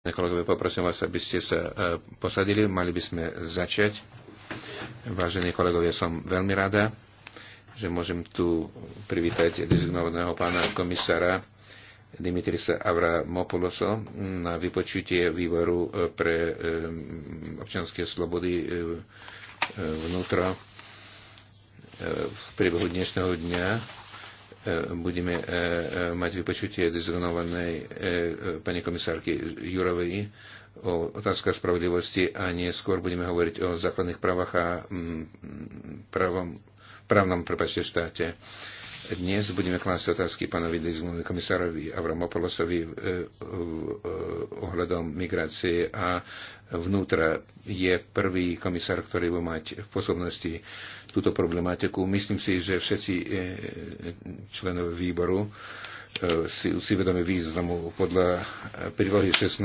Kolegovia, poprosím vás, aby ste sa e, posadili. Mali by sme začať. Vážení kolegovia, som veľmi rada, že môžem tu privítať dezignovaného pána komisára Dimitrisa Avramopuloso na vypočutie výboru e, pre e, občanské slobody vnútro v priebehu dnešného dňa E, budeme e, e, mať vypočutie dezignovanej pani komisárky Jurovej o otázka spravodlivosti a neskôr budeme hovoriť o základných právach a mm, mm, právom, právnom prepačte štáte. Dnes budeme klásť otázky pánovi Dizmovi komisárovi Avramopoulosovi e, e, ohľadom migrácie a vnútra je prvý komisár, ktorý bude mať v pôsobnosti túto problematiku. Myslím si, že všetci e, členové výboru si, si vedome významu podľa prílohy 16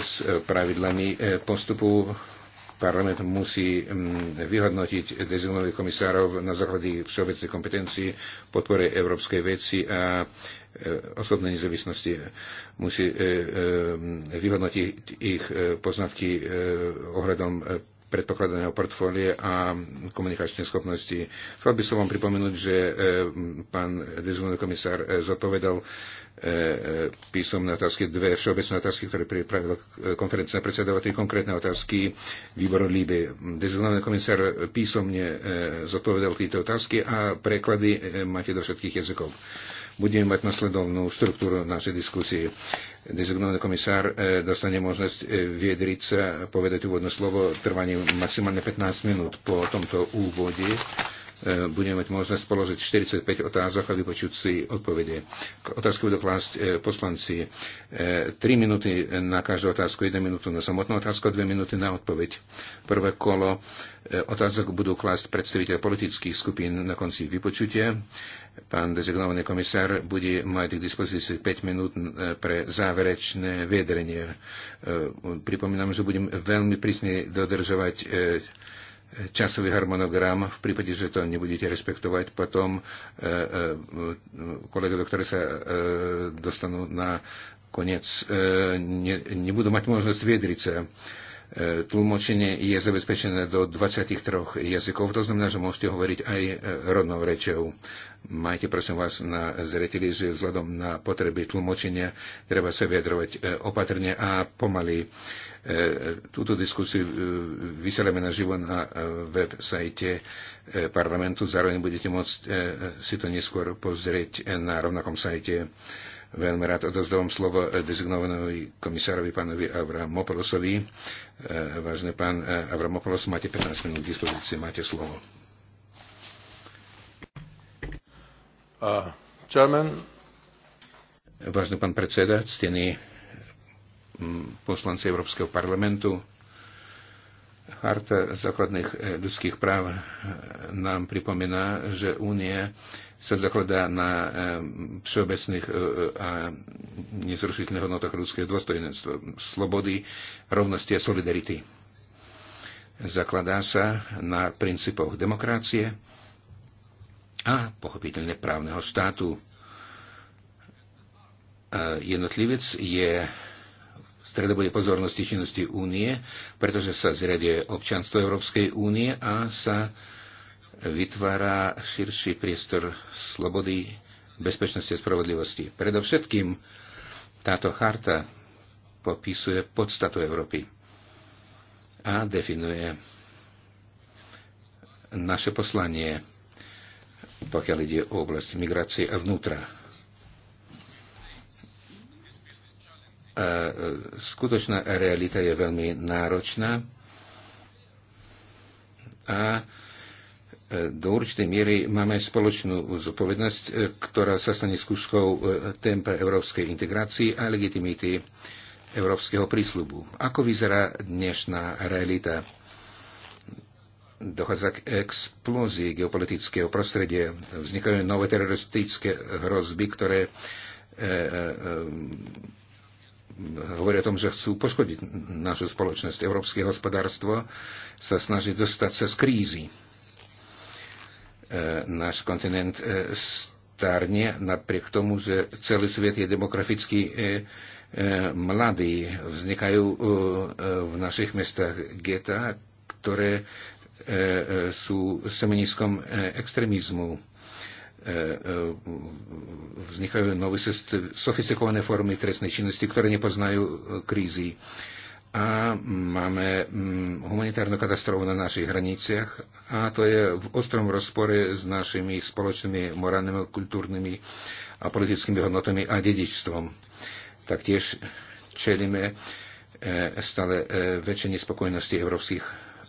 s pravidlami postupu Parlament musí mm, vyhodnotiť dezignovaných komisárov na základe všeobecnej kompetencii, podpore európskej veci a e, osobnej nezávislosti. Musí e, e, mm, vyhodnotiť ich poznatky ohľadom predpokladaného portfólie a komunikačnej schopnosti. Chcel by som vám pripomenúť, že e, pán dezvolený komisár e, zodpovedal e, písomné otázky, dve všeobecné otázky, ktoré pripravila konferencia predsedova, tri konkrétne otázky výboru Líby. Dezvolený komisár písomne zodpovedal tieto otázky a preklady máte do všetkých jazykov budeme mať nasledovnú štruktúru našej diskusie. Dezignovaný komisár e, dostane možnosť e, viedriť sa, povedať úvodné slovo trvanie maximálne 15 minút po tomto úvode e, budeme mať možnosť položiť 45 otázok a vypočuť si odpovede. Otázky budú klásť poslanci 3 minúty na každú otázku, 1 minútu na samotnú otázku a 2 minúty na odpoveď. Prvé kolo otázok budú klásť predstaviteľ politických skupín na konci vypočutia. Pán dezignovaný komisár bude mať k dispozícii 5 minút eh, pre záverečné vedrenie. Eh, pripomínam, že budem veľmi prísne dodržovať eh, časový harmonogram. V prípade, že to nebudete respektovať, potom kolegovia, ktorí sa dostanú na koniec, nebudú mať možnosť viedriť sa. Tlmočenie je zabezpečené do 23 jazykov, to znamená, že môžete hovoriť aj rodnou rečou. Majte prosím vás na zreteli, že vzhľadom na potreby tlmočenia treba sa vyjadrovať e, opatrne a pomaly. E, túto diskusiu e, vysielame na živo na web sajte parlamentu. Zároveň budete môcť si to neskôr pozrieť na rovnakom sajte. Veľmi rád odozdávam slovo dezignovanovi komisárovi pánovi Avramopoulosovi. Vážne pán Avramopoulos, máte 15 minút k dispozícii, máte slovo. Uh, chairman. pán predseda, ctení mm, poslanci Európskeho parlamentu, Charta základných eh, ľudských práv eh, nám pripomína, že únie sa zakladá na eh, všeobecných a nezrušiteľných hodnotách ľudského dôstojenstva, slobody, rovnosti a solidarity. Zakladá sa na princípoch demokracie, a pochopiteľne právneho štátu. E, jednotlivec je v stredobode pozornosti činnosti únie, pretože sa zriaduje občanstvo Európskej únie a sa vytvára širší priestor slobody, bezpečnosti a spravodlivosti. Predovšetkým táto charta popisuje podstatu Európy a definuje naše poslanie pokiaľ ide o oblasť migrácie a vnútra. A e, skutočná realita je veľmi náročná a e, do určitej miery máme spoločnú zodpovednosť, e, ktorá sa stane skúškou tempa európskej integrácii a legitimity európskeho prísľubu. Ako vyzerá dnešná realita? dochádza k explózii geopolitického prostredia. Vznikajú nové teroristické hrozby, ktoré e, e, e, hovoria o tom, že chcú poškodiť našu spoločnosť. Európske hospodárstvo sa snaží dostať sa z krízy. E, náš kontinent e, starne napriek tomu, že celý svet je demograficky e, e mladý. vznikajú v našich mestách geta, ktoré E, e, sú semeniskom e, extrémizmu. Vznikajú nové sofistikované formy trestnej činnosti, ktoré nepoznajú krízy. A máme mm, humanitárnu katastrofu na našich hraniciach a to je v ostrom rozpore s našimi spoločnými morálnymi, kultúrnymi a politickými hodnotami a dedičstvom. Taktiež čelíme stále väčšej nespokojnosti európskych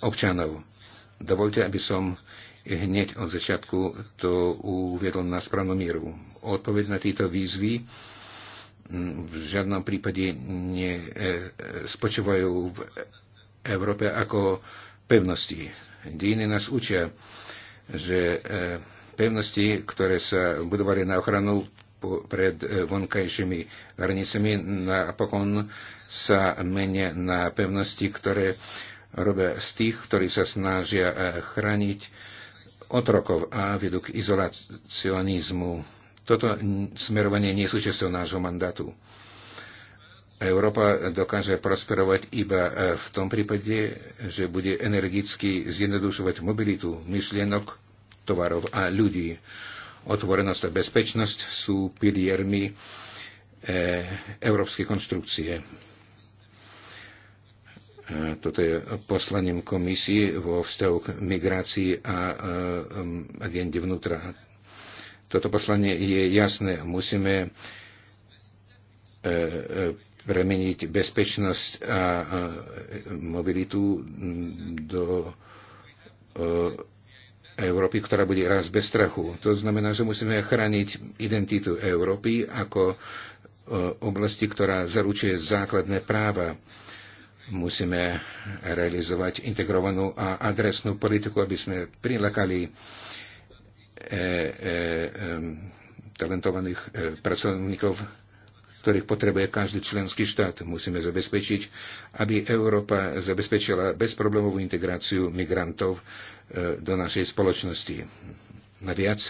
občanov Dovolte, aby som hneď od začiatku to uviedol na správnu mieru. Odpoveď na tieto výzvy mm, v žiadnom prípade nespočívajú e, v Európe ako pevnosti. Dejiny nás učia, že e, pevnosti, ktoré sa budovali na ochranu pred e, vonkajšími hranicami, napokon sa menia na pevnosti, ktoré robia z tých, ktorí sa snažia eh, chrániť otrokov a vedú k izolacionizmu. Toto smerovanie nie sú časťou nášho mandátu. Európa dokáže prosperovať iba eh, v tom prípade, že bude energicky zjednodušovať mobilitu myšlienok, tovarov a ľudí. Otvorenosť a bezpečnosť sú piliermi eh, európskej konštrukcie. E, toto je poslaním komisie vo vzťahu k migrácii a e, agende vnútra. Toto poslanie je jasné. Musíme e, premeniť bezpečnosť a mobilitu do Európy, ktorá bude raz bez strachu. To znamená, že musíme chrániť identitu Európy ako oblasti, ktorá zaručuje základné práva. Musíme realizovať integrovanú a adresnú politiku, aby sme e, e talentovaných e, pracovníkov, ktorých potrebuje každý členský štát. Musíme zabezpečiť, aby Európa zabezpečila bezproblémovú integráciu migrantov e, do našej spoločnosti. Naviac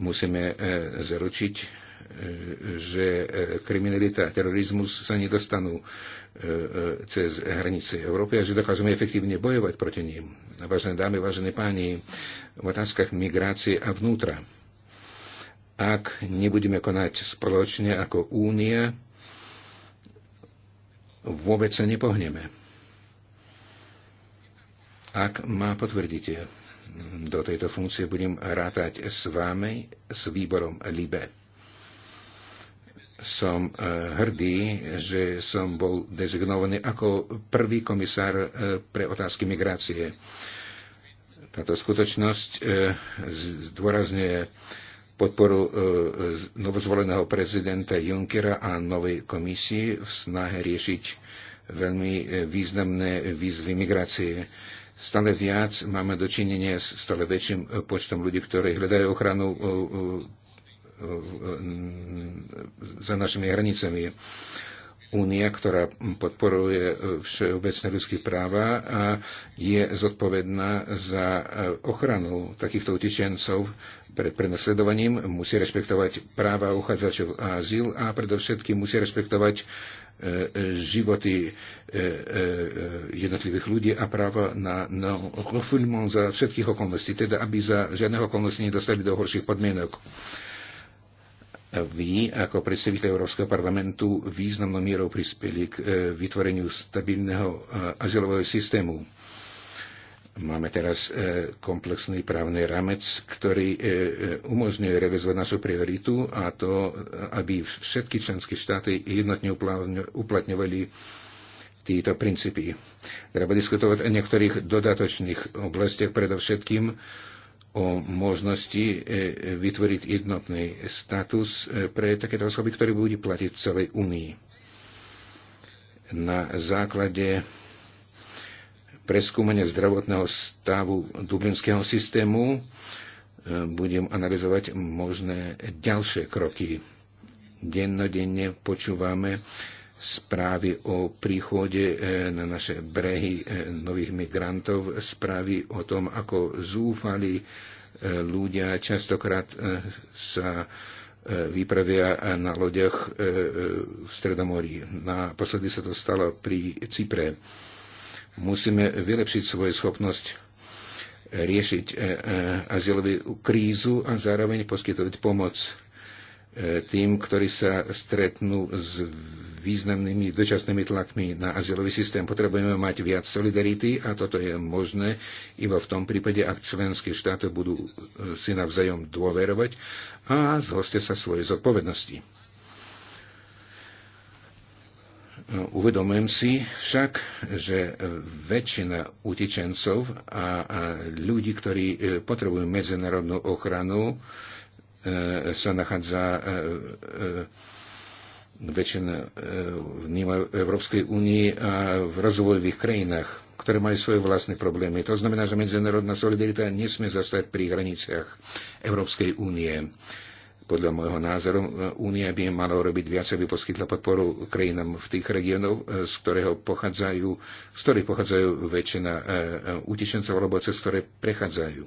musíme zaručiť že e, kriminalita a terorizmus sa nedostanú e, e, cez hranice Európy a že dokážeme efektívne bojovať proti ním. Vážené dámy, vážené páni, v otázkach migrácie a vnútra. Ak nebudeme konať spoločne ako únia, vôbec sa nepohneme. Ak ma potvrdíte, do tejto funkcie budem rátať s vámi, s výborom LIBE som e, hrdý, že som bol dezignovaný ako prvý komisár e, pre otázky migrácie. Táto skutočnosť e, zdôrazňuje podporu novozvoleného prezidenta Junckera a novej komisii v snahe riešiť veľmi významné výzvy migrácie. Stále viac máme dočinenie s stále väčším počtom ľudí, ktorí hľadajú ochranu E, e, e, za našimi hranicami. Únia, ktorá podporuje všeobecné ľudské práva a je zodpovedná za ochranu takýchto utečencov pred prenasledovaním, musí rešpektovať práva uchádzačov a azyl a predovšetkým musí rešpektovať životy jednotlivých ľudí a práva na, na refoulement za všetkých okolností, teda aby za žiadnych okolností nedostali do horších podmienok vy ako predstaviteľ Európskeho parlamentu významnou mierou prispeli k e, vytvoreniu stabilného e, azylového systému. Máme teraz e, komplexný právny ramec, ktorý umožňuje realizovať našu prioritu a to, aby všetky členské štáty jednotne uplatňovali tieto princípy. Treba diskutovať o niektorých dodatočných oblastiach, predovšetkým o možnosti e, e, vytvoriť jednotný status e, pre takéto osoby, ktoré budú platiť v celej Únii. Na základe preskúmania zdravotného stavu dublinského systému budem analyzovať možné ďalšie kroky. Dennodenne počúvame správy o príchode e, na naše brehy e, nových migrantov, správy o tom, ako zúfali e, ľudia častokrát sa výpravia na loďach v Stredomorí. Naposledy sa to stalo pri Cypre. Musíme vylepšiť svoju schopnosť riešiť azylovú krízu a zároveň poskytovať pomoc E, tým, ktorí sa stretnú s významnými dočasnými tlakmi na azylový systém. Potrebujeme mať viac solidarity a toto je možné iba v tom prípade, ak členské štáty budú e, si navzájom dôverovať a zhostia sa svojej zodpovednosti. E, uvedomujem si však, že väčšina utečencov a ľudí, ktorí potrebujú medzinárodnú ochranu, E, sa nachádza e, e, väčšina vníma Európskej únii a v rozvojových krajinách, ktoré majú svoje vlastné problémy. To znamená, že medzinárodná solidarita nesmie zastať pri hraniciach Európskej únie. Podľa môjho názoru, únia by mala robiť viac, aby poskytla podporu krajinám v tých regiónoch, z, ktorého pochádzajú, z ktorých pochádzajú väčšina utečencov alebo cez ktoré prechádzajú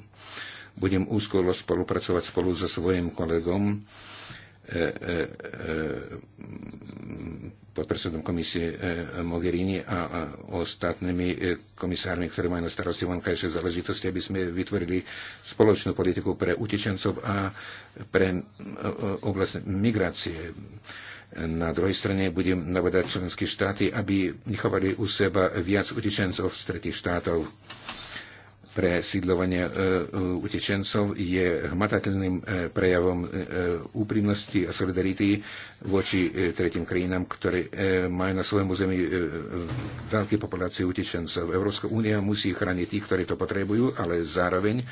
budem úzko spolupracovať spolu so svojim kolegom, e, e, e, podpredsedom komisie Mogherini a ostatnými komisármi, ktorí majú na starosti vonkajšie záležitosti, aby sme vytvorili spoločnú politiku pre utečencov a pre oblast migrácie. Na druhej strane budem navedať členské štáty, aby nechovali u seba viac utečencov z tretich štátov pre sídlovanie e, e, utečencov je hmatateľným e, prejavom úprimnosti a solidarity voči tretím krajinám, ktoré majú na svojom území veľké populácie utečencov. Európska únia musí chrániť tých, ktorí to potrebujú, ale zároveň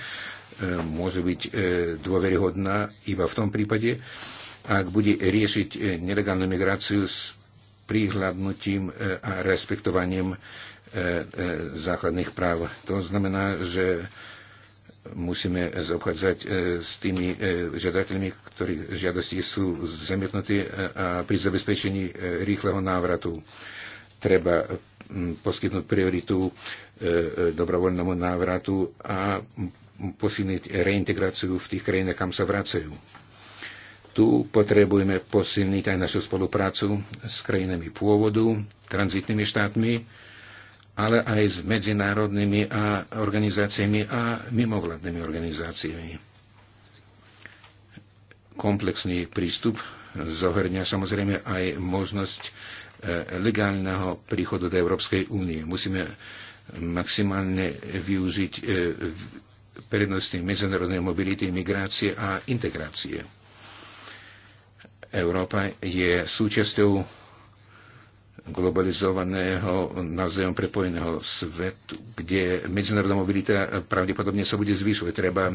môže byť dôveryhodná iba v tom prípade, ak bude riešiť nelegálnu migráciu s prihľadnutím a respektovaním E, e, základných práv. To znamená, že musíme zaobchádzať e, s tými žiadateľmi, ktorí žiadosti sú zamietnutí a pri zabezpečení rýchleho návratu treba poskytnúť prioritu dobrovoľnému návratu a posilniť reintegráciu v tých krajinách, kam sa vracajú. Tu potrebujeme posilniť aj našu spoluprácu s krajinami pôvodu, tranzitnými štátmi, ale aj s medzinárodnými a organizáciami a mimovládnymi organizáciami. Komplexný prístup zohrňa samozrejme aj možnosť eh, legálneho príchodu do Európskej únie. Musíme maximálne využiť eh, prednosti medzinárodnej mobility, migrácie a integrácie. Európa je súčasťou globalizovaného, navzájom prepojeného svetu, kde medzinárodná mobilita pravdepodobne sa bude zvyšovať. Treba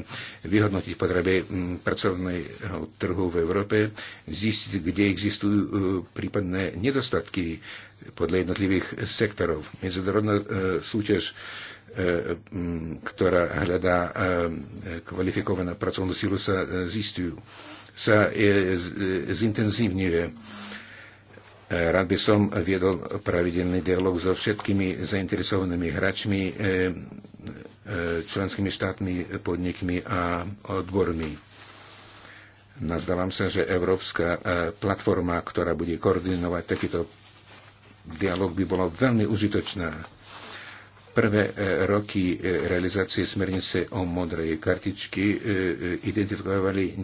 vyhodnotiť potreby mm, pracovného trhu v Európe, zistiť, kde existujú e, prípadné nedostatky podľa jednotlivých sektorov. Medzinárodná e, súťaž e, mm, ktorá hľadá kvalifikovanú pracovnú silu, sa zistujú, sa zintenzívňuje Rád by som viedol pravidelný dialog so všetkými zainteresovanými hračmi, eh, eh, členskými štátmi, podnikmi a odbormi. Nazdávam sa, že európska eh, platforma, ktorá bude koordinovať takýto dialog, by bola veľmi užitočná Prvé e, roky e, realizácie smernice o modrej kartičky e, identifikovali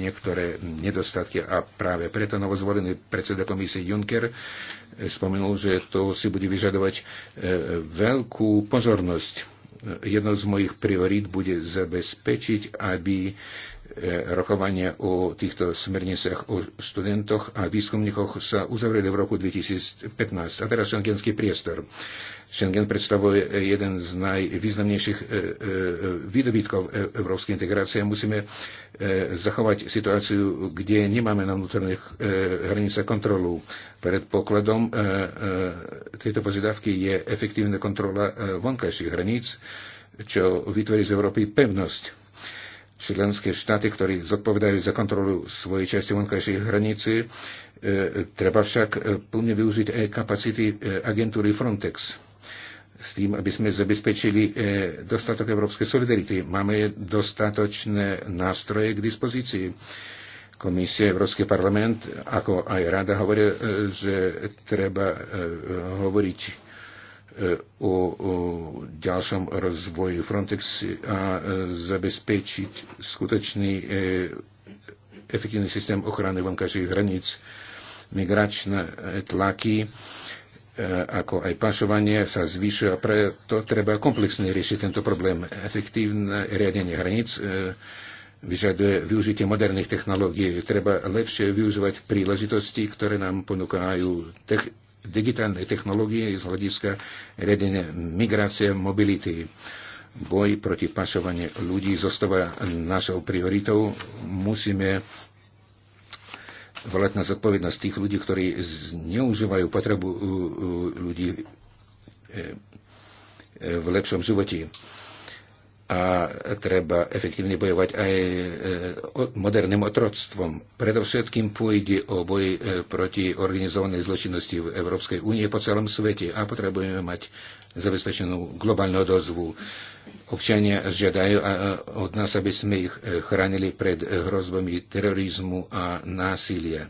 niektoré nedostatky a práve preto novozvolený predseda komisie Juncker spomenul, že to si bude vyžadovať veľkú pozornosť jednou z mojich priorít bude zabezpečiť, aby E, rokovania o týchto smerniciach o študentoch a výskumníkoch sa uzavreli v roku 2015. A teraz šengenský priestor. Schengen predstavuje jeden z najvýznamnejších e, e, výdobytkov európskej integrácie. Musíme zachovať situáciu, kde nemáme na vnútorných hranicách kontrolu. Predpokladom tejto požiadavky je efektívna kontrola vonkajších hraníc, čo vytvorí z Európy pevnosť členské štáty, ktorí zodpovedajú za kontrolu svojej časti vonkajšej hranice, e, treba však e, plne využiť aj kapacity e, agentúry Frontex s tým, aby sme zabezpečili dostatok európskej solidarity. Máme dostatočné nástroje k dispozícii. Komisie, Európsky parlament, ako aj rada hovoria, že treba hovoriť E, o, o ďalšom rozvoji Frontex a e, zabezpečiť skutočný e, efektívny systém ochrany vonkajších hraníc, migračné tlaky, ako aj pašovanie sa zvyšuje a preto treba komplexne riešiť tento problém. Efektívne riadenie hraníc vyžaduje využitie moderných technológií. Treba lepšie využívať príležitosti, ktoré nám ponúkajú tech- digitálnej technológie z hľadiska riadenia migrácie mobility. Boj proti pašovaniu ľudí zostáva našou prioritou. Musíme volať na zodpovednosť tých ľudí, ktorí zneužívajú potrebu eh, ľudí eh, v lepšom živote a treba efektívne bojovať aj e, moderným otroctvom. Predovšetkým pôjde o boj e, proti organizovanej zločinnosti v Európskej únie po celom svete a potrebujeme mať zabezpečenú globálnu odozvu. Občania žiadajú od nás, aby sme ich e, chránili pred hrozbami terorizmu a násilia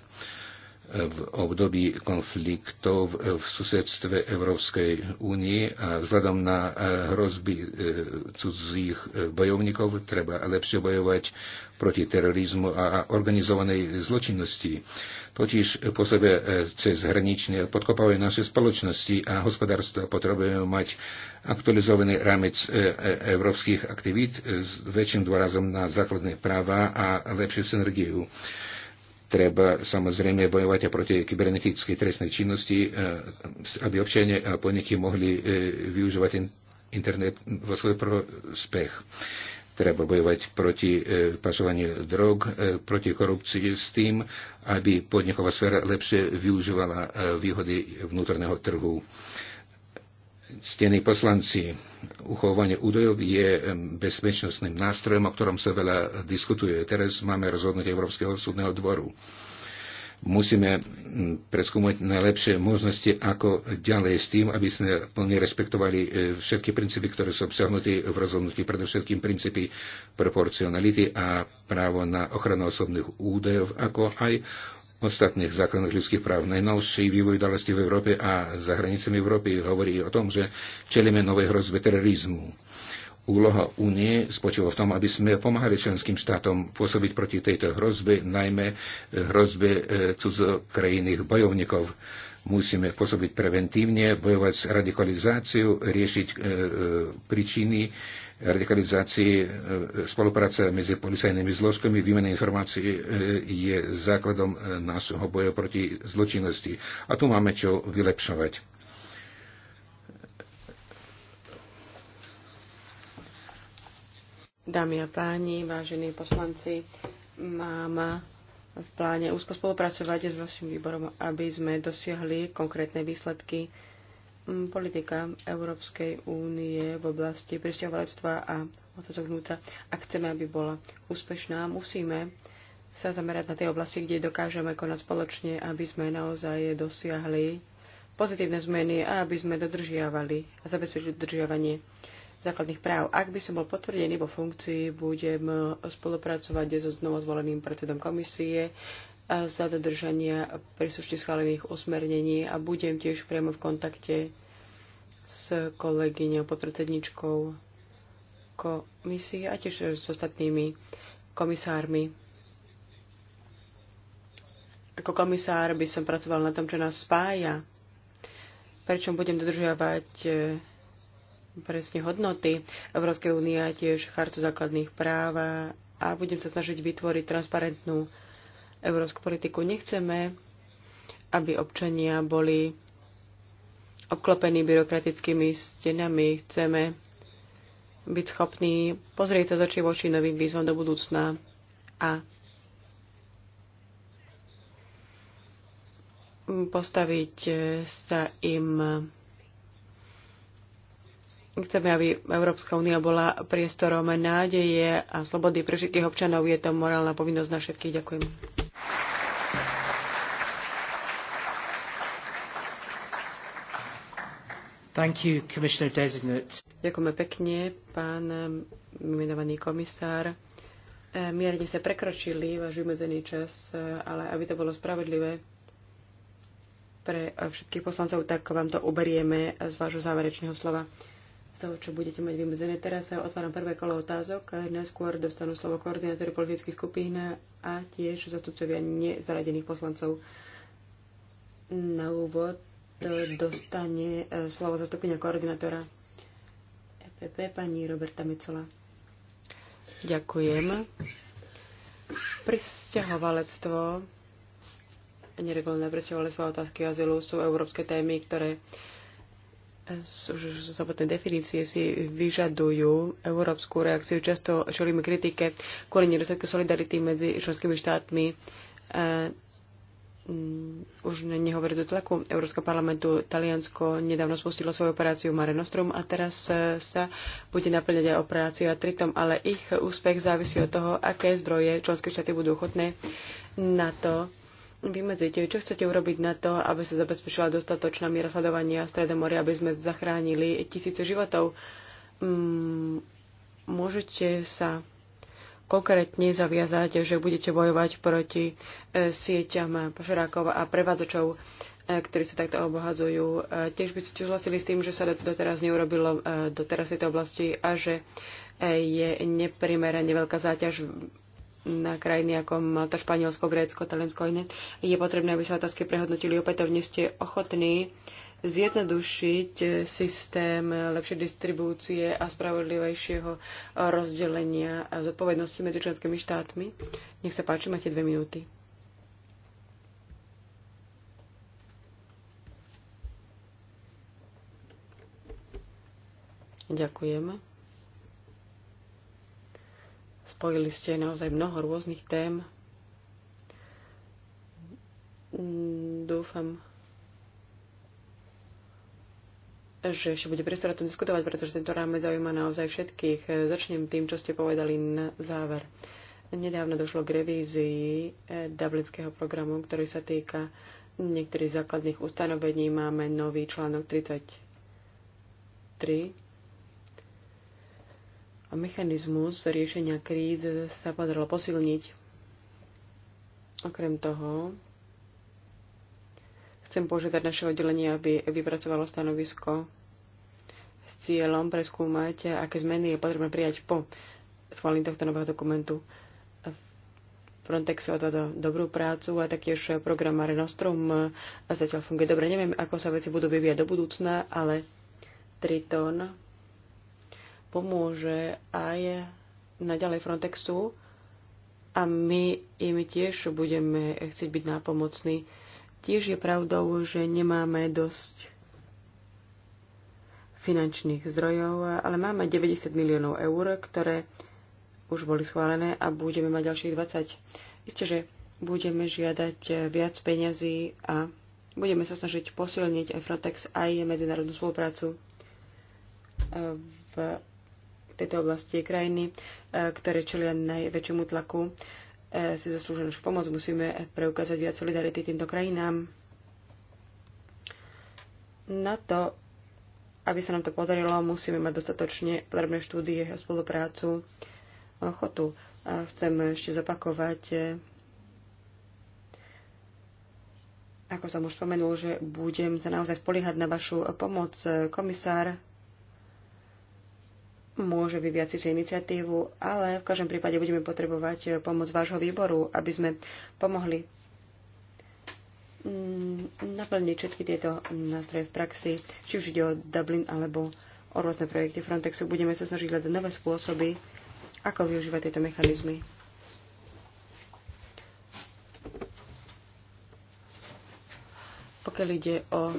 v období konfliktov v susedstve Európskej únie a vzhľadom na e, hrozby e, cudzích e, bojovníkov treba lepšie bojovať proti terorizmu a organizovanej zločinnosti. Totiž po sebe cez hranične podkopávajú naše spoločnosti a hospodárstvo Potrebujeme mať aktualizovaný rámec európskych aktivít s väčším dôrazom na základné práva a lepšiu synergiu. Treba samozrejme bojovať aj proti kybernetickej trestnej činnosti, e, aby občania a podniky mohli e, využívať internet vo svoj prospech. Treba bojovať proti e, pašovaniu drog, proti korupcii s tým, aby podniková sféra lepšie využívala výhody vnútorného trhu Stení poslanci, uchovanie údajov je bezpečnostným nástrojom, o ktorom sa veľa diskutuje. Teraz máme rozhodnutie Európskeho súdneho dvoru. Musíme mm, preskúmať najlepšie možnosti, ako ďalej s tým, aby sme plne respektovali e, všetky princípy, ktoré sú obsahnuté v rozhodnutí, predovšetkým princípy proporcionality a právo na ochranu osobných údajov, ako aj ostatných základných ľudských práv. Najnovší vývoj udalosti v Európe a za hranicami Európy hovorí o tom, že čelíme novej hrozbe terorizmu Úloha únie spočíva v tom, aby sme pomáhali členským štátom pôsobiť proti tejto hrozbe, najmä eh, hrozbe eh, cudzokrajinných bojovníkov. Musíme pôsobiť preventívne, bojovať s radikalizáciou, riešiť e, príčiny radikalizácie, e, spolupráca medzi policajnými zložkami, výmena informácií e, je základom nášho boja proti zločinnosti. A tu máme čo vylepšovať Dámy a páni, vážení poslanci, mám v pláne úzko spolupracovať s vašim výborom, aby sme dosiahli konkrétne výsledky mm, politika Európskej únie v oblasti pristahovalectva a otázok vnútra. Ak chceme, aby bola úspešná, musíme sa zamerať na tie oblasti, kde dokážeme konať spoločne, aby sme naozaj dosiahli pozitívne zmeny a aby sme dodržiavali a zabezpečili dodržiavanie základných práv. Ak by som bol potvrdený vo funkcii, budem e, spolupracovať so znovu zvoleným predsedom komisie e, za dodržania príslušne schválených usmernení a budem tiež priamo v kontakte s kolegyňou podpredsedničkou komisie a tiež s ostatnými komisármi. Ako komisár by som pracoval na tom, čo nás spája, prečo budem dodržiavať e, presne hodnoty Európskej únie a tiež chartu základných práv a budem sa snažiť vytvoriť transparentnú európsku politiku. Nechceme, aby občania boli obklopení byrokratickými stenami. Chceme byť schopní pozrieť sa z očí voči novým výzvam do budúcna a postaviť sa im Chceme, aby Európska únia bola priestorom nádeje a slobody pre všetkých občanov. Je to morálna povinnosť na všetkých. Ďakujem. Thank you, Commissioner Designate. Ďakujeme pekne, pán menovaný komisár. E, mierne ste prekročili váš vymedzený čas, ale aby to bolo spravedlivé pre všetkých poslancov, tak vám to uberieme z vášho záverečného slova z toho, čo budete mať vymezené. Teraz sa otváram prvé kolo otázok. Najskôr dostanú slovo koordinátory politických skupín a tiež zastupcovia nezaradených poslancov. Na úvod dostane e, slovo zastupkynia koordinátora EPP, pani Roberta Micola. Ďakujem. Pristahovalectvo neregulné a otázky azylu sú európske témy, ktoré samotné definície si vyžadujú európsku reakciu. Často čelíme kritike kvôli nedostatku solidarity medzi členskými štátmi. Mm, už nehovoriť do tlaku Európskeho parlamentu, Taliansko nedávno spustilo svoju operáciu Mare Nostrum a teraz e, sa bude naplňať aj operácia Tritom, ale ich úspech závisí od toho, aké zdroje členské štáty budú ochotné na to, vymedzíte, čo chcete urobiť na to, aby sa zabezpečila dostatočná miera sledovania Stredomoria, aby sme zachránili tisíce životov. Mm, môžete sa konkrétne zaviazať, že budete bojovať proti e, sieťam pošerákov a prevádzačov, e, ktorí sa takto obohazujú. E, tiež by ste súhlasili s tým, že sa doteraz neurobilo doteraz tejto oblasti a že je neprimerane veľká záťaž na krajiny ako Malta, Španielsko, Grécko, Talensko a iné, je potrebné, aby sa otázky prehodnotili. Opätovne ste ochotní zjednodušiť systém lepšej distribúcie a spravodlivejšieho rozdelenia a zodpovednosti medzi členskými štátmi. Nech sa páči, máte dve minúty. Ďakujeme. Spojili ste naozaj mnoho rôznych tém. Mm, dúfam, že ešte bude priestor o tom diskutovať, pretože tento rámec zaujíma naozaj všetkých. Začnem tým, čo ste povedali na záver. Nedávno došlo k revízii eh, Dublinského programu, ktorý sa týka niektorých základných ustanovení. Máme nový článok 33, a mechanizmus riešenia kríz sa podarilo posilniť. Okrem toho, chcem požiadať naše oddelenie, aby vypracovalo stanovisko s cieľom preskúmať, aké zmeny je potrebné prijať po schválení tohto nového dokumentu. Frontex odvádza dobrú prácu a taktiež program Mare Nostrum zatiaľ funguje dobre. Neviem, ako sa veci budú vyvíjať do budúcna, ale Triton pomôže aj naďalej Frontexu a my im tiež budeme chcieť byť nápomocní. Tiež je pravdou, že nemáme dosť finančných zdrojov, ale máme 90 miliónov eur, ktoré už boli schválené a budeme mať ďalších 20. Isté, že budeme žiadať viac peňazí a budeme sa snažiť posilniť aj Frontex, aj medzinárodnú spoluprácu v tejto oblasti. Krajiny, e, ktoré čelia najväčšiemu tlaku, e, si zaslúžia našu pomoc. Musíme preukázať viac solidarity týmto krajinám. Na to, aby sa nám to podarilo, musíme mať dostatočne potrebné štúdie a spoluprácu a ochotu. A chcem ešte zopakovať, e, ako som už spomenul, že budem sa naozaj spoliehať na vašu pomoc. Komisár môže vyviať si iniciatívu, ale v každom prípade budeme potrebovať eh, pomoc vášho výboru, aby sme pomohli mm, naplniť všetky tieto nástroje v praxi, či už ide o Dublin alebo o rôzne projekty Frontexu. Budeme sa snažiť hľadať nové spôsoby, ako využívať tieto mechanizmy. Pokiaľ ide o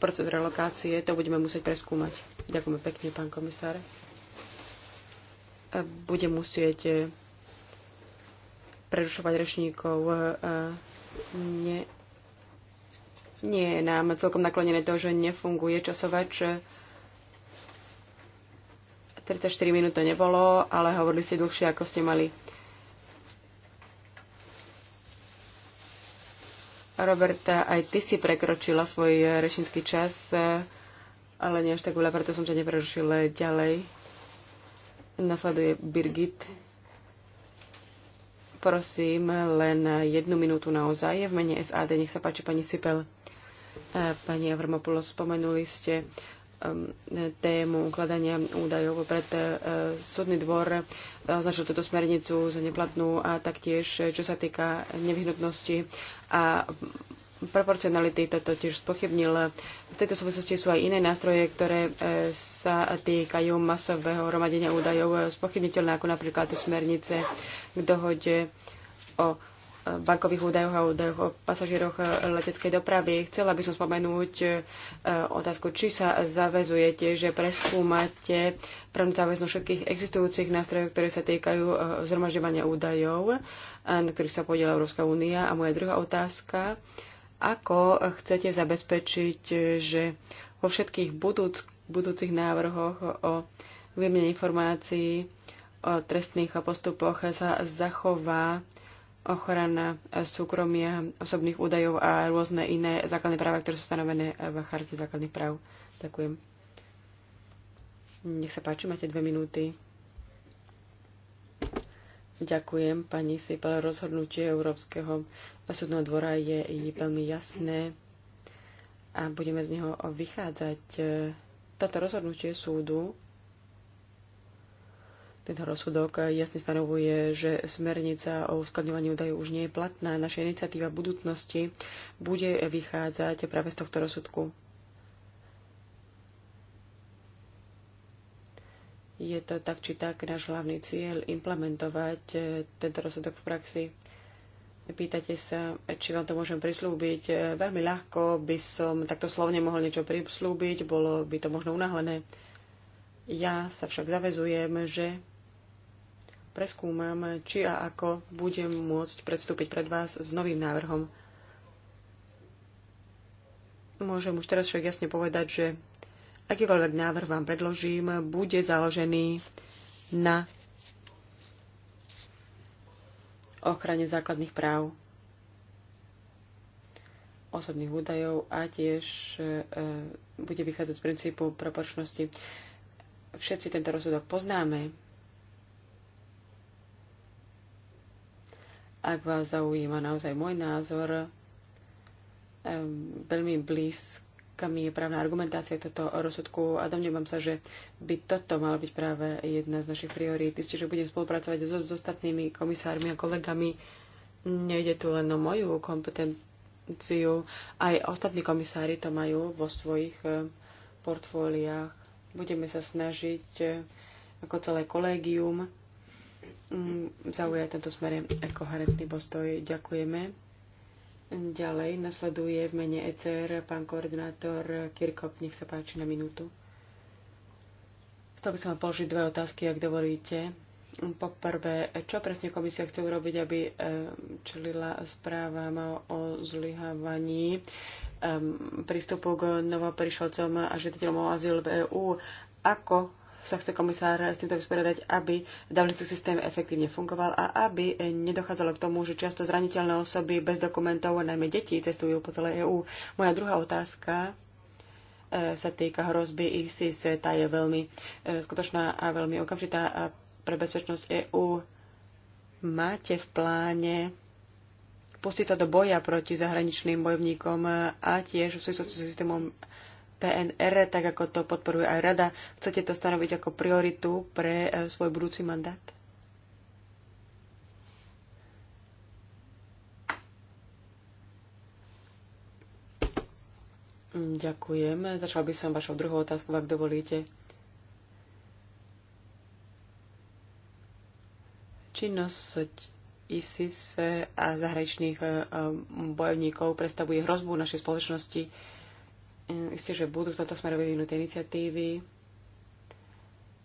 proces relokácie, to budeme musieť preskúmať. Ďakujeme pekne, pán komisár. Budem musieť eh, prerušovať rečníkov. Eh, nie, nie je nám celkom naklonené to, že nefunguje časovač. 34 minút to nebolo, ale hovorili ste dlhšie, ako ste mali Roberta, aj ty si prekročila svoj eh, rečnícky čas, eh, ale nie až tak veľa, preto som ťa neprerušila ďalej. Nasleduje Birgit. Prosím, len jednu minútu naozaj. V mene SAD, nech sa páči, pani Sipel. Eh, pani Avramopoulos, spomenuli ste Um, tému ukladania údajov pred uh, súdny dvor uh, označil túto smernicu za neplatnú a taktiež, uh, čo sa týka nevyhnutnosti a proporcionality, toto tiež spochybnil. V tejto súvislosti sú aj iné nástroje, ktoré sa týkajú masového hromadenia údajov spochybniteľné, ako napríklad smernice k dohode o bankových údajoch a údajoch o pasažieroch leteckej dopravy. Chcela by som spomenúť e, otázku, či sa zavezujete, že preskúmate právnu záväznosť všetkých existujúcich nástrojov, ktoré sa týkajú e, zhromažďovania údajov, e, na ktorých sa podiela Európska únia. A moja druhá otázka, ako chcete zabezpečiť, že vo všetkých budúc, budúcich návrhoch o výmene informácií o trestných postupoch sa zachová ochrana súkromia, osobných údajov a rôzne iné základné práva, ktoré sú stanovené v charte základných práv. Ďakujem. Nech sa páči, máte dve minúty. Ďakujem, pani Sipel. Rozhodnutie Európskeho súdneho dvora je, je veľmi jasné a budeme z neho vychádzať. Toto rozhodnutie súdu tento rozsudok jasne stanovuje, že smernica o uskladňovaní údajov už nie je platná. Naša iniciatíva v budúcnosti bude vychádzať práve z tohto rozsudku. Je to tak či tak náš hlavný cieľ implementovať tento rozsudok v praxi. Pýtate sa, či vám to môžem prislúbiť. Veľmi ľahko by som takto slovne mohol niečo prislúbiť, bolo by to možno unahlené. Ja sa však zavezujem, že preskúmam, či a ako budem môcť predstúpiť pred vás s novým návrhom. Môžem už teraz však jasne povedať, že akýkoľvek návrh vám predložím, bude založený na ochrane základných práv, osobných údajov a tiež e, bude vychádzať z princípu proporčnosti. Všetci tento rozsudok poznáme, Ak vás zaujíma naozaj môj názor, veľmi blízka mi je právna argumentácia toto rozsudku a domnievam sa, že by toto mala byť práve jedna z našich priorít. Isté, že budem spolupracovať so, s ostatnými komisármi a kolegami. Nejde tu len o moju kompetenciu, aj ostatní komisári to majú vo svojich portfóliách. Budeme sa snažiť ako celé kolégium Mm, zaujať tento smer koherentný postoj. Ďakujeme. Ďalej nasleduje v mene ECR pán koordinátor Kirkop. Nech sa páči na minútu. Chcel by som vám položiť dve otázky, ak dovolíte. Poprvé, čo presne komisia chce urobiť, aby eh, čelila správam o zlyhávaní eh, prístupu k novoprišlcom a žiteľom o azyl v EÚ? Ako sa chce komisár s týmto vysporiadať, aby dávnický systém efektívne fungoval a aby nedochádzalo k tomu, že často zraniteľné osoby bez dokumentov, najmä deti, testujú po celej EÚ. Moja druhá otázka e, sa týka hrozby ISIS. Tá je veľmi e, skutočná a veľmi okamžitá pre bezpečnosť EÚ. Máte v pláne pustiť sa do boja proti zahraničným bojovníkom a tiež v súvislosti s systémom PNR, tak ako to podporuje aj Rada. Chcete to stanoviť ako prioritu pre e, svoj budúci mandát? Mm, ďakujem. Začal by som vašou druhou otázku, ak dovolíte. Činnosť ISIS a zahraničných e, e, bojovníkov predstavuje hrozbu našej spoločnosti Eh, Isté, že budú v tomto smere vyvinuté iniciatívy.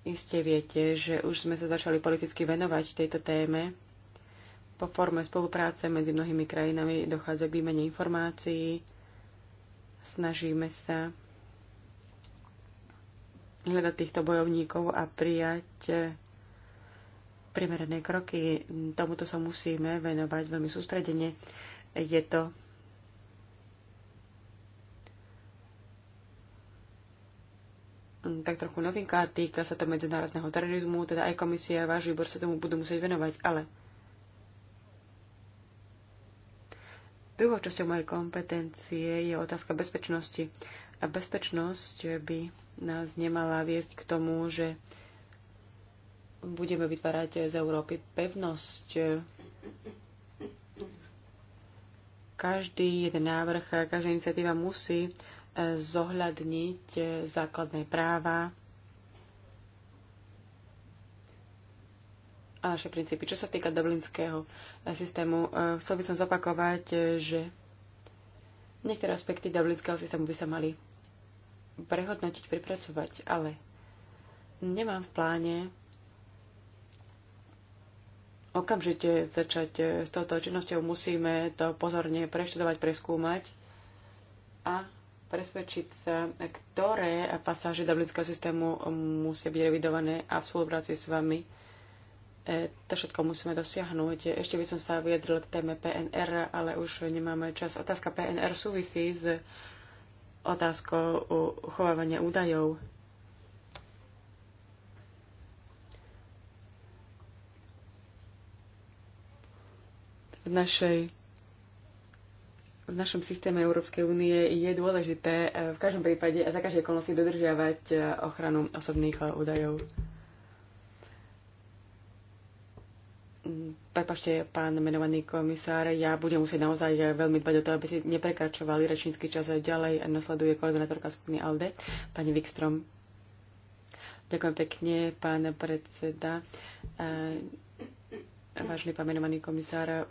Isté viete, že už sme sa začali politicky venovať tejto téme. Po forme spolupráce medzi mnohými krajinami dochádza k výmene informácií. Snažíme sa hľadať týchto bojovníkov a prijať eh, primerané kroky. Tomuto sa musíme venovať veľmi sústredene. Je to tak trochu novinka, týka sa to medzinárodného terorizmu, teda aj komisia, váš výbor sa tomu budú musieť venovať, ale druhou časťou mojej kompetencie je otázka bezpečnosti. A bezpečnosť by nás nemala viesť k tomu, že budeme vytvárať z Európy pevnosť. Každý jeden návrh, každá iniciatíva musí zohľadniť e, základné práva a naše princípy. Čo sa týka dublinského e, systému, e, chcel by som zopakovať, že niektoré aspekty dublinského systému by sa mali prehodnotiť, pripracovať, ale nemám v pláne okamžite začať s touto činnosťou. Musíme to pozorne preštudovať, preskúmať a presvedčiť sa, ktoré pasáže dublinského systému musia byť revidované a v spolupráci s vami e, to všetko musíme dosiahnuť. Ešte by som sa vyjadril k téme PNR, ale už nemáme čas. Otázka PNR súvisí s otázkou uchovávania údajov. V našej v našom systéme Európskej únie je dôležité eh, v každom prípade a za každej okolnosti dodržiavať eh, ochranu osobných eh, údajov. Mm, prepašte, pán menovaný komisár, ja budem musieť naozaj veľmi dbať o to, aby si neprekračovali rečnícky čas ďalej. Nasleduje koordinátorka skupiny ALDE, pani Wikstrom. Ďakujem pekne, pán predseda. Vážny pán menovaný komisár,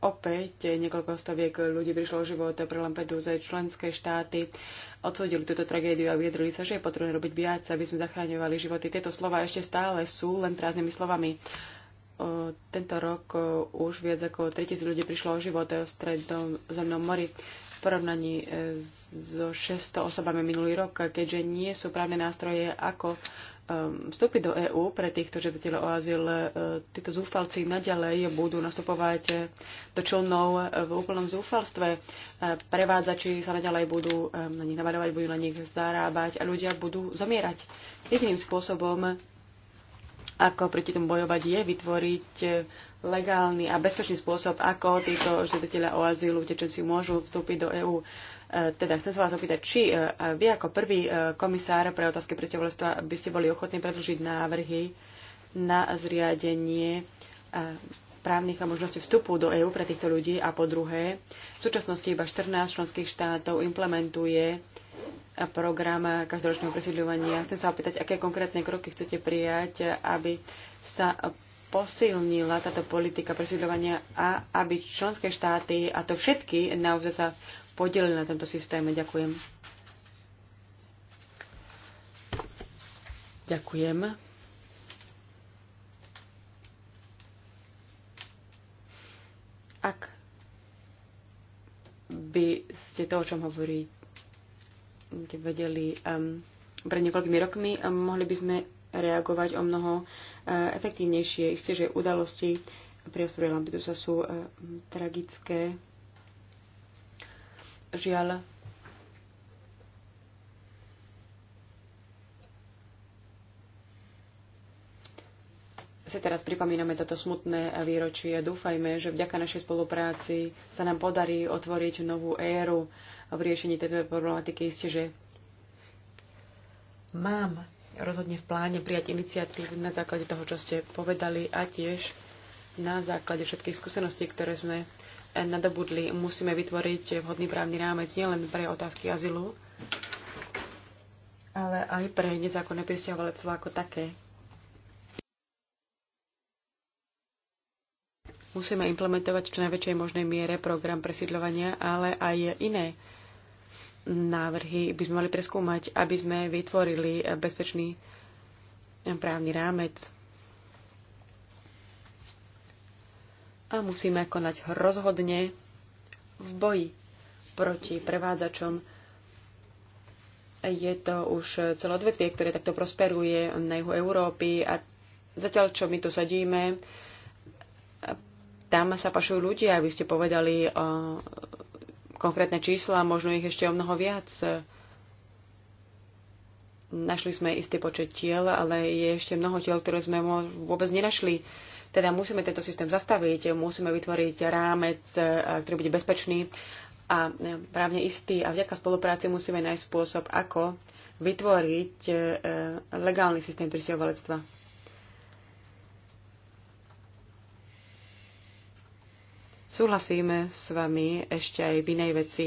opäť niekoľko stoviek ľudí prišlo o život pre Lampeduze. Členské štáty odsúdili túto tragédiu a vyjadrili sa, že je potrebné robiť viac, aby sme zachraňovali životy. Tieto slova ešte stále sú len prázdnymi slovami. Tento rok už viac ako 3000 ľudí prišlo o život v zemnom mori v porovnaní e, so 600 osobami minulý rok, keďže nie sú právne nástroje, ako Ehm, vstúpiť do EÚ pre týchto žiadateľov o azyl, ehm, títo zúfalci naďalej budú nastupovať ehm, do člnov v úplnom zúfalstve. Prevádzači sa naďalej budú na nich navarovať, budú na nich zarábať a ľudia budú zomierať. Jediným spôsobom, ako proti tomu bojovať, je vytvoriť legálny a bezpečný spôsob, ako títo žiadatelia o azyl utečenci môžu vstúpiť do EÚ. E, teda chcem sa vás opýtať, či e, vy ako prvý e, komisár pre otázky predstavovalstva by ste boli ochotní predlžiť návrhy na zriadenie právnych a možnosti vstupu do EÚ pre týchto ľudí a po druhé, v súčasnosti iba 14 členských štátov implementuje program každoročného presídľovania. Chcem sa opýtať, aké konkrétne kroky chcete prijať, aby sa posilnila táto politika presídľovania a aby členské štáty, a to všetky, naozaj sa podelili na tomto systéme. Ďakujem. Ďakujem. Ak by ste to, o čom hovorí, vedeli um, pred niekoľkými rokmi, um, mohli by sme reagovať o mnoho uh, efektívnejšie. Isté, že udalosti pri ostrove Lampedusa sú uh, tragické, Žiaľ, si teraz pripomíname toto smutné výročie. Dúfajme, že vďaka našej spolupráci sa nám podarí otvoriť novú éru v riešení tejto problematiky. Isté, že mám rozhodne v pláne prijať iniciatívu na základe toho, čo ste povedali a tiež na základe všetkých skúseností, ktoré sme nadobudli. Musíme vytvoriť vhodný právny rámec nielen pre otázky azylu, ale aj pre nezákonné pristahovalectvo ako také. Musíme implementovať v čo najväčšej možnej miere program presídľovania, ale aj iné návrhy by sme mali preskúmať, aby sme vytvorili bezpečný právny rámec. a musíme konať rozhodne v boji proti prevádzačom. Je to už celé odvetvie, ktoré takto prosperuje na juhu Európy a zatiaľ, čo my tu sadíme, tam sa pašujú ľudia, aby ste povedali o eh, konkrétne čísla, možno ich ešte o mnoho viac. Našli sme istý počet tiel, ale je ešte mnoho tiel, ktoré sme vôbec nenašli. Teda musíme tento systém zastaviť, musíme vytvoriť rámec, e, ktorý bude bezpečný a právne istý a vďaka spolupráci musíme nájsť spôsob, ako vytvoriť e, legálny systém prisiovalectva. Súhlasíme s vami ešte aj v inej veci.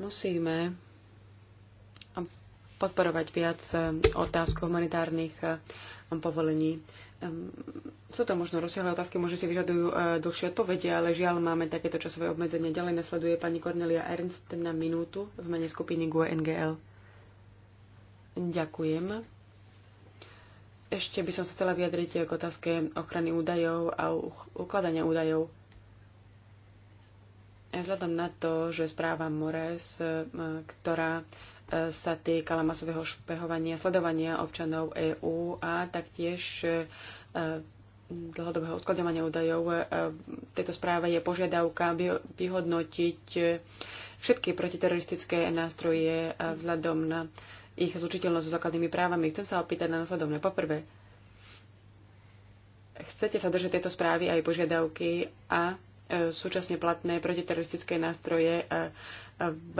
Musíme podporovať viac eh, otázku humanitárnych eh, povolení. Ehm, sú to možno rozsiahle otázky, možno si vyžadujú eh, dlhšie odpovede, ale žiaľ máme takéto časové obmedzenie. Ďalej nasleduje pani Cornelia Ernst na minútu v mene skupiny GUE NGL. Ďakujem. Ešte by som sa chcela vyjadriť k otázke ochrany údajov a ukladania údajov. Vzhľadom na to, že správa Mores, ktorá sa týkala masového špehovania, sledovania občanov EÚ a taktiež e, dlhodobého uskladňovania údajov. E, v tejto správe je požiadavka vyhodnotiť e, všetky protiteroristické nástroje vzhľadom na ich zlučiteľnosť so základnými právami. Chcem sa opýtať na následovné. Poprvé, chcete sa držať tejto správy aj požiadavky a súčasne platné protiteroristické nástroje v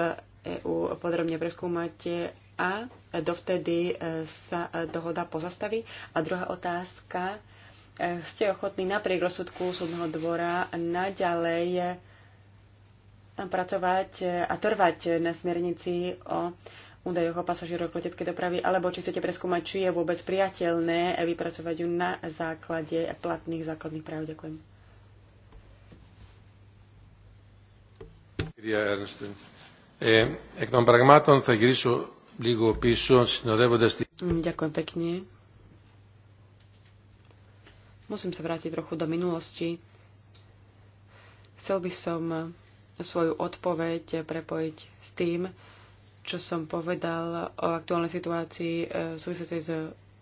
EÚ podrobne preskúmať a dovtedy e, sa e, dohoda pozastaví. A druhá otázka, e, ste ochotní napriek rozsudku súdneho dvora naďalej pracovať a trvať na smernici o údajoch o pasažieroch leteckej dopravy, alebo či chcete preskúmať, či je vôbec priateľné vypracovať ju na základe platných základných práv. Ďakujem. E, mm, ďakujem pekne. Musím sa vrátiť trochu do minulosti. Chcel by som svoju odpoveď prepojiť s tým, čo som povedal o aktuálnej situácii v e, súvislosti s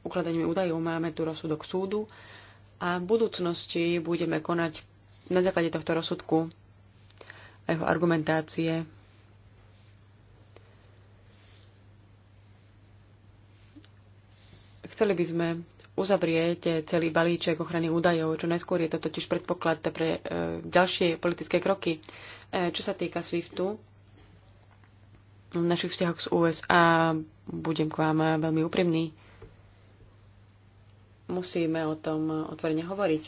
ukladaním údajov. Máme tu rozsudok súdu a v budúcnosti budeme konať na základe tohto rozsudku a jeho argumentácie. Chceli by sme uzavrieť eh, celý balíček ochrany údajov, čo najskôr je to totiž predpoklad pre eh, ďalšie politické kroky. Eh, čo sa týka SWIFTu, v našich vzťahoch s USA budem k vám veľmi úprimný. Musíme o tom otvorene hovoriť.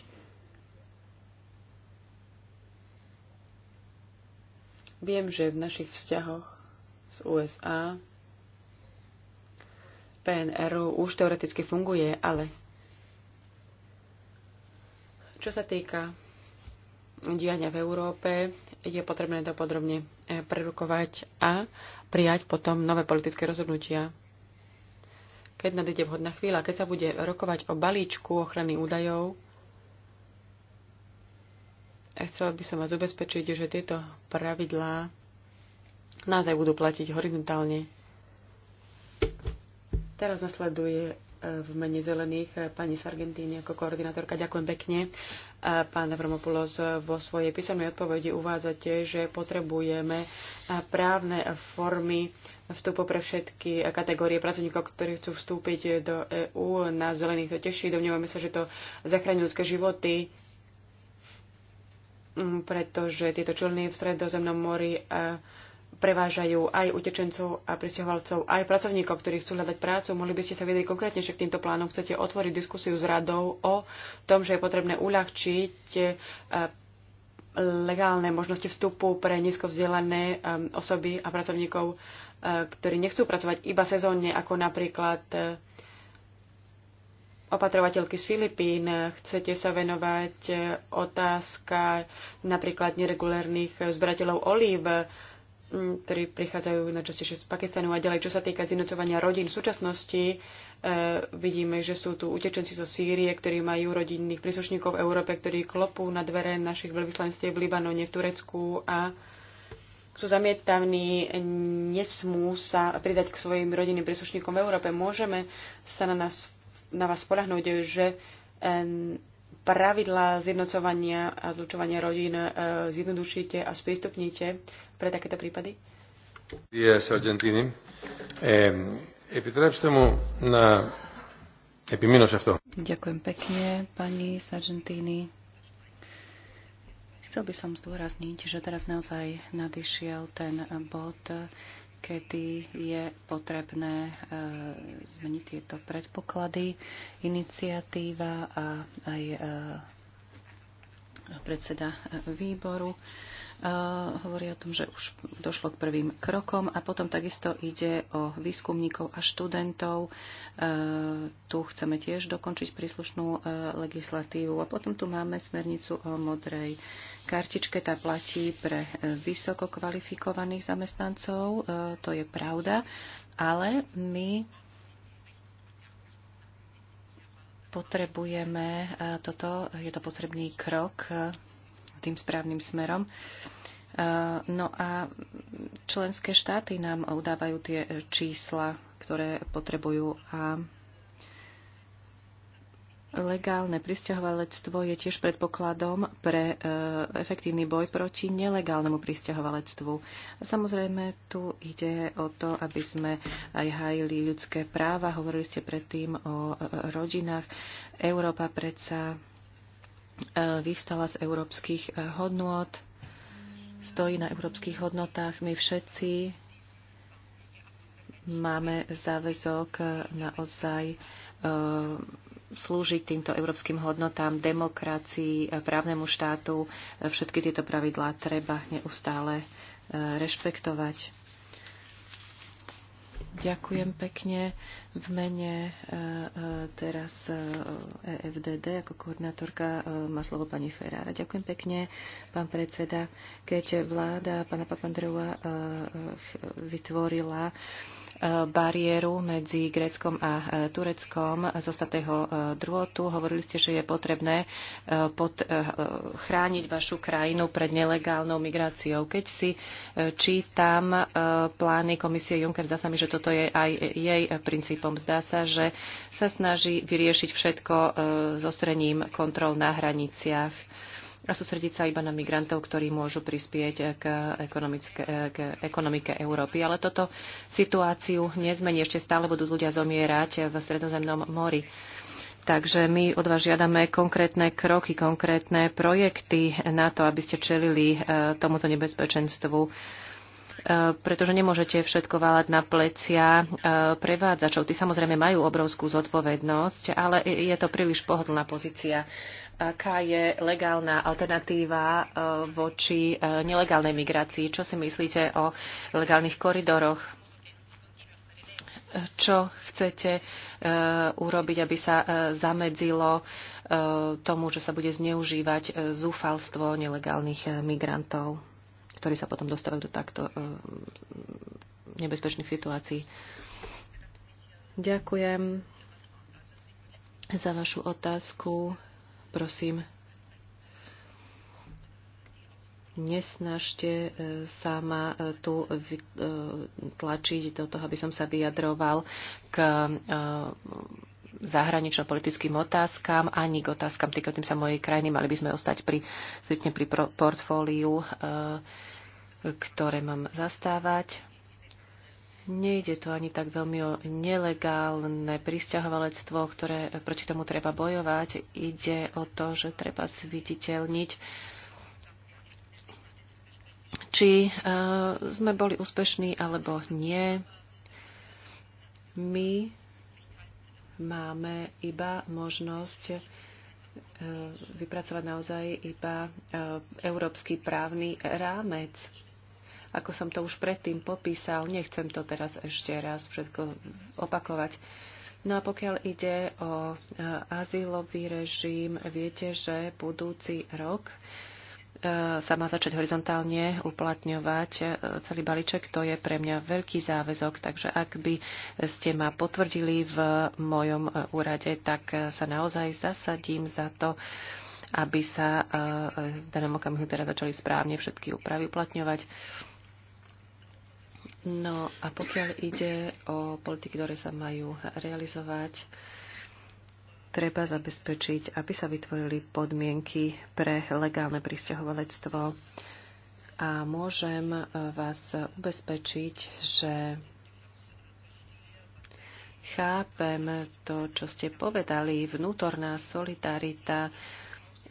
Viem, že v našich vzťahoch s USA PNR-u už teoreticky funguje, ale čo sa týka diania v Európe, je potrebné to podrobne eh, prerukovať a prijať potom nové politické rozhodnutia. Keď nadejde vhodná chvíľa, keď sa bude rokovať o balíčku ochrany údajov, eh, chcel by som vás ubezpečiť, že tieto pravidlá naozaj budú platiť horizontálne. Teraz nasleduje e, v mene zelených e, pani Sargentini ako koordinátorka. Ďakujem pekne. E, pán Avromopulos, vo svojej písomnej odpovedi uvádzate, že potrebujeme právne formy vstupu pre všetky kategórie pracovníkov, ktorí chcú vstúpiť do EÚ. Na zelených to teší. Domnievame sa, že to zachráni ľudské životy pretože tieto člny v Stredozemnom mori a prevážajú aj utečencov a pristahovalcov, aj pracovníkov, ktorí chcú hľadať prácu. Mohli by ste sa vedieť konkrétnejšie k týmto plánom. Chcete otvoriť diskusiu s radou o tom, že je potrebné uľahčiť e, legálne možnosti vstupu pre nízko vzdelané e, osoby a pracovníkov, e, ktorí nechcú pracovať iba sezónne, ako napríklad opatrovateľky z Filipín. Chcete sa venovať otázka napríklad neregulérnych zberateľov olív, ktorí prichádzajú najčastejšie z Pakistanu a ďalej. Čo sa týka zjednocovania rodín v súčasnosti, e, vidíme, že sú tu utečenci zo Sýrie, ktorí majú rodinných príslušníkov v Európe, ktorí klopú na dvere našich veľvyslanstiev v Libanone, v Turecku a sú zamietaní, nesmú sa pridať k svojim rodinným príslušníkom v Európe. Môžeme sa na, nás, na vás spolahnúť, že e, pravidlá zjednocovania a zlučovania rodín e, zjednodušíte a sprístupníte pre takéto prípady? Yes, Argentíny. Epitrepste mu na επιμείνω σε Ďakujem pekne, pani z Argentíny. Chcel by som zdôrazniť, že teraz naozaj nadišiel ten bod, kedy je potrebné e, zmeniť tieto predpoklady. Iniciatíva a aj e, predseda e, výboru hovorí o tom, že už došlo k prvým krokom a potom takisto ide o výskumníkov a študentov. E, tu chceme tiež dokončiť príslušnú e, legislatívu a potom tu máme smernicu o modrej kartičke. Tá platí pre e, vysoko kvalifikovaných zamestnancov, to je pravda, ale my potrebujeme toto, je to potrebný krok tým správnym smerom. Eh, no a členské štáty nám udávajú tie čísla, ktoré potrebujú a legálne pristahovalectvo je tiež predpokladom pre eh, efektívny boj proti nelegálnemu pristahovalectvu. Samozrejme, tu ide o to, aby sme aj hájili ľudské práva. Hovorili ste predtým o eh, rodinách. Európa predsa E, vyvstala z európskych e, hodnot, stojí na európskych hodnotách. My všetci máme záväzok naozaj e, slúžiť týmto európskym hodnotám, demokracii, právnemu štátu. Všetky tieto pravidlá treba neustále rešpektovať. Ďakujem pekne v mene e, e, teraz EFDD e ako koordinátorka má slovo pani Ferrara. Ďakujem pekne, pán predseda. Keď vláda pána Papandreua vytvorila bariéru medzi Gréckom a Tureckom z ostatého drôtu. Hovorili ste, že je potrebné pod, chrániť vašu krajinu pred nelegálnou migráciou. Keď si čítam plány komisie Juncker, zdá sa mi, že toto toto je aj jej princípom. Zdá sa, že sa snaží vyriešiť všetko zostrením e, kontrol na hraniciach a sústrediť sa iba na migrantov, ktorí môžu prispieť k, e, k ekonomike Európy. Ale toto situáciu nezmení. Ešte stále budú ľudia zomierať v Stredozemnom mori. Takže my od vás žiadame konkrétne kroky, konkrétne projekty na to, aby ste čelili e, tomuto nebezpečenstvu Eh, pretože nemôžete všetko valať na plecia eh, prevádzačov. Tí samozrejme majú obrovskú zodpovednosť, ale je to príliš pohodlná pozícia aká je legálna alternatíva eh, voči nelegálnej migrácii. Čo si myslíte o legálnych koridoroch? Čo chcete urobiť, aby sa zamedzilo tomu, že sa bude zneužívať zúfalstvo nelegálnych migrantov? ktorí sa potom dostávajú do takto eh, nebezpečných situácií. Ďakujem za vašu otázku. Prosím, nesnažte eh, sa ma eh, tu tlačiť do toho, aby som sa vyjadroval k zahranično-politickým otázkam ani k otázkam týkajúcim sa mojej krajiny. Mali by sme ostať pri, pri portfóliu uh, ktoré mám zastávať. Nejde to ani tak veľmi o nelegálne pristahovalectvo, ktoré proti tomu treba bojovať. Ide o to, že treba zviditeľniť, či e, sme boli úspešní alebo nie. My máme iba možnosť e, vypracovať naozaj iba e, európsky právny rámec ako som to už predtým popísal. Nechcem to teraz ešte raz všetko opakovať. No a pokiaľ ide o e, azylový režim, viete, že budúci rok e, sa má začať horizontálne uplatňovať e, celý balíček. To je pre mňa veľký záväzok, takže ak by ste ma potvrdili v mojom úrade, tak sa naozaj zasadím za to, aby sa v danom okamihu teraz začali správne všetky úpravy uplatňovať. No a pokiaľ ide o politiky, ktoré sa majú realizovať, treba zabezpečiť, aby sa vytvorili podmienky pre legálne pristahovalectvo. A môžem e, vás ubezpečiť, že chápem to, čo ste povedali, vnútorná solidarita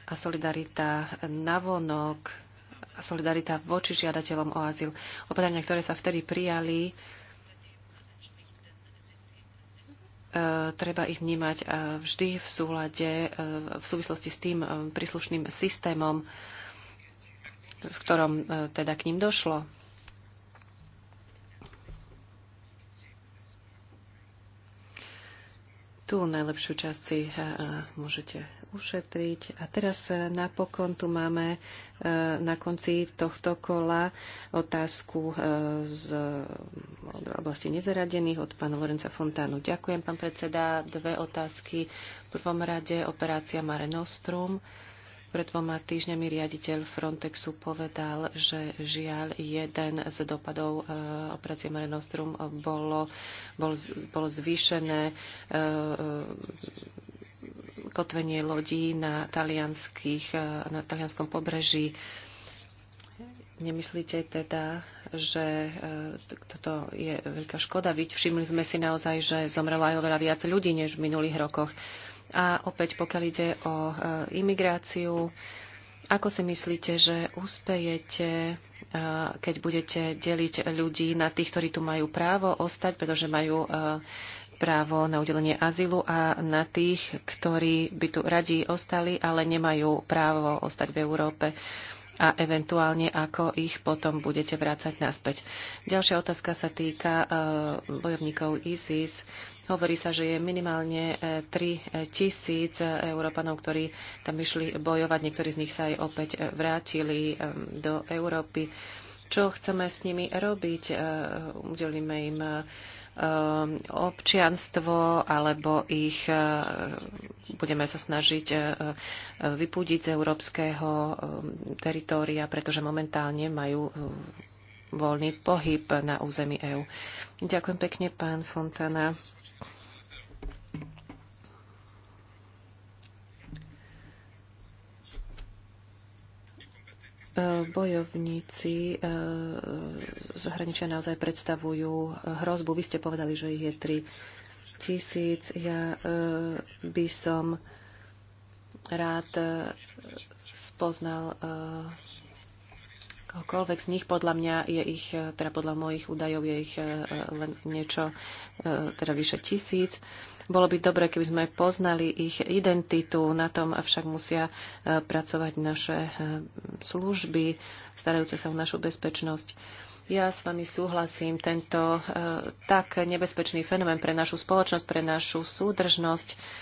a solidarita navonok solidarita voči žiadateľom o azyl. Opatrenia, ktoré sa vtedy prijali, e, treba ich vnímať e, vždy v súlade, e, v súvislosti s tým príslušným systémom, v ktorom teda k ním došlo. Tú najlepšiu časť si môžete ušetriť. A teraz e, napokon tu máme e, na konci tohto kola otázku e, z oblasti nezaradených od pána Lorenca Fontánu. Ďakujem, pán predseda. Dve otázky. V prvom rade operácia Mare Nostrum. Pred dvoma týždňami riaditeľ Frontexu povedal, že žiaľ jeden z dopadov operácie Mare Nostrum bolo, bol, bolo zvýšené kotvenie lodí na, eh, na talianskom pobreží. Nemyslíte teda, že eh, toto je veľká škoda? Všimli sme si naozaj, že zomrelo aj oveľa viac ľudí než v minulých rokoch. A opäť, pokiaľ ide o eh, imigráciu, ako si myslíte, že uspejete, keď budete deliť ľudí na tých, ktorí tu majú právo ostať, pretože majú právo na udelenie azylu a na tých, ktorí by tu radi ostali, ale nemajú právo ostať v Európe a eventuálne ako ich potom budete vrácať naspäť. Ďalšia otázka sa týka e, bojovníkov ISIS. Hovorí sa, že je minimálne 3 e, tisíc Európanov, ktorí tam išli bojovať. Niektorí z nich sa aj opäť e, vrátili do Európy. Čo chceme s nimi robiť? Udelíme im Um, občianstvo alebo ich uh, budeme sa snažiť uh, uh, vypudiť z európskeho um, teritória, pretože momentálne majú voľný pohyb na území EÚ. Ďakujem pekne, pán Fontana. bojovníci e, zahraničia naozaj predstavujú hrozbu. Vy ste povedali, že ich je 3 tisíc. Ja e, by som rád e, spoznal kohokoľvek z nich. Podľa mňa je ich, teda podľa mojich údajov je ich len niečo, teda vyše tisíc. Bolo by dobre, keby sme poznali ich identitu, na tom však musia e, pracovať naše e, služby, starajúce sa o našu bezpečnosť. Ja s vami súhlasím, tento e, tak nebezpečný fenomén pre našu spoločnosť, pre našu súdržnosť,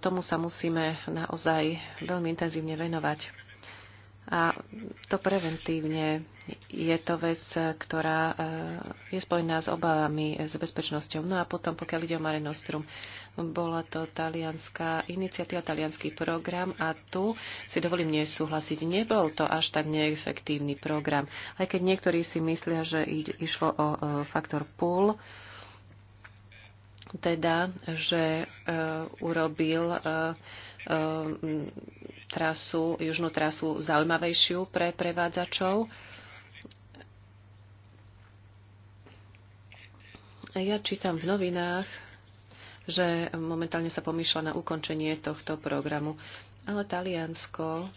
tomu sa musíme naozaj veľmi intenzívne venovať. A to preventívne je to vec, ktorá eh, je spojená s obavami, s bezpečnosťou. No a potom, pokiaľ ide o Mare Nostrum, bola to talianská iniciatíva, talianský program a tu si dovolím nesúhlasiť. Nebol to až tak neefektívny program. Aj keď niektorí si myslia, že išlo o eh, faktor pull, teda, že eh, urobil trasu, južnú trasu zaujímavejšiu pre prevádzačov. Ja čítam v novinách, že momentálne sa pomýšľa na ukončenie tohto programu. Ale Taliansko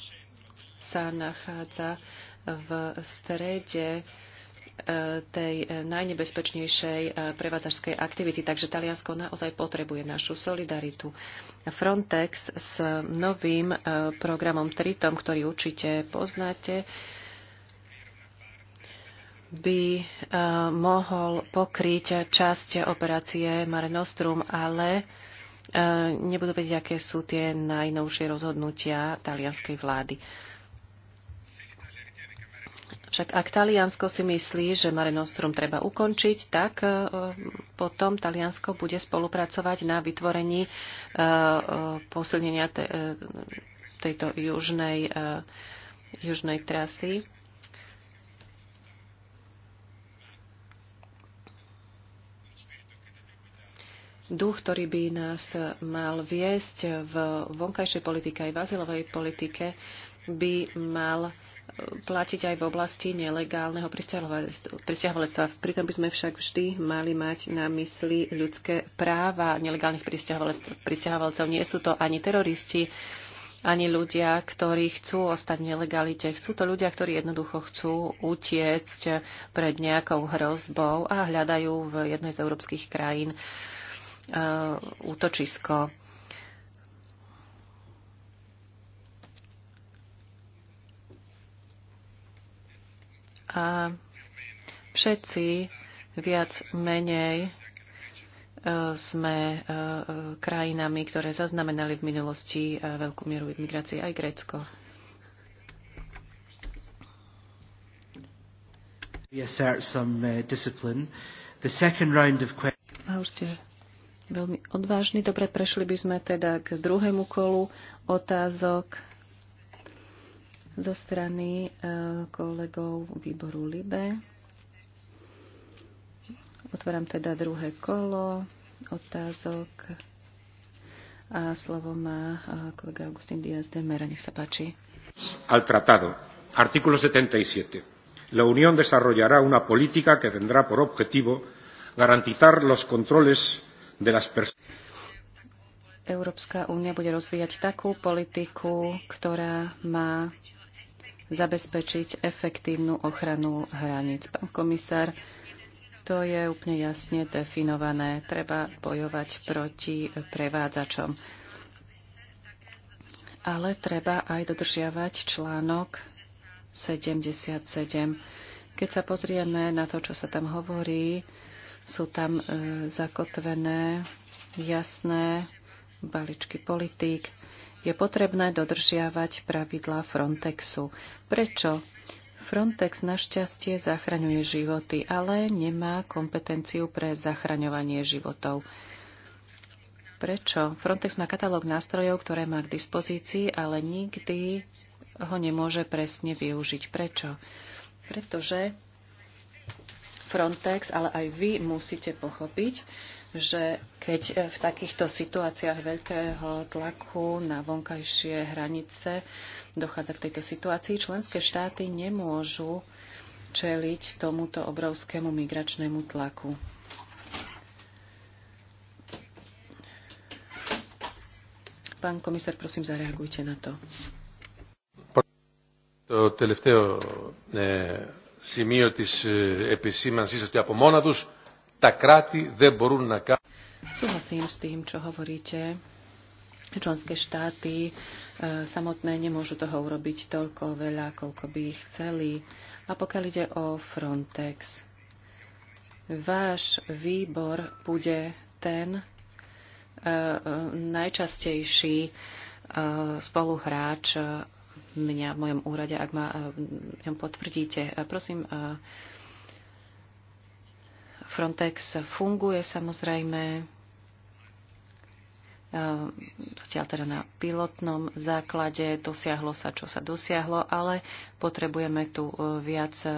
sa nachádza v strede tej e, najnebezpečnejšej e, prevádzačskej aktivity. Takže Taliansko naozaj potrebuje našu solidaritu. Frontex s novým e, programom Tritom, ktorý určite poznáte, by mohol pokryť časť operácie Mare Nostrum, ale nebudú vedieť, aké sú tie najnovšie rozhodnutia talianskej vlády. Však ak Taliansko si myslí, že Mare Nostrum treba ukončiť, tak e, potom Taliansko bude spolupracovať na vytvorení e, e, posilnenia tejto južnej, južnej trasy. duch, ktorý by nás mal viesť v vonkajšej politike aj v azylovej politike, by mal platiť aj v oblasti nelegálneho pristahovalectva. Pritom by sme však vždy mali mať na mysli ľudské práva nelegálnych pristahovalcov. Nie sú to ani teroristi, ani ľudia, ktorí chcú ostať v nelegalite. Chcú to ľudia, ktorí jednoducho chcú utiecť pred nejakou hrozbou a hľadajú v jednej z európskych krajín e, útočisko. Uh, a všetci viac menej e, sme e, e, krajinami, ktoré zaznamenali v minulosti veľkú mieru imigrácie, aj Grécko. A už ste veľmi odvážni. Dobre, prešli by sme teda k druhému kolu otázok zo strany e, kolegov výboru LIBE. Otváram teda druhé kolo otázok a slovo má e, kolega Augustín Díaz de Mera. Nech sa páči. Al tratado. Artículo 77. La Unión desarrollará una política que tendrá por objetivo garantizar los controles de las personas Európska únia bude rozvíjať takú politiku, ktorá má zabezpečiť efektívnu ochranu hraníc. Pán komisár, to je úplne jasne definované. Treba bojovať proti prevádzačom. Ale treba aj dodržiavať článok 77. Keď sa pozrieme na to, čo sa tam hovorí, sú tam e, zakotvené jasné balíčky politík, je potrebné dodržiavať pravidlá Frontexu. Prečo? Frontex našťastie zachraňuje životy, ale nemá kompetenciu pre zachraňovanie životov. Prečo? Frontex má katalóg nástrojov, ktoré má k dispozícii, ale nikdy ho nemôže presne využiť. Prečo? Pretože Frontex, ale aj vy musíte pochopiť, že keď e, v takýchto situáciách veľkého tlaku na vonkajšie hranice dochádza k tejto situácii, členské štáty nemôžu čeliť tomuto obrovskému migračnému tlaku. Pán komisár, prosím, zareagujte na to. To τελευταίο ε, σημείο της επισήμανσής ότι από μόνα τους τα κράτη δεν μπορούν να κάνουν. Súhlasím s tým, čo hovoríte. Členské štáty e, samotné nemôžu toho urobiť toľko veľa, koľko by ich chceli. A pokiaľ ide o Frontex, váš výbor bude ten e, e, najčastejší e, spoluhráč e, mňa v mojom úrade, ak ma e, potvrdíte. Prosím, e, Frontex funguje samozrejme, Ehm, zatiaľ teda na pilotnom základe dosiahlo sa, čo sa dosiahlo, ale potrebujeme tu e, viac e,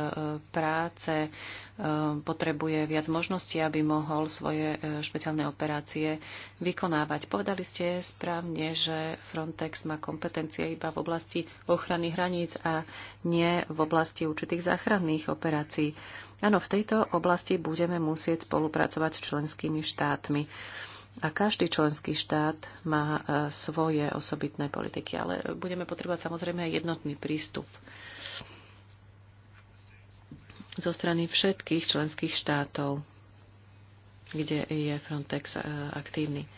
práce, ehm, potrebuje viac možností, aby mohol svoje e, špeciálne operácie vykonávať. Povedali ste správne, že Frontex má kompetencie iba v oblasti ochrany hraníc a nie v oblasti určitých záchranných operácií. Áno, v tejto oblasti budeme musieť spolupracovať s členskými štátmi. A každý členský štát má e, svoje osobitné politiky, ale budeme potrebovať samozrejme aj jednotný prístup zo strany všetkých členských štátov, kde je Frontex e, aktívny.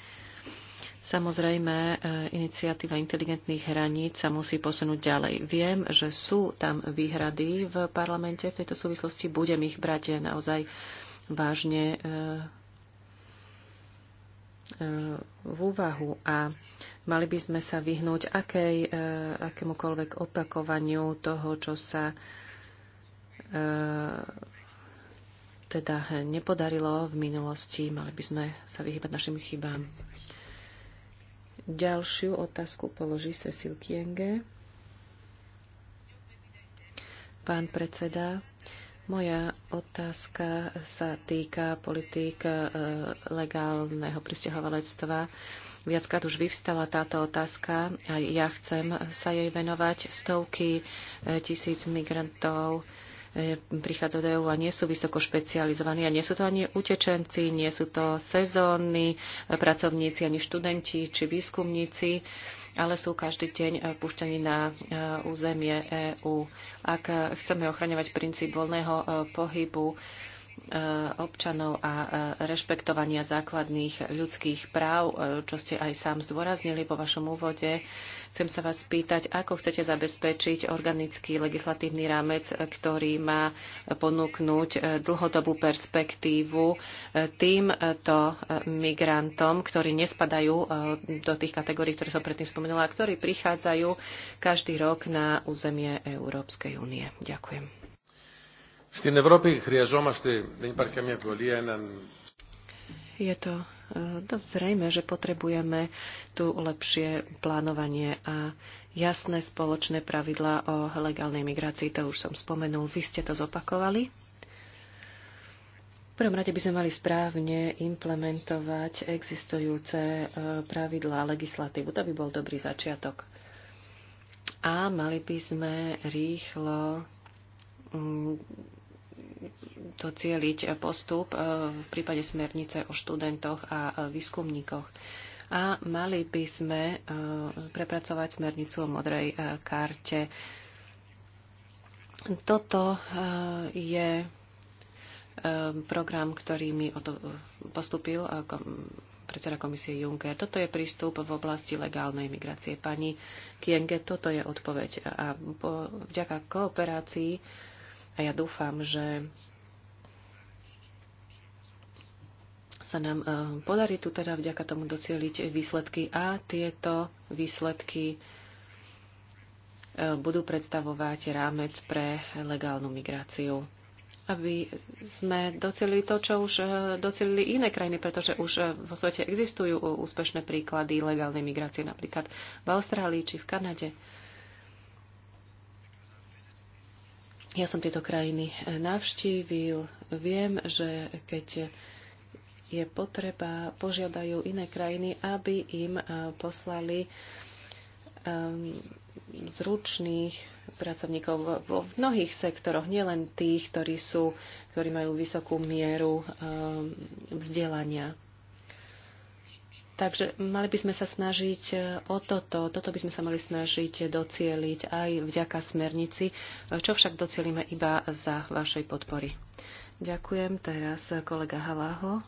Samozrejme, e, iniciatíva inteligentných hraníc sa musí posunúť ďalej. Viem, že sú tam výhrady v parlamente v tejto súvislosti. Budem ich brať naozaj vážne v úvahu a mali by sme sa vyhnúť akej, e, akémukoľvek opakovaniu toho, čo sa e, teda nepodarilo v minulosti. Mali by sme sa vyhybať našim chybám. Ďalšiu otázku položí Cecil Kienge. Pán predseda, moja otázka sa týka politík e, legálneho pristahovalectva. Viackrát už vyvstala táto otázka a ja chcem sa jej venovať. Stovky e, tisíc migrantov e, prichádzajú do EU a nie sú vysoko špecializovaní a nie sú to ani utečenci, nie sú to sezónni pracovníci, ani študenti či výskumníci ale sú každý deň eh, púšťaní na eh, územie EÚ. Ak eh, chceme ochraňovať princíp voľného pohybu, E, občanov a e, rešpektovania základných ľudských práv, e, čo ste aj sám zdôraznili po vašom úvode. Chcem sa vás spýtať, ako chcete zabezpečiť organický legislatívny rámec, ktorý má ponúknuť dlhodobú perspektívu týmto migrantom, ktorí nespadajú do tých kategórií, ktoré som predtým spomenula, a ktorí prichádzajú každý rok na územie Európskej únie. Ďakujem. Στην Ευρώπη χρειαζόμαστε, δεν υπάρχει καμία αμφιβολία, έναν je to dosť zrejme, že potrebujeme tu lepšie plánovanie a jasné spoločné pravidlá o legálnej migrácii. To už som spomenul, vy ste to zopakovali. V prvom rade by sme mali správne implementovať existujúce e, pravidlá a legislatívu. To by bol dobrý začiatok. A mali by sme rýchlo mm, docieliť postup e, v prípade smernice o študentoch a e, výskumníkoch. A mali by sme e, prepracovať smernicu o modrej karte. Toto je program, ktorý mi postupil predseda komisie Juncker. Toto je prístup v oblasti legálnej migrácie. Pani Kienge, toto je odpoveď. A vďaka kooperácii a ja dúfam, že sa nám e, podarí tu teda vďaka tomu docieliť výsledky a tieto výsledky e, budú predstavovať rámec pre legálnu migráciu aby sme docelili to, čo už e, docelili iné krajiny, pretože už vo svete existujú úspešné príklady legálnej migrácie, napríklad v Austrálii či v Kanade. Ja som tieto krajiny e, navštívil. Viem, že keď je potreba, požiadajú iné krajiny, aby im e, poslali zručných pracovníkov vo mnohých sektoroch, nielen tých, ktorí, sú, ktorí majú vysokú mieru vzdelania. Takže mali by sme sa snažiť e, o toto, toto by sme sa mali snažiť docieliť aj vďaka smernici, e, čo však docielíme iba za vašej podpory. Ďakujem teraz kolega Haláho.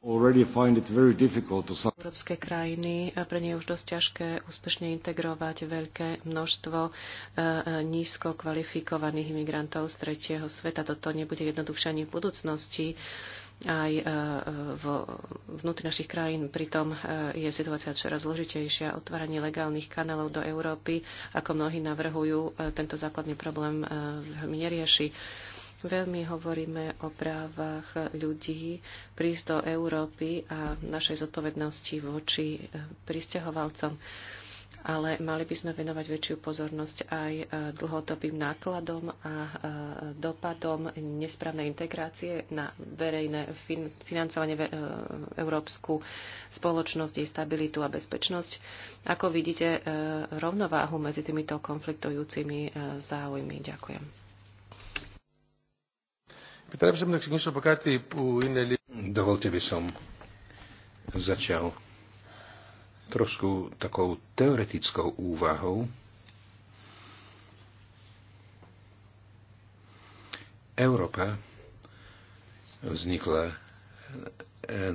Európske krajiny a pre nie je už dosť ťažké úspešne integrovať veľké množstvo e, nízko kvalifikovaných imigrantov z tretieho sveta. Toto nebude jednoduchšie ani v budúcnosti aj e, vo vnútri našich krajín. Pritom e, je situácia čoraz zložitejšia. Otváranie legálnych kanálov do Európy, ako mnohí navrhujú, e, tento základný problém nerieši. Veľmi hovoríme o právach ľudí prísť do Európy a našej zodpovednosti voči pristahovalcom ale mali by sme venovať väčšiu pozornosť aj e, dlhodobým nákladom a e, dopadom nesprávnej integrácie na verejné financovanie v e, európsku spoločnosť, jej stabilitu a bezpečnosť. Ako vidíte rovnováhu medzi týmito konfliktujúcimi záujmi. Ďakujem. Dovolte by som začal trošku takou teoretickou úvahou. Európa vznikla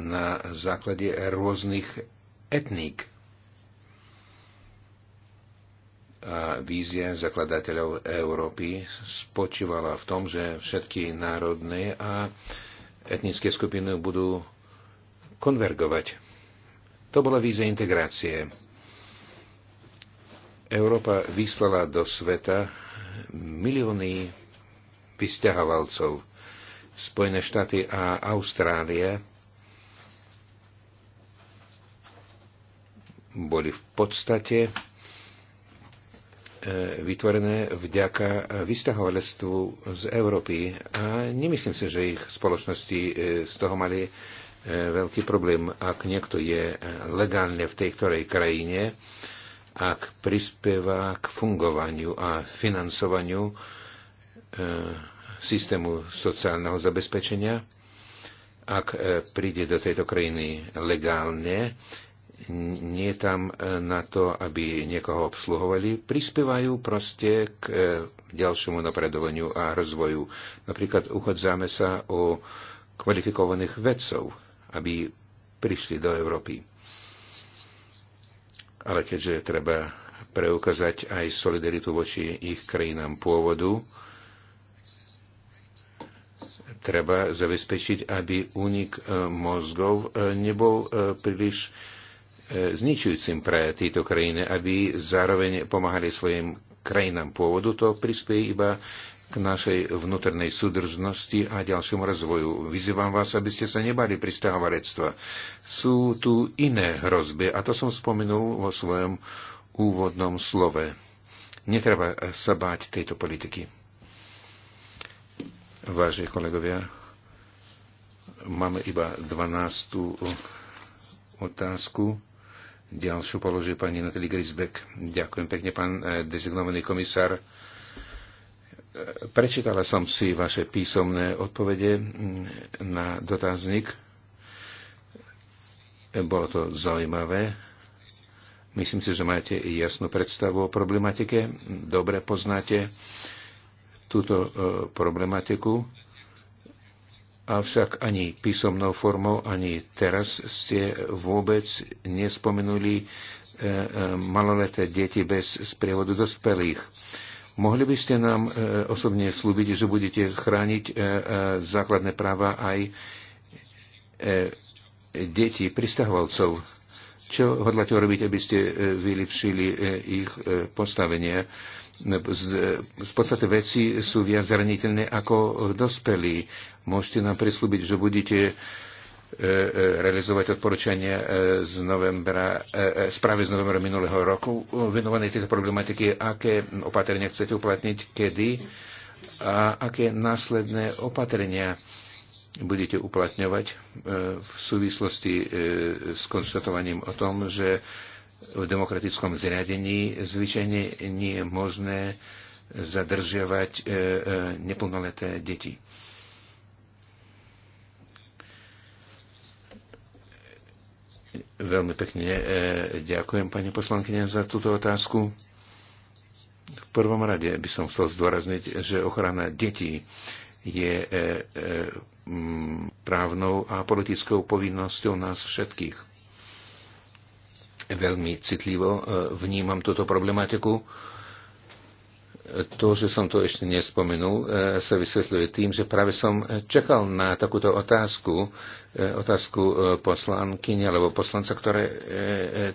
na základe rôznych etník. A vízia zakladateľov Európy spočívala v tom, že všetky národné a etnické skupiny budú konvergovať. To bola víza integrácie. Európa vyslala do sveta milióny vysťahovalcov. Spojené štáty a Austrália boli v podstate e, vytvorené vďaka vysťahovalectvu z Európy. A nemyslím si, že ich spoločnosti e, z toho mali veľký problém, ak niekto je legálne v tej ktorej krajine, ak prispieva k fungovaniu a financovaniu e, systému sociálneho zabezpečenia, ak e, príde do tejto krajiny legálne, nie tam e, na to, aby niekoho obsluhovali, prispievajú proste k ďalšiemu napredovaniu a rozvoju. Napríklad uchádzame sa o kvalifikovaných vedcov, aby prišli do Európy. Ale keďže treba preukázať aj solidaritu voči ich krajinám pôvodu, treba zabezpečiť, aby únik e, mozgov e, nebol e, príliš zničujúcim pre tieto krajiny, aby zároveň pomáhali svojim krajinám pôvodu. To prispieje iba k našej vnútornej súdržnosti a ďalšiemu rozvoju. Vyzývam vás, aby ste sa nebali pristahovarectva. Sú tu iné hrozby a to som spomenul vo svojom úvodnom slove. Netreba sa báť tejto politiky. Váži kolegovia, máme iba 12. otázku. Ďalšiu položí pani Natalie Grisbeck. Ďakujem pekne, pán eh, dezignovaný komisár. Prečítala som si vaše písomné odpovede mm, na dotazník. Bolo to zaujímavé. Myslím si, že máte jasnú predstavu o problematike. Dobre poznáte túto e, problematiku. Avšak ani písomnou formou, ani teraz ste vôbec nespomenuli e, e, maloleté deti bez sprievodu dospelých Mohli by ste nám e, osobne slúbiť, že budete chrániť e, e, základné práva aj detí, pristahovalcov? Čo hodláte urobiť, aby ste vylepšili ich postavenie? Z podstate veci sú viac zraniteľné ako dospelí. Môžete nám prislúbiť, že budete E, e, realizovať odporúčania e, z novembra, správy z novembra minulého roku venovanej tejto problematiky, aké opatrenia chcete uplatniť, kedy a aké následné opatrenia budete uplatňovať v súvislosti s konštatovaním o tom, že v demokratickom zriadení zvyčajne nie je možné zadržiavať neplnoleté deti. Veľmi pekne e, ďakujem, pani poslankyňa, za túto otázku. V prvom rade by som chcel zdôrazniť, že ochrana detí je e, e, právnou a politickou povinnosťou nás všetkých. Veľmi citlivo vnímam túto problematiku to, že som to ešte nespomenul, e, sa vysvetľuje tým, že práve som čakal na takúto otázku, e, otázku e, poslankyne alebo poslanca, ktoré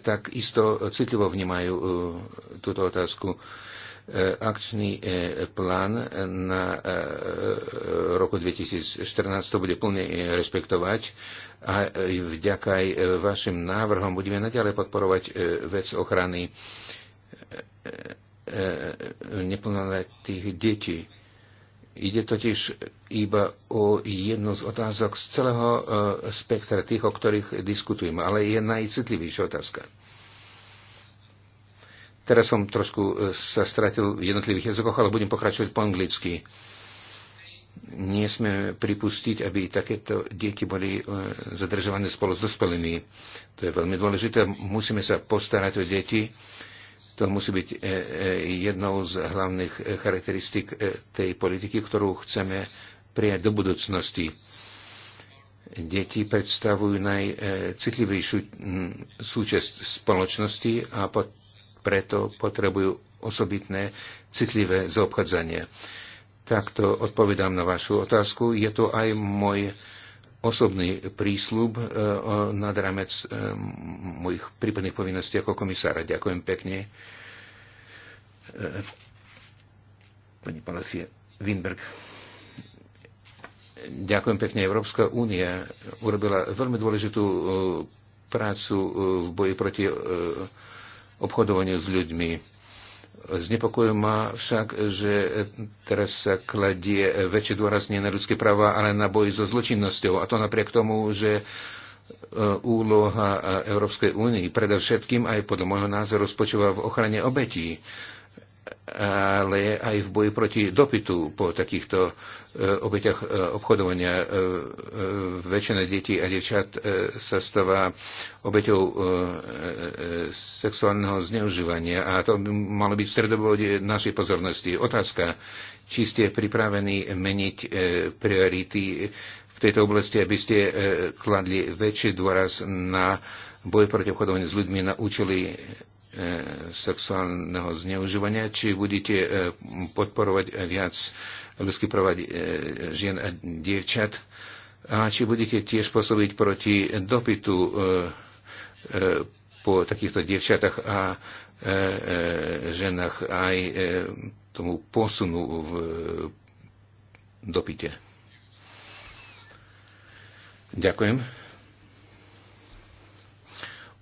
tak isto citlivo vnímajú túto otázku. Akčný plán na roku 2014 to bude plne rešpektovať a vďaka aj vašim návrhom budeme naďalej podporovať vec ochrany E, e, neplnoletých detí. Ide totiž iba o jednu z otázok z celého e, spektra tých, o ktorých diskutujeme, ale je najcitlivejšia otázka. Teraz som trošku sa stratil v jednotlivých jazykoch, ale budem pokračovať po anglicky. Nie sme pripustiť, aby takéto deti boli zadržované spolu s dospelými. To je veľmi dôležité. Musíme sa postarať o deti, to musí byť e, e, jednou z hlavných e, charakteristik tej politiky, ktorú chceme prijať do budúcnosti. Deti predstavujú najcitlivejšiu súčasť spoločnosti a preto potrebujú osobitné citlivé zaobchádzanie. Takto odpovedám na vašu otázku. Je to aj môj osobný prísľub e, nad rámec e, mojich prípadných povinností ako komisára. Ďakujem pekne. E, pani Palafie Winberg. Ďakujem pekne. Európska únia urobila veľmi dôležitú prácu v boji proti obchodovaniu s ľuďmi. Znepokojujú ma však, že teraz sa kladie väčšie dôraz nie na ľudské práva, ale na boj so zločinnosťou. A to napriek tomu, že e, úloha Európskej únie predovšetkým aj podľa môjho názoru spočíva v ochrane obetí ale aj v boji proti dopytu po takýchto e, obeťach e, obchodovania. E, väčšina detí a devčat sa stáva obeťou sexuálneho zneužívania a to by malo byť v stredobode našej pozornosti. Otázka, či ste pripravení meniť priority v tejto oblasti, aby ste kladli väčší dôraz na boj proti obchodovaniu s ľuďmi na účely E, sexuálneho zneužívania, či budete e, podporovať viac ľudský práva e, žien a dievčat a či budete tiež pôsobiť proti dopytu po takýchto dievčatách a ženách aj tomu posunu v dopite. Ďakujem.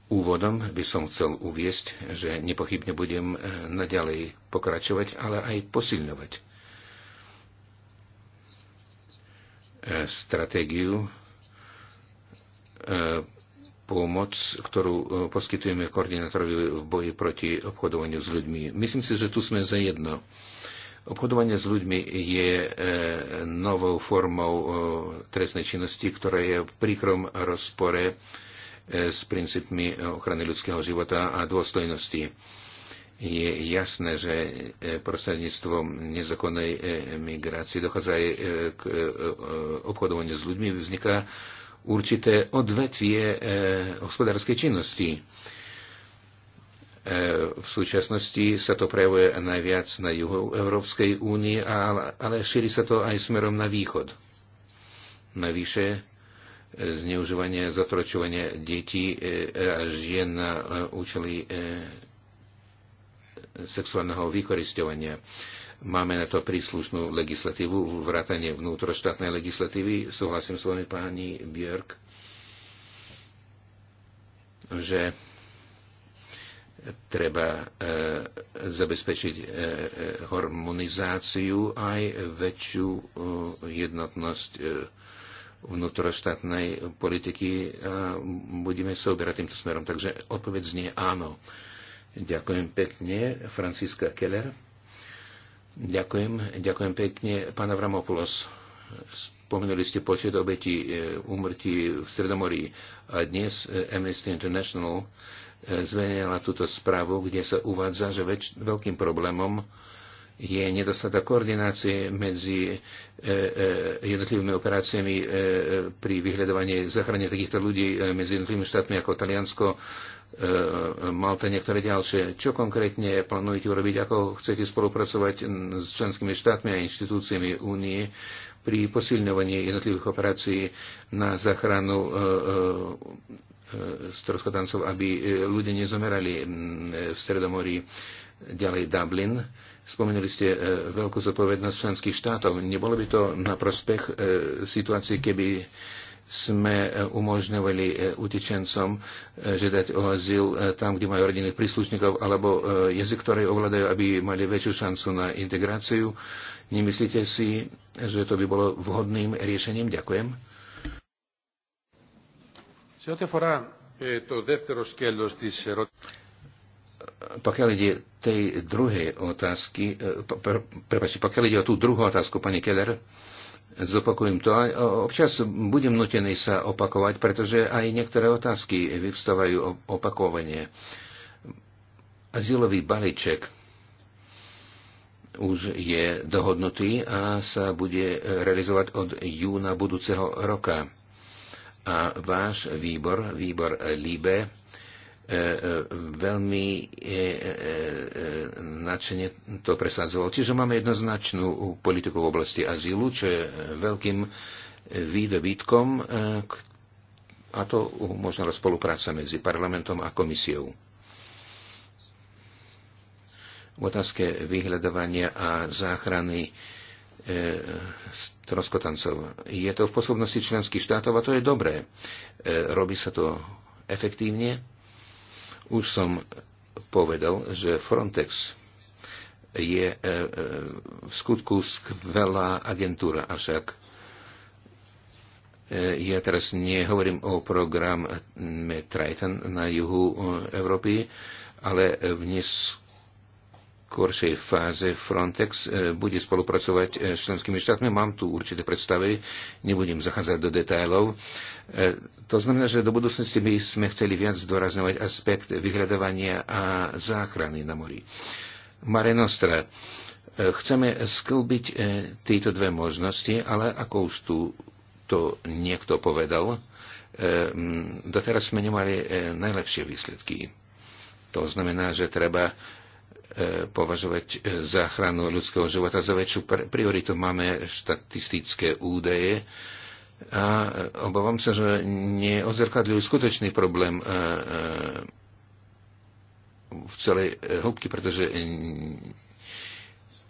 Úvodom by som chcel uviesť, že nepochybne budem e, naďalej pokračovať, ale aj posilňovať e, stratégiu e, pomoc, ktorú poskytujeme koordinátorovi v boji proti obchodovaniu s ľuďmi. Myslím si, že tu sme za jedno. Obchodovanie s ľuďmi je novou formou trestnej činnosti, ktorá je v príkrom rozpore s princípmi ochrany ľudského života a dôstojnosti. Je jasné, že e, prostredníctvom nezákonnej e, migrácie dochádza aj e, k obchodovaniu s ľuďmi, vzniká určité odvetvie hospodárskej činnosti. V súčasnosti sa to prejavuje najviac na juhu Európskej únie, ale šíri sa to aj smerom na východ. Navyše zneužívanie, zatročovanie detí a e, e, žien na e, účely sexuálneho vykoristovania. Máme na to príslušnú legislatívu, vrátanie vnútroštátnej legislatívy. Súhlasím s vami, pani Björk, že treba e, zabezpečiť e, harmonizáciu aj väčšiu e, jednotnosť e, vnútroštátnej politiky a e, budeme sa uberať týmto smerom. Takže odpoveď znie áno. Ďakujem pekne, Franciska Keller. Ďakujem, ďakujem pekne, pán Avramopoulos. Spomenuli ste počet obetí e, úmrtí v Sredomorí a dnes e, Amnesty International zverejnila túto správu, kde sa uvádza, že väč- veľkým problémom je nedostatok koordinácie medzi e, e, jednotlivými operáciami e, pri vyhľadovaní zachrane takýchto ľudí medzi jednotlivými štátmi ako Taliansko, Malta, niektoré ďalšie. Čo konkrétne plánujete urobiť, ako chcete spolupracovať s členskými štátmi a inštitúciami únie pri posilňovaní jednotlivých operácií na zachranu stroskotancov, aby ľudia nezomerali v Stredomorí ďalej Dublin Spomenuli ste e, veľkú zodpovednosť členských štátov. Nebolo by to na prospech e, situácii, keby sme e, umožňovali utečencom žiadať o azyl tam, kde majú rodinných príslušníkov, alebo jazyk, ktorý ovládajú, aby mali väčšiu šancu na integráciu. Nemyslíte si, že to by bolo vhodným riešením? Ďakujem. Σε pokiaľ ide tej druhej otázky, e, prepáčte, pokiaľ ide o tú druhú otázku, pani Keller, zopakujem to. Občas budem nutený sa opakovať, pretože aj niektoré otázky vyvstávajú opakovanie. Azylový balíček už je dohodnutý a sa bude realizovať od júna budúceho roka. A váš výbor, výbor LIBE, E, e, veľmi e, nadšene to presadzoval. Čiže máme jednoznačnú politiku v oblasti azylu, čo je veľkým výdobytkom a to možno spolupráca medzi parlamentom a komisiou. V otázke vyhľadovania a záchrany troskotancov. Je to v pôsobnosti členských štátov a to je dobré. Robí sa to efektívne už som povedal, že Frontex je e, e, v skutku skvelá agentúra, avšak e, ja teraz nehovorím o programe Triton na juhu Európy, ale v skoršej fáze Frontex e, bude spolupracovať e, s členskými štátmi. Mám tu určité predstavy, nebudem zachádzať do detailov. E, to znamená, že do budúcnosti by sme chceli viac zdôrazňovať aspekt vyhľadovania a záchrany na mori. Mare Nostra. Chceme sklbiť tieto dve možnosti, ale ako už tu to niekto povedal, doteraz sme nemali najlepšie výsledky. To znamená, že treba E, považovať e, záchranu ľudského života za väčšiu prioritu. Máme štatistické údaje a e, obávam sa, že neodzrkadľujú skutočný problém v celej hĺbke, pretože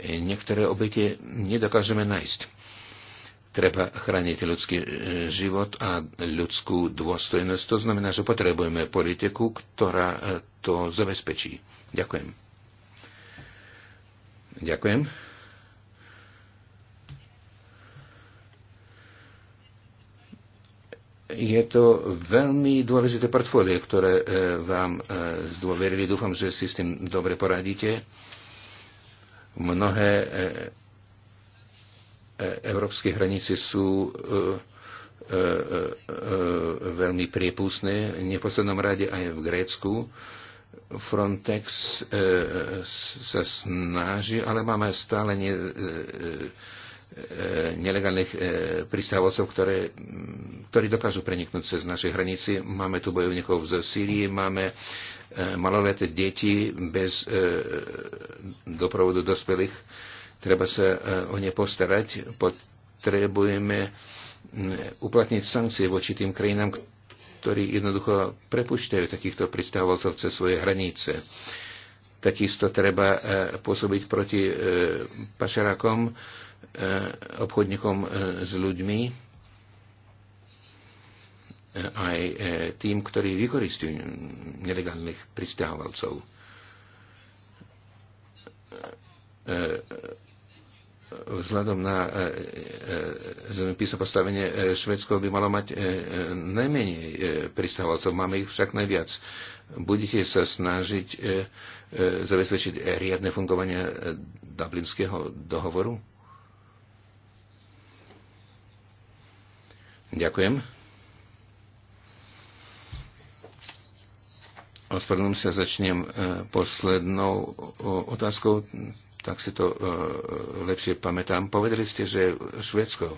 niektoré obete nedokážeme nájsť. Treba chrániť ľudský život a ľudskú dôstojnosť. To znamená, že potrebujeme politiku, ktorá to zabezpečí. Ďakujem. Ďakujem. Je to veľmi dôležité portfólie, ktoré e, vám e, zdôverili. Dúfam, že si s tým dobre poradíte. Mnohé e, európske hranice sú veľmi priepustné, v neposlednom rade aj v Grécku. Frontex e, e, sa snaží, ale máme stále ne, e, nelegálnych pristahovalcov, mm, ktorí dokážu preniknúť cez naše hranici. Máme tu bojovníkov z Sýrie, máme maloleté deti bez doprovodu dospelých. Treba sa o ne postarať. Potrebujeme uplatniť sankcie voči tým krajinám, ktorí jednoducho prepušťajú takýchto pristahovalcov cez svoje hranice. Takisto treba e, pôsobiť proti e, pašerákom, e, obchodníkom s ľuďmi, aj tým, ktorí vykoristujú nelegálnych pristahovalcov vzhľadom na zemepisné e, e, postavenie e, Švedsko by malo mať najmenej pristahovalcov, máme ich však najviac. Budete sa snažiť zabezpečiť riadne fungovanie Dublinského dohovoru? Ďakujem. Ospravedlňujem sa, začnem poslednou otázkou tak si to e, e, lepšie pamätám. Povedali ste, že Švedsko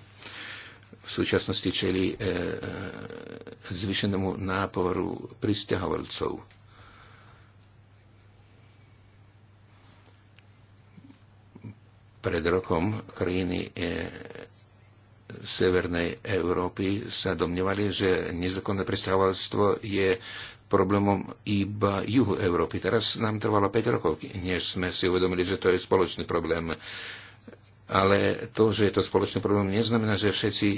v súčasnosti čeli e, zvýšenému náporu pristahovalcov. Pred rokom krajiny Severnej Európy sa domnievali, že nezákonné pristahovalstvo je problémom iba juhu Európy. Teraz nám trvalo 5 rokov, než sme si uvedomili, že to je spoločný problém. Ale to, že je to spoločný problém, neznamená, že všetci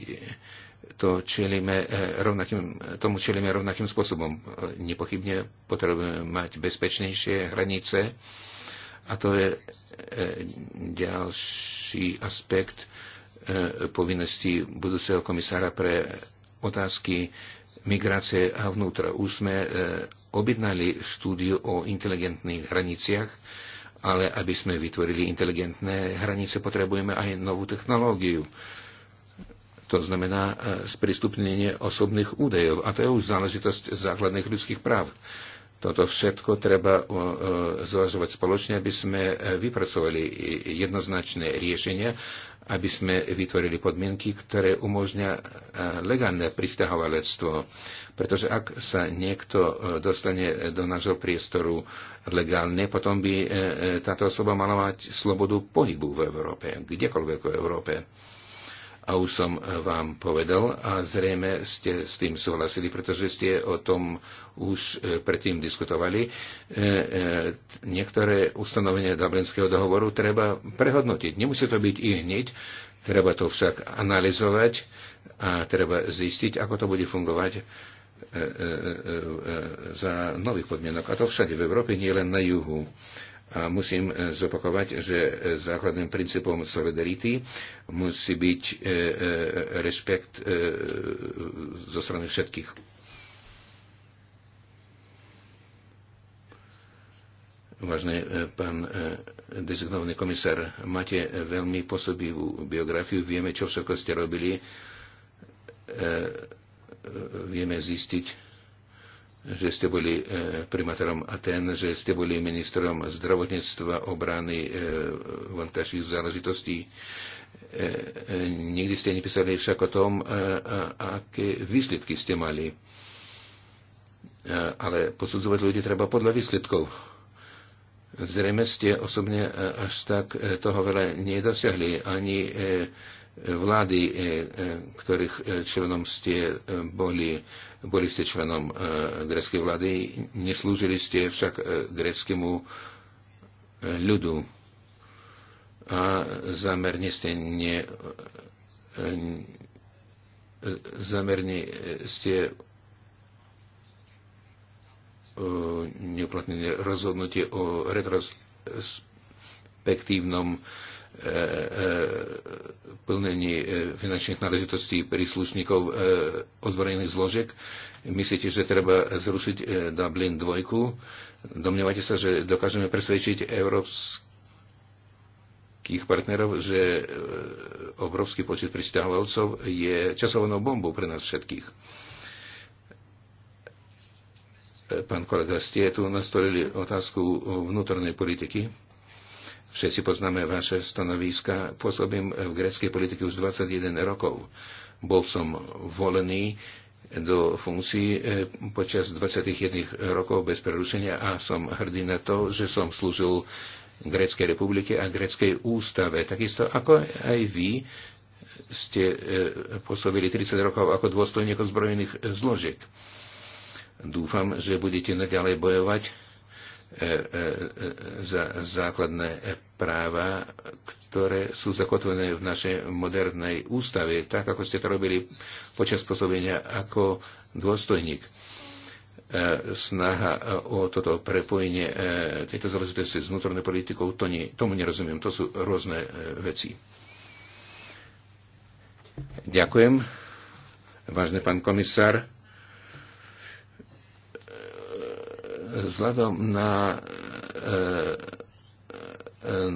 to čelíme eh, rovnakým, tomu čelíme rovnakým spôsobom. Nepochybne potrebujeme mať bezpečnejšie hranice a to je eh, ďalší aspekt eh, povinnosti budúceho komisára pre otázky migrácie a vnútra. Už sme e, objednali štúdiu o inteligentných hraniciach, ale aby sme vytvorili inteligentné hranice, potrebujeme aj novú technológiu. To znamená e, sprístupnenie osobných údajov. A to je už záležitosť základných ľudských práv. Toto všetko treba e, zvažovať spoločne, aby sme e, vypracovali jednoznačné riešenia, aby sme vytvorili podmienky, ktoré umožňa e, legálne pristahovalectvo. Pretože ak sa niekto dostane do nášho priestoru legálne, potom by táto osoba mala mať slobodu pohybu v Európe, kdekoľvek v Európe a už som e, vám povedal a zrejme ste s tým súhlasili, pretože ste o tom už e, predtým diskutovali. E, niektoré ustanovenia Dublinského dohovoru treba prehodnotiť. Nemusí to byť i hneď, treba to však analyzovať a treba zistiť, ako to bude fungovať za nových podmienok. A to všade v Európe, nie len na juhu. A musím e, zopakovať, že e, základným princípom solidarity musí byť e, rešpekt zo strany všetkých. Vážne pán dezignovaný komisár, máte veľmi pôsobivú biografiu, vieme, čo všetko ste robili, vieme zistiť, že ste boli e, primátorom Aten, že ste boli ministrom zdravotníctva, obrany, e, vonkajších záležitostí. E, nikdy ste nepísali však o tom, aké výsledky ste mali. Ale posudzovať ľudí treba podľa výsledkov. Zrejme ste osobne až tak toho veľa nedosiahli, ani vlády, e, e, ktorých e, členom ste boli, boli ste členom greckej vlády, neslúžili ste však greckému ľudu a zamerne ste ne, zamerne ste neuplatnili rozhodnutie o retrospektívnom E, e, plnení e, finančných náležitostí príslušníkov ozbrojených zložiek. Myslíte, že treba zrušiť Dublin 2? Domnievate sa, že dokážeme presvedčiť európskych partnerov, že obrovský počet pristahovalcov je časovanou bombou pre nás všetkých? Pán kolega, ste tu nastolili otázku vnútornej politiky Všetci poznáme vaše stanoviska. Pôsobím v greckej politike už 21 rokov. Bol som volený do funkcií e, počas 21 rokov bez prerušenia a som hrdý na to, že som slúžil Gréckej republike a Gréckej ústave. Takisto ako aj vy ste e, pôsobili 30 rokov ako dôstojník ozbrojených zložiek. Dúfam, že budete naďalej bojovať E, e, za základné práva, ktoré sú zakotvené v našej modernej ústave, tak ako ste to robili počas pôsobenia ako dôstojník. E, snaha o toto prepojenie tejto záležitosti s vnútornou politikou, to nie, tomu nerozumiem, to sú rôzne veci. Ďakujem. Vážne pán komisár, Vzhľadom na, e, e,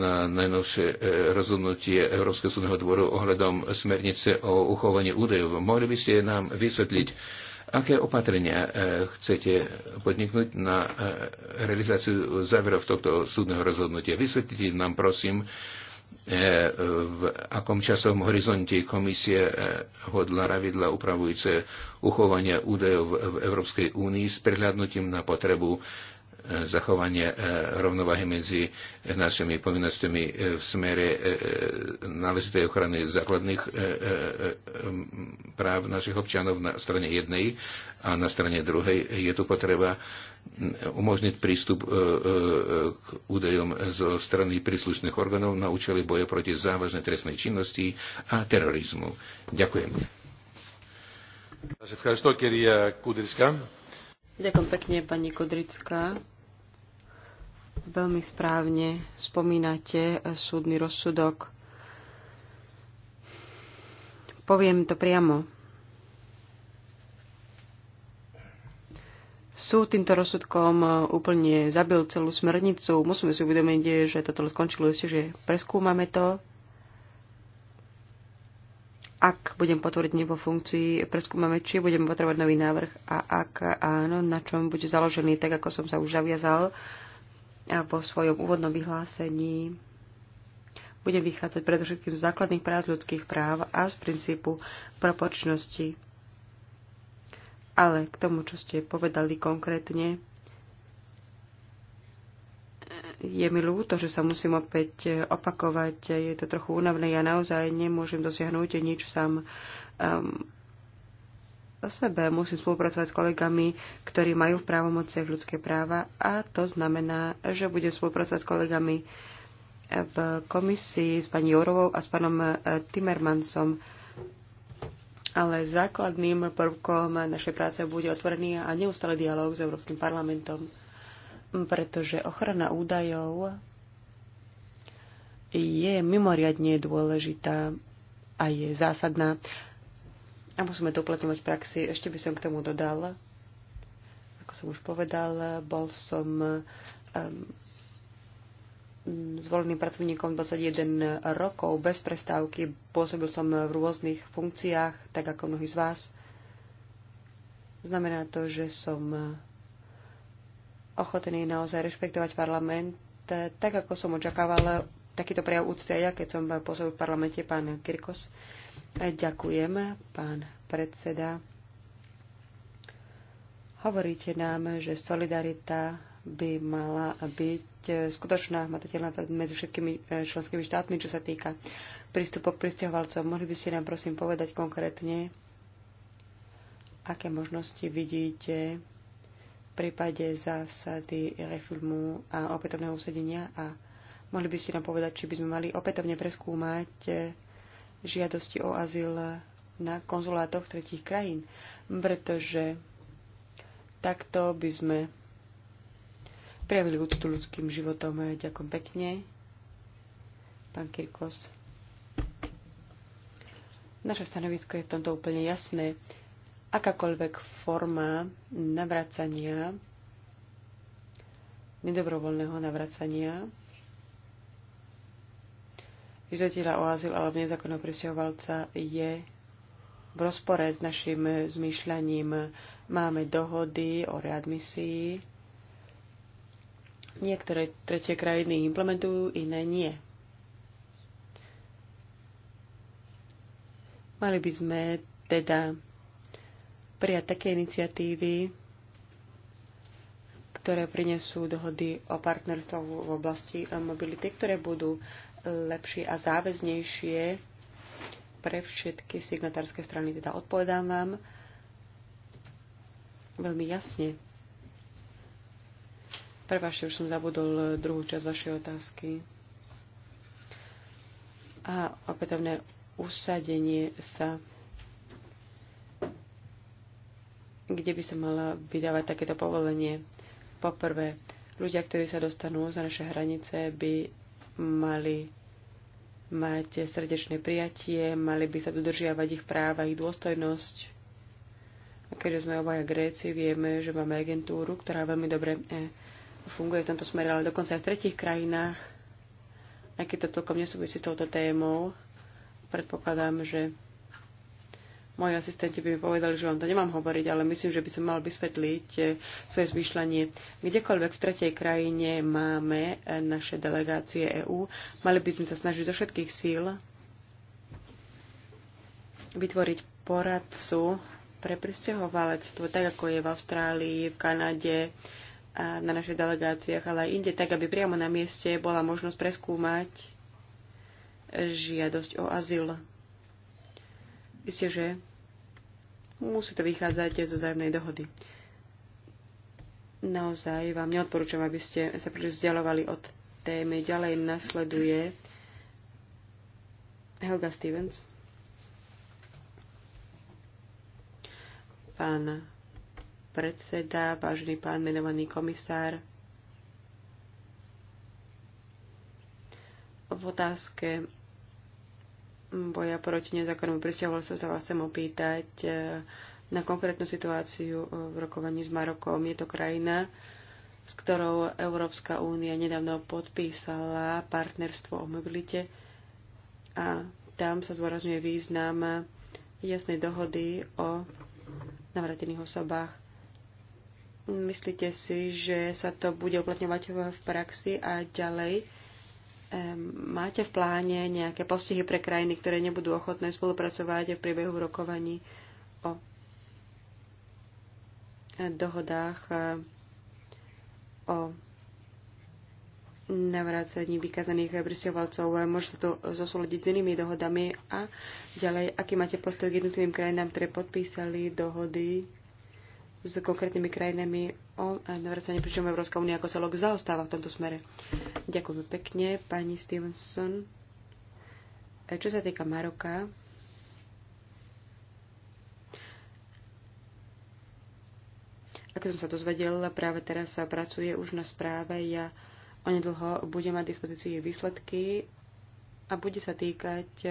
na najnovšie e, rozhodnutie Európskeho súdneho dvoru ohľadom smernice o uchovaní údajov, mohli by ste nám vysvetliť, aké opatrenia chcete podniknúť na realizáciu záverov tohto súdneho rozhodnutia. Vysvetlite nám, prosím, E, v akom časovom horizonte komisie e, hodla pravidla upravujúce uchovanie údajov v Európskej únii s prihľadnutím na potrebu E, zachovanie e, rovnováhy medzi našimi povinnosťami e, v smere náležitej ochrany základných práv našich občanov na strane jednej a na strane druhej. Je tu potreba umožniť prístup k údajom zo strany príslušných orgánov na účely boja proti závažnej trestnej činnosti a terorizmu. Ďakujem. Σας Ďakujem pekne, pani Kodrická. Veľmi správne spomínate súdny rozsudok. Poviem to priamo. Súd týmto rozsudkom e, úplne zabil celú smernicu. Musíme si uvedomiť, že toto skončilo ešte, že preskúmame to, ak budem potvrdiť vo funkcii, preskúmame, či budeme potrebovať nový návrh a ak áno, na čom bude založený, tak ako som sa už zaviazal vo svojom úvodnom vyhlásení. Budem vychádzať predovšetkým z základných práv ľudských práv a z princípu proporčnosti. Ale k tomu, čo ste povedali konkrétne, je mi ľúto, že sa musím opäť e, opakovať. Je to trochu únavné. Ja naozaj nemôžem dosiahnuť nič sám um, ehm, o sebe. Musím spolupracovať s kolegami, ktorí majú v právomociach ľudské práva a to znamená, že budem spolupracovať s kolegami v komisii s pani Jourovou a s pánom e, Timmermansom. Ale základným prvkom našej práce bude otvorený a neustále dialog s Európskym parlamentom pretože ochrana údajov je mimoriadne dôležitá a je zásadná a musíme to uplatňovať v praxi. Ešte by som k tomu dodal, ako som už povedal, bol som um, zvoleným pracovníkom 21 rokov bez prestávky. Pôsobil som v rôznych funkciách, tak ako mnohí z vás. Znamená to, že som ochotný naozaj rešpektovať parlament, eh, tak ako som očakávala takýto prejav úcty aj ja, keď som pôsobil v parlamente, pán Kirkos. Eh, ďakujem, pán predseda. Hovoríte nám, že solidarita by mala byť eh, skutočná hmatateľná medzi všetkými členskými štátmi, čo sa týka prístupok k pristahovalcom. Mohli by ste nám prosím povedať konkrétne, aké možnosti vidíte prípade zásady refilmu a opätovného usadenia a mohli by ste nám povedať, či by sme mali opätovne preskúmať eh, žiadosti o azyl na konzulátoch tretich krajín, pretože takto by sme prejavili úctu ľudským životom. Ďakujem pekne, pán Kirkos. Naše stanovisko je v tomto úplne jasné akákoľvek forma navracania, nedobrovoľného navracania, žiadateľa o azyl alebo nezákonného presťahovalca je v rozpore s našim zmýšľaním. Máme dohody o readmisii. Niektoré tretie krajiny implementujú, iné nie. Mali by sme teda prijať také iniciatívy, ktoré prinesú dohody o partnerstvo v oblasti eh, mobility, ktoré budú eh, lepšie a záväznejšie pre všetky signatárske strany. Teda odpovedám vám veľmi jasne. Prepašte, už som zabudol eh, druhú časť vašej otázky. A opätovné usadenie sa kde by sa mala vydávať takéto povolenie. Poprvé, ľudia, ktorí sa dostanú za naše hranice, by mali mať srdečné prijatie, mali by sa dodržiavať ich práva, ich dôstojnosť. A keďže sme obaja Gréci, vieme, že máme agentúru, ktorá veľmi dobre eh, funguje v tomto smere, ale dokonca aj v tretich krajinách, aj keď to celkom nesúvisí s touto témou, predpokladám, že Moji asistenti by mi povedali, že vám to nemám hovoriť, ale myslím, že by som mal vysvetliť eh, svoje zmýšľanie. Kdekoľvek v tretej krajine máme eh, naše delegácie EÚ, mali by sme sa snažiť zo všetkých síl vytvoriť poradcu pre pristahovalectvo, tak ako je v Austrálii, v Kanade, a na našich delegáciách, ale aj inde, tak aby priamo na mieste bola možnosť preskúmať eh, žiadosť o azyl. Isté, že Musí to vychádzať zo zájomnej dohody. Naozaj vám neodporúčam, aby ste sa príliš vzdialovali od témy. Ďalej nasleduje Helga Stevens. Pán predseda, vážený pán menovaný komisár, v otázke boja proti nezákonnému pristahovalstvu sa vás chcem opýtať e, na konkrétnu situáciu e, v rokovaní s Marokom. Je to krajina, s ktorou Európska únia nedávno podpísala partnerstvo o mobilite a tam sa zvorazňuje význam jasnej dohody o navratených osobách. Myslíte si, že sa to bude uplatňovať v praxi a ďalej? máte v pláne nejaké postihy pre krajiny, ktoré nebudú ochotné spolupracovať v priebehu rokovaní o dohodách e, o navrácení vykazaných prisťovalcov. Môže sa to zosúľadiť s inými dohodami a ďalej, aký máte postoj k jednotlivým krajinám, ktoré podpísali dohody s konkrétnymi krajinami o navracanie, pričom Európska únia ako celok zaostáva v tomto smere. Ďakujem pekne, pani Stevenson. E, čo sa týka Maroka, ako som sa dozvedel, práve teraz sa pracuje už na správe. Ja onedlho budem mať dispozícii výsledky a bude sa týkať e,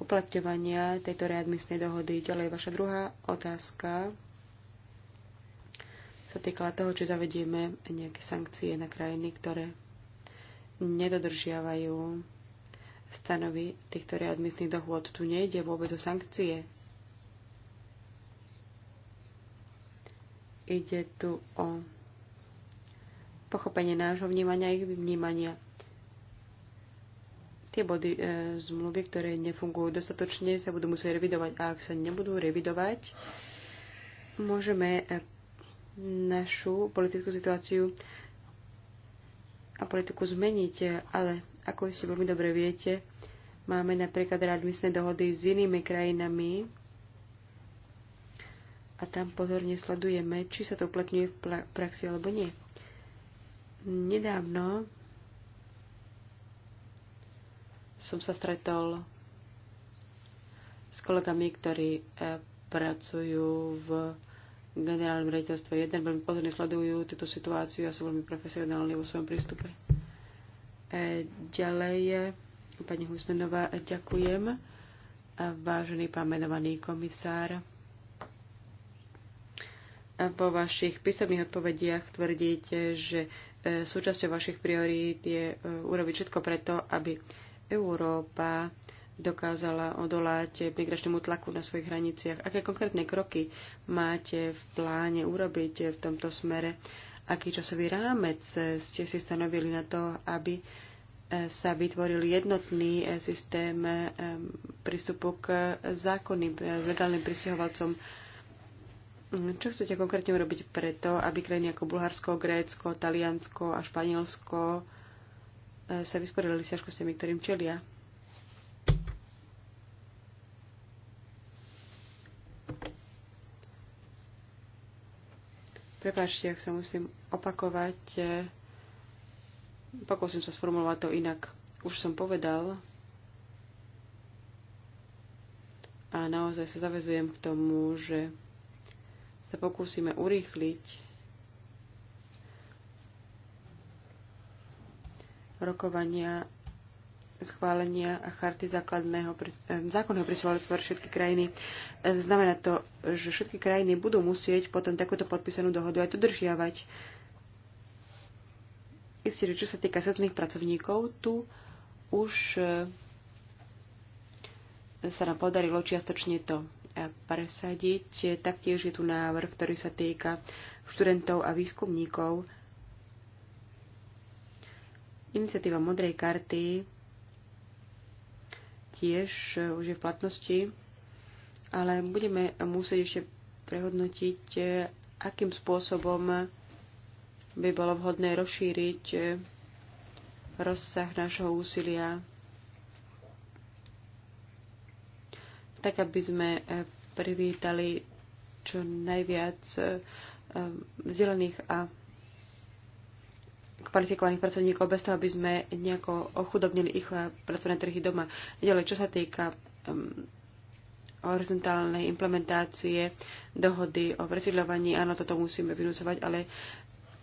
uplatňovania tejto readmisnej dohody. Ďalej vaša druhá otázka sa týkala toho, či zavedieme nejaké sankcie na krajiny, ktoré nedodržiavajú stanovy týchto readmisných dohôd. Tu nejde vôbec o sankcie. Ide tu o pochopenie nášho vnímania a ich vnímania. Tie body e, zmluvy, ktoré nefungujú dostatočne, sa budú musieť revidovať. A ak sa nebudú revidovať, môžeme našu politickú situáciu a politiku zmeniť, ale ako si veľmi dobre viete, máme napríklad readmisné dohody s inými krajinami a tam pozorne sledujeme, či sa to uplatňuje v praxi alebo nie. Nedávno som sa stretol s kolegami, ktorí eh, pracujú v Generálne rediteľstve 1 veľmi pozorne sledujú túto situáciu a sú veľmi profesionálni vo svojom prístupe. E, ďalej je pani Husmenová, ďakujem. A vážený pán menovaný komisár, a po vašich písomných odpovediach tvrdíte, že e, súčasťou vašich priorít je e, urobiť všetko preto, aby Európa dokázala odolať migračnému tlaku na svojich hraniciach. Aké konkrétne kroky máte v pláne urobiť v tomto smere? Aký časový rámec ste si stanovili na to, aby e, sa vytvoril jednotný e, systém e, prístupu k zákonným, legálnym pristahovalcom? Čo chcete konkrétne urobiť preto, aby krajiny ako Bulharsko, Grécko, Taliansko a Španielsko sa vysporiadali s ťažkostiami, ktorým čelia? Prepašte, ak sa musím opakovať. Pokúsim sa sformulovať to inak. Už som povedal a naozaj sa zavezujem k tomu, že sa pokúsime urýchliť rokovania schválenia a charty základného, zákonného prisvolenstva všetky krajiny. Znamená to, že všetky krajiny budú musieť potom takúto podpísanú dohodu aj dodržiavať. Isté, čo sa týka sezných pracovníkov, tu už sa nám podarilo čiastočne to presadiť. Taktiež je tu návrh, ktorý sa týka študentov a výskumníkov. Iniciatíva Modrej karty tiež už je v platnosti, ale budeme musieť ešte prehodnotiť, e, akým spôsobom by bolo vhodné rozšíriť e, rozsah nášho úsilia, tak aby sme e, privítali čo najviac vzdelených a kvalifikovaných pracovníkov bez toho, aby sme nejako ochudobnili ich eh, pracovné trhy doma. Ďalej, čo sa týka um, horizontálnej implementácie dohody o presídľovaní, áno, toto musíme vynúcovať, ale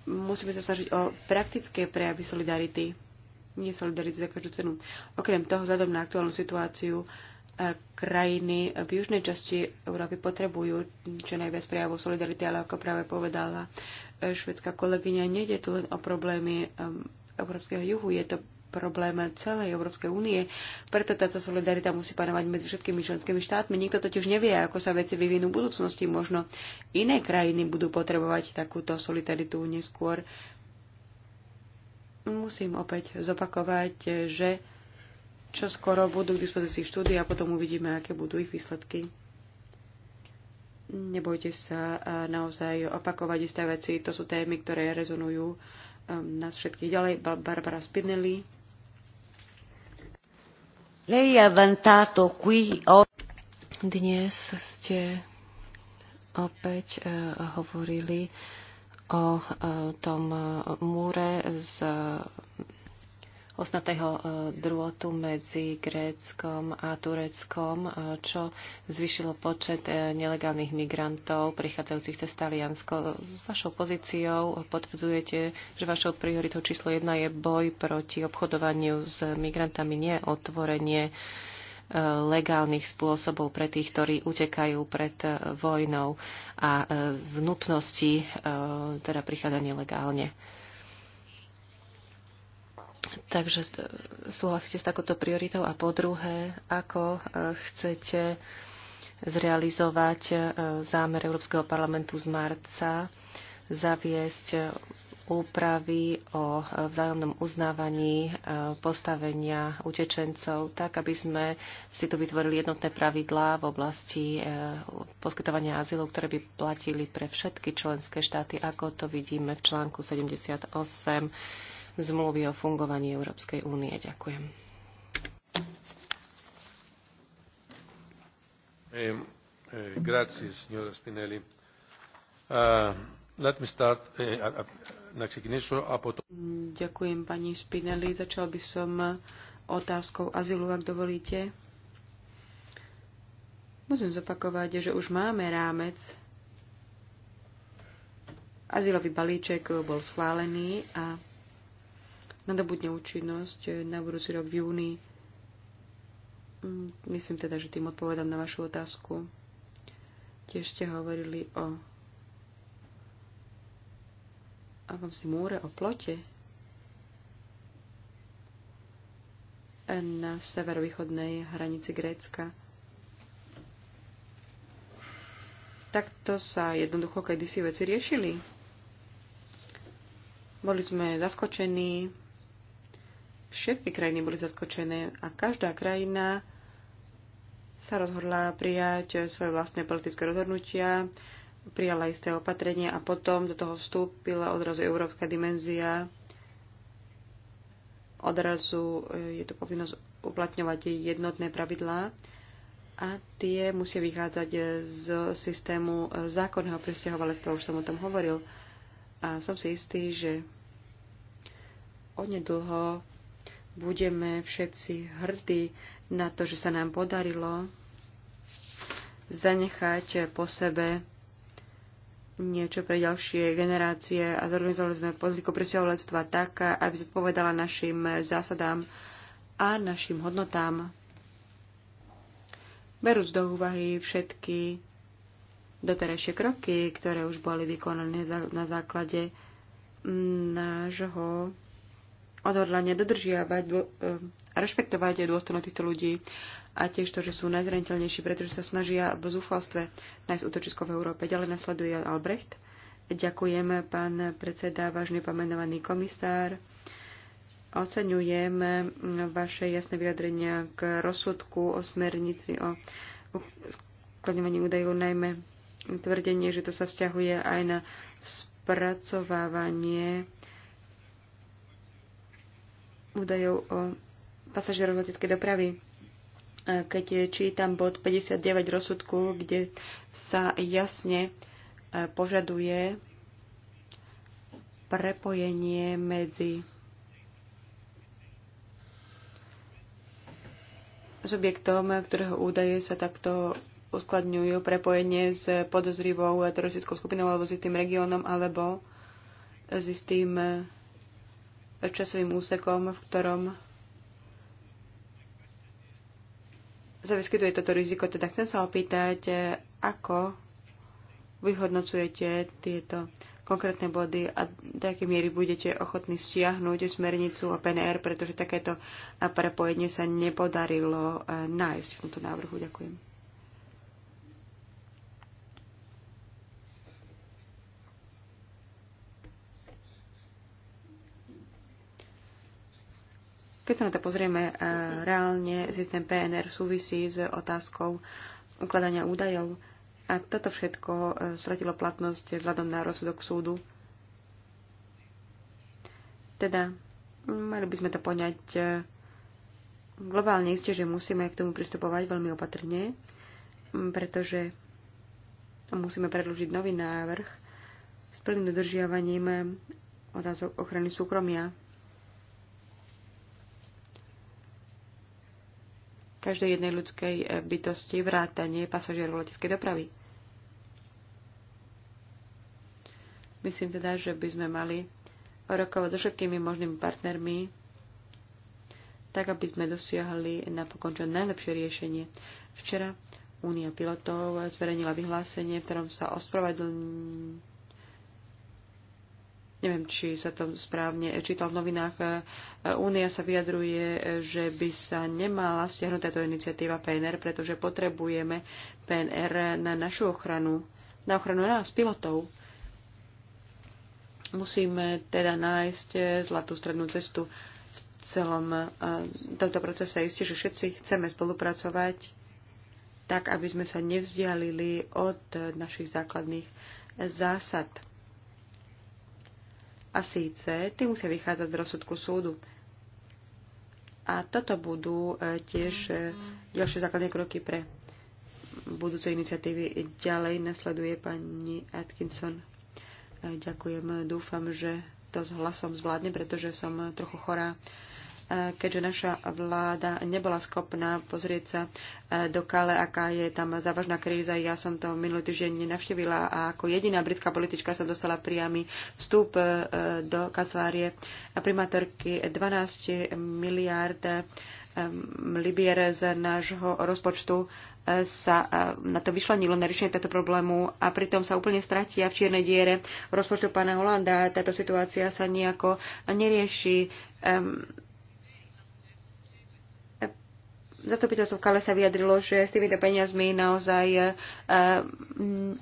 musíme sa snažiť o praktické prejavy solidarity, nie solidarity za každú cenu. Okrem toho, vzhľadom na aktuálnu situáciu, uh, krajiny v južnej časti Európy potrebujú čo najviac prejavu solidarity, ale ako práve povedala e, švedská kolegyňa, nejde tu len o problémy e, európskeho juhu, je to problém celej Európskej únie. Preto táto solidarita musí panovať medzi všetkými členskými štátmi. Nikto totiž nevie, ako sa veci vyvinú v budúcnosti. Možno iné krajiny budú potrebovať takúto solidaritu neskôr. Musím opäť zopakovať, že čo skoro budú k dispozícii štúdie a potom uvidíme, aké budú ich výsledky. Nebojte sa naozaj opakovať isté veci. To sú témy, ktoré rezonujú um, nás všetkých. Ďalej Barbara Spinelli. Lei qui Dnes ste opäť e, hovorili o e, tom e, múre z osnatého e, drôtu medzi Gréckom a Tureckom, e, čo zvyšilo počet e, nelegálnych migrantov prichádzajúcich cez Taliansko. S vašou pozíciou potvrdzujete, že vašou prioritou číslo jedna je boj proti obchodovaniu s migrantami, nie otvorenie legálnych spôsobov pre tých, ktorí utekajú pred vojnou a z nutnosti teda prichádza nelegálne. Takže súhlasíte s takouto prioritou a po druhé, ako e, chcete zrealizovať e, zámer Európskeho parlamentu z marca, zaviesť e, úpravy o vzájomnom uznávaní postavenia utečencov, tak aby sme si tu vytvorili jednotné pravidlá v oblasti poskytovania azylov, ktoré by platili pre všetky členské štáty, ako to vidíme v článku 78 zmluvy o fungovaní Európskej únie. Ďakujem. Eh, eh, grazie, signora Spinelli. Eh, let me start, Ďakujem, pani Spinelli. Začal by som otázkou azylu, ak dovolíte. Musím zopakovať, že už máme rámec. Azylový balíček bol schválený a nadobudne účinnosť eh, na budúci rok v júni. Mm, myslím teda, že tým odpovedám na vašu otázku. Tiež ste hovorili o si múre, o plote na severovýchodnej hranici Grécka. Takto sa jednoducho kedysi veci riešili. Boli sme zaskočení, Všetky krajiny boli zaskočené a každá krajina sa rozhodla prijať svoje vlastné politické rozhodnutia, prijala isté opatrenie a potom do toho vstúpila odrazu európska dimenzia. Odrazu e, je to povinnosť uplatňovať jednotné pravidlá a tie musia vychádzať z systému e, zákonného presťahovalectva, už som o tom hovoril. A som si istý, že onedlho budeme všetci hrdí na to, že sa nám podarilo zanechať po sebe niečo pre ďalšie generácie a zorganizovali sme politiku presťahovalectva tak, aby zodpovedala našim zásadám a našim hodnotám. Berúc do úvahy všetky doterajšie kroky, ktoré už boli vykonané na základe nášho odhodlanie dodržiavať dô, a um, rešpektovať aj dôstojnosť týchto ľudí a tiež to, že sú najzraniteľnejší, pretože sa snažia v zúfalstve nájsť útočisko v Európe. Ďalej nasleduje Albrecht. Ďakujem, pán predseda, vážne pomenovaný komisár. Oceňujem vaše jasné vyjadrenia k rozsudku o smernici o skladňovaní údajov, najmä tvrdenie, že to sa vzťahuje aj na spracovávanie údajov o pasažierov leteckej dopravy. Keď čítam bod 59 rozsudku, kde sa jasne e, požaduje prepojenie medzi subjektom, ktorého údaje sa takto uskladňujú, prepojenie s podozrivou teroristickou skupinou alebo s istým regiónom alebo s istým e, časovým úsekom, v ktorom sa vyskytuje toto riziko. Teda chcem sa opýtať, ako vyhodnocujete tieto konkrétne body a do akej miery budete ochotní stiahnuť smernicu o PNR, pretože takéto prepojenie sa nepodarilo eh, nájsť v tomto návrhu. Ďakujem. Keď sa na to pozrieme eh, reálne, systém PNR súvisí s otázkou ukladania údajov a toto všetko eh, stratilo platnosť vzhľadom na rozsudok súdu. Teda, mali by sme to poňať eh, globálne isté, že musíme k tomu pristupovať veľmi opatrne, hm, pretože musíme predložiť nový návrh s plným dodržiavaním otázok ochrany súkromia každej jednej ľudskej eh, bytosti vrátanie pasažierov leteckej dopravy. Myslím teda, že by sme mali rokovať so všetkými možnými partnermi, tak aby sme dosiahli napokon čo najlepšie riešenie. Včera Únia pilotov zverejnila vyhlásenie, v ktorom sa ospravedlnila neviem, či sa to správne čítal v novinách, e, Únia sa vyjadruje, že by sa nemala stiahnuť táto iniciatíva PNR, pretože potrebujeme PNR na našu ochranu, na ochranu nás, pilotov. Musíme teda nájsť e, zlatú strednú cestu v celom e, tomto procese. Isté, že všetci chceme spolupracovať tak, aby sme sa nevzdialili od našich základných zásad a síce, tí musia vychádzať z rozsudku súdu. A toto budú e, tiež e, ďalšie základné kroky pre budúce iniciatívy. Ďalej nasleduje pani Atkinson. E, ďakujem, dúfam, že to s hlasom zvládne, pretože som trochu chorá keďže naša vláda nebola schopná pozrieť sa e, do Kale, aká je tam závažná kríza. Ja som to minulý týždeň nenavštívila a ako jediná britská politička som dostala priamy vstup e, do kancelárie primátorky 12 miliárd e, libier z nášho rozpočtu sa na to vyšlenilo na riešenie tohto problému a pritom sa úplne stratia v čiernej diere rozpočtu pána Holanda. Táto situácia sa nejako nerieši zastupiteľstvo v Kale sa vyjadrilo, že s týmito peniazmi naozaj e, mm,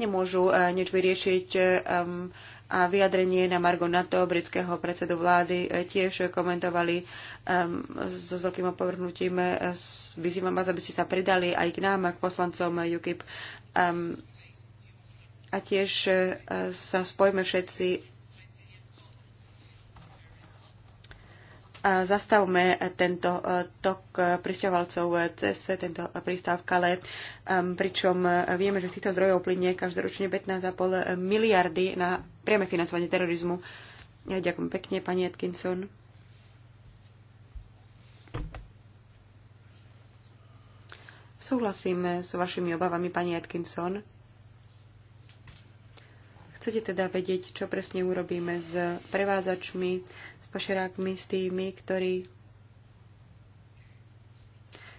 nemôžu e, nič vyriešiť e, mm, a vyjadrenie na Margo NATO, britského predsedu vlády, tiež komentovali mm, so s veľkým opovrhnutím. Vyzývam vás, aby ste sa pridali aj k nám, k poslancom UKIP. A tiež sa spojme všetci zastavme tento e, tok e, pristahovalcov e, cez tento prístav Kale, pričom vieme, že z týchto zdrojov plynie každoročne 15,5 miliardy na priame financovanie terorizmu. Ja ďakujem pekne, pani Atkinson. Súhlasím s vašimi obavami, pani Atkinson. Chcete teda vedieť, čo presne urobíme s prevádzačmi, s pašerákmi, s tými, ktorí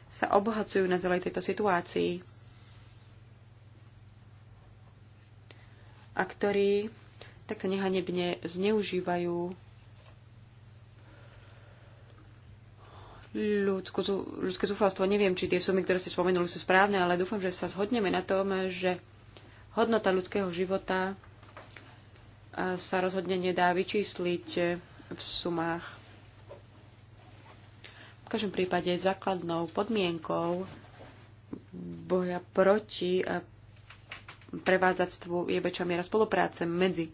sa obohacujú na celej tejto situácii a ktorí takto nehanebne zneužívajú ľudskú, ľudské zúfalstvo. Neviem, či tie sumy, ktoré ste spomenuli, sú správne, ale dúfam, že sa zhodneme na tom, že hodnota ľudského života sa rozhodne nedá vyčísliť v sumách. V každom prípade základnou podmienkou boja proti prevádzactvu je väčšia miera spolupráce medzi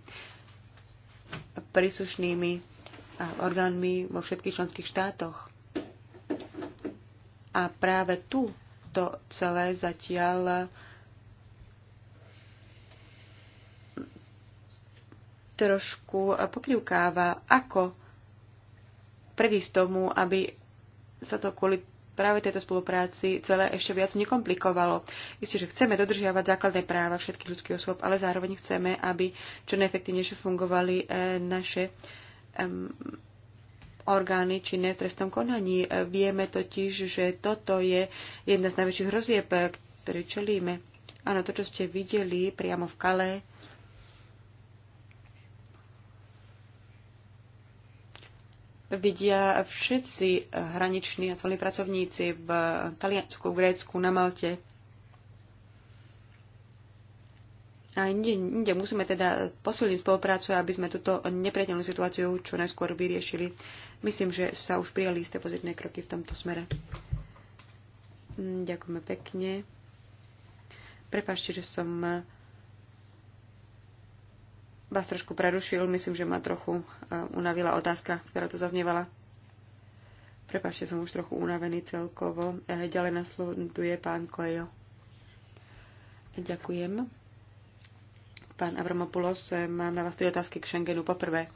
príslušnými orgánmi vo všetkých členských štátoch. A práve tu to celé zatiaľ trošku pokrivkáva, ako predísť tomu, aby sa to kvôli práve tejto spolupráci celé ešte viac nekomplikovalo. Isté, že chceme dodržiavať základné práva všetkých ľudských osôb, ale zároveň chceme, aby čo najefektívnejšie fungovali eh, naše orgány ne v trestnom konaní. Vieme totiž, že toto je jedna z najväčších hrozieb, eh, ktoré čelíme. Áno, to, čo ste videli priamo v Kale, vidia všetci hraniční a celní pracovníci v Taliansku, v Grécku, na Malte. A inde, inde musíme teda posilniť spoluprácu, aby sme túto nepriateľnú situáciu čo najskôr vyriešili. Myslím, že sa už prijali isté pozitívne kroky v tomto smere. Hm, ďakujeme pekne. Prepašte, že som vás trošku prerušil. Myslím, že ma trochu e, unavila otázka, ktorá tu zaznievala. Prepašte, som už trochu unavený celkovo. E, ďalej nasleduje pán Kojo. Ďakujem. Pán Avramopoulos, e, mám na vás tri otázky k Schengenu. Poprvé,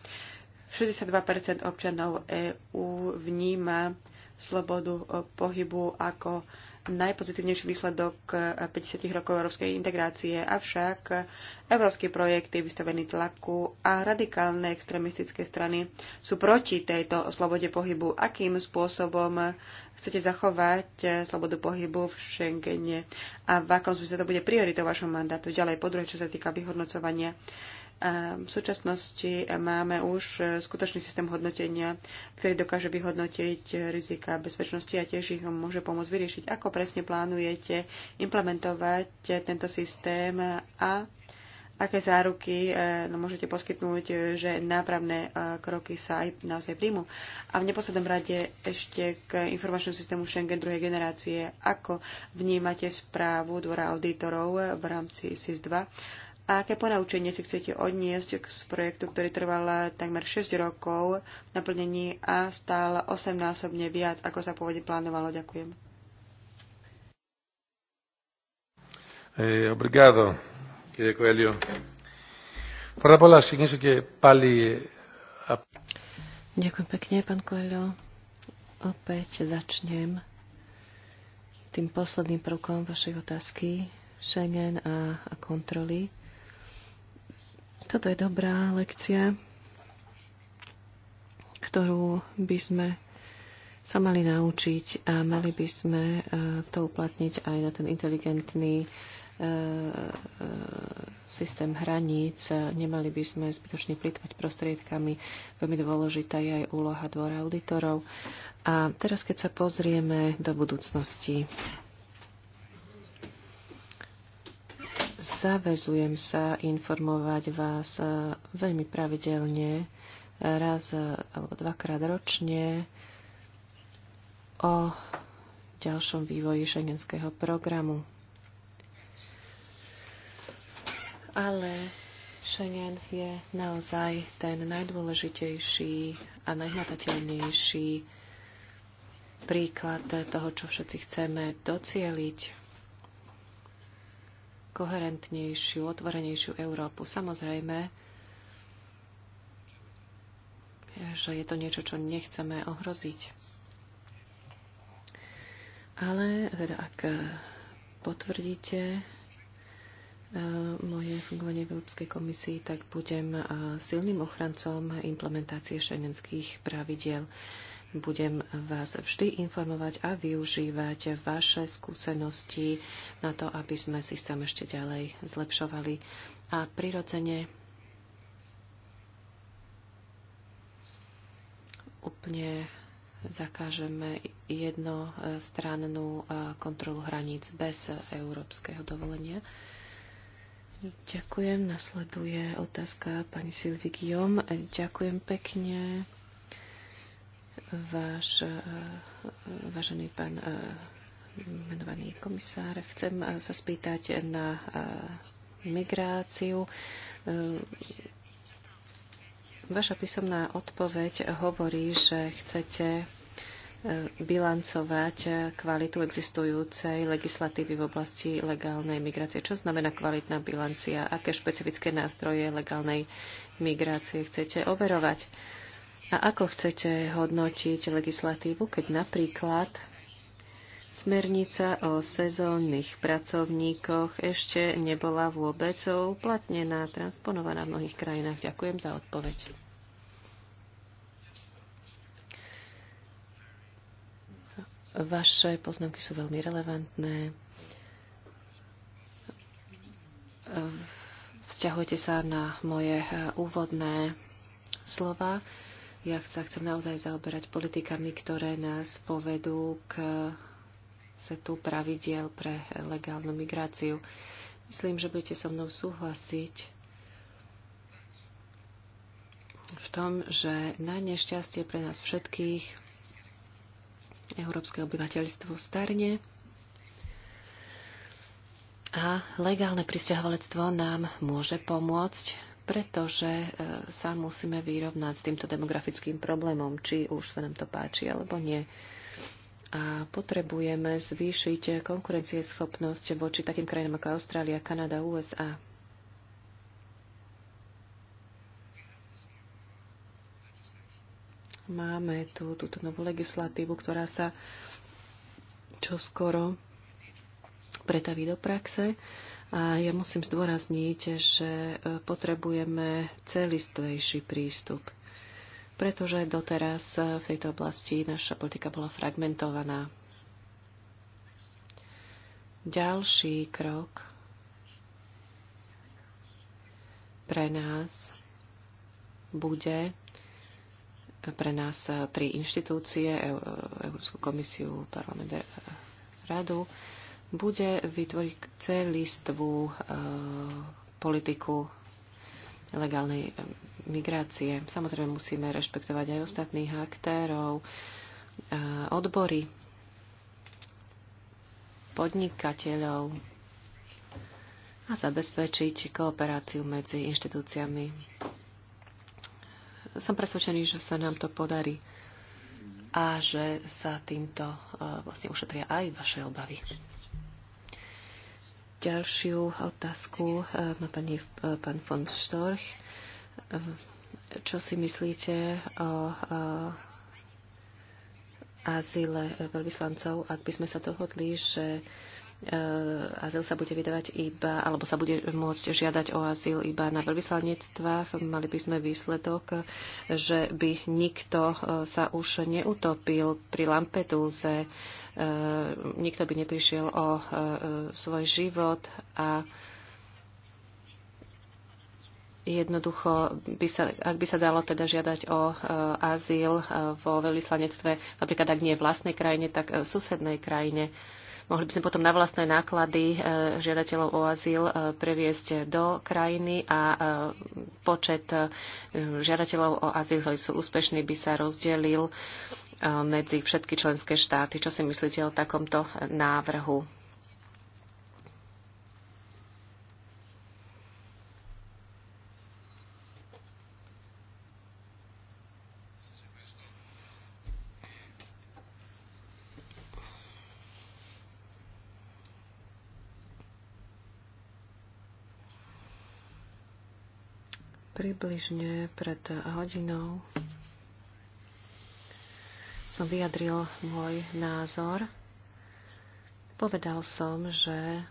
62% občanov EÚ vníma slobodu pohybu ako najpozitívnejší výsledok eh, 50 rokov európskej integrácie, avšak eh, európsky projekt je vystavený tlaku a radikálne extremistické strany sú proti tejto slobode pohybu. Akým spôsobom eh, chcete zachovať slobodu pohybu v Schengene a v akom zmysle to bude prioritou vašom mandátu? Ďalej, po druhé, čo sa týka vyhodnocovania v súčasnosti máme už e, skutočný systém hodnotenia, ktorý dokáže vyhodnotiť rizika bezpečnosti a tiež ich môže pomôcť vyriešiť. Ako presne plánujete implementovať tento systém a aké záruky e, no, môžete poskytnúť, že nápravné e, kroky sa aj naozaj príjmu. A v neposlednom rade ešte k informačnému systému Schengen druhej generácie. Ako vnímate správu Dvora auditorov v rámci SIS-2 a aké ponaučenie si chcete odniesť z projektu, ktorý trval takmer 6 rokov v naplnení a stál 8-násobne viac, ako sa pôvodne plánovalo? Ďakujem. Eh, obrigado, κύριε Κοέλιο. Πρώτα απ' όλα, ξεκινήσω pali... A... Ďakujem pekne, pán Coelho. Opäť začnem tým posledným prvkom vašej otázky, Schengen a, a kontroly. Toto je dobrá lekcia, ktorú by sme sa mali naučiť a mali by sme e, to uplatniť aj na ten inteligentný e, e, systém hraníc. Nemali by sme zbytočne plýtvať prostriedkami. Veľmi dôležitá je aj úloha dvora auditorov. A teraz, keď sa pozrieme do budúcnosti, Zavezujem sa informovať vás e, veľmi pravidelne, raz e, alebo dvakrát ročne, o ďalšom vývoji šengenského programu. Ale Schengen je naozaj ten najdôležitejší a najhmatateľnejší príklad toho, čo všetci chceme docieliť koherentnejšiu, otvorenejšiu Európu. Samozrejme, že je to niečo, čo nechceme ohroziť. Ale teda ak potvrdíte e, moje fungovanie v Európskej komisii, tak budem e, silným ochrancom implementácie šengenských pravidiel. Budem vás vždy informovať a využívať vaše skúsenosti na to, aby sme systém ešte ďalej zlepšovali. A prirodzene úplne zakážeme jednostrannú kontrolu hraníc bez európskeho dovolenia. Ďakujem. Nasleduje otázka pani Silvi Guillaume. Ďakujem pekne váš eh, vážený pán eh, menovaný komisár. Chcem eh, sa spýtať na migráciu. Vaša písomná odpoveď hovorí, že chcete bilancovať kvalitu existujúcej legislatívy v oblasti legálnej migrácie. Čo znamená kvalitná bilancia? Aké špecifické nástroje legálnej migrácie chcete overovať? A ako chcete hodnotiť legislatívu, keď napríklad smernica o sezónnych pracovníkoch ešte nebola vôbec uplatnená, transponovaná v mnohých krajinách? Ďakujem za odpoveď. Vaše poznámky sú veľmi relevantné. Vzťahujte sa na moje úvodné slova. Ja sa chcem naozaj zaoberať politikami, ktoré nás povedú k setu pravidiel pre legálnu migráciu. Myslím, že budete so mnou súhlasiť v tom, že na nešťastie pre nás všetkých európske obyvateľstvo starne a legálne pristahovalectvo nám môže pomôcť pretože e, sa musíme vyrovnať s týmto demografickým problémom, či už sa nám to páči alebo nie. A potrebujeme zvýšiť konkurencieschopnosť voči takým krajinám ako Austrália, Kanada, USA. Máme tu túto novú legislatívu, ktorá sa čoskoro pretaví do praxe. Uh, a ja musím zdôrazniť, že e, potrebujeme celistvejší prístup, pretože doteraz e, v tejto oblasti naša politika bola fragmentovaná. Ďalší krok pre nás bude e, pre nás tri inštitúcie, Európsku komisiu, parlament, radu, bude vytvoriť celistvú e, politiku legálnej e, migrácie. Samozrejme musíme rešpektovať aj ostatných aktérov, e, odbory, podnikateľov a zabezpečiť kooperáciu medzi inštitúciami. Som presvedčený, že sa nám to podarí a že sa týmto e, vlastne ušetria aj vaše obavy. Ďalšiu otázku e, má pani, e, pán von Storch. E, čo si myslíte o, o azyle veľvyslancov, ak by sme sa dohodli, že Eh, azyl sa bude vydávať iba, alebo sa bude môcť žiadať o azyl iba na veľvyslanectvách. Mali by sme výsledok, že by nikto eh, sa už neutopil pri Lampedúze, eh, nikto by neprišiel o svoj život a jednoducho, by sa, ak by sa dalo teda žiadať o e, azyl vo veľvyslanectve, napríklad ak nie v vlastnej krajine, tak v susednej krajine. E, Mohli by sme potom na vlastné náklady e, žiadateľov o azyl e, previesť do krajiny a e, počet žiadateľov o azyl, ktorí sú úspešní, by sa rozdelil medzi všetky členské štáty. Čo si myslíte o takomto návrhu? Približne pred hodinou som vyjadril môj názor. Povedal som, že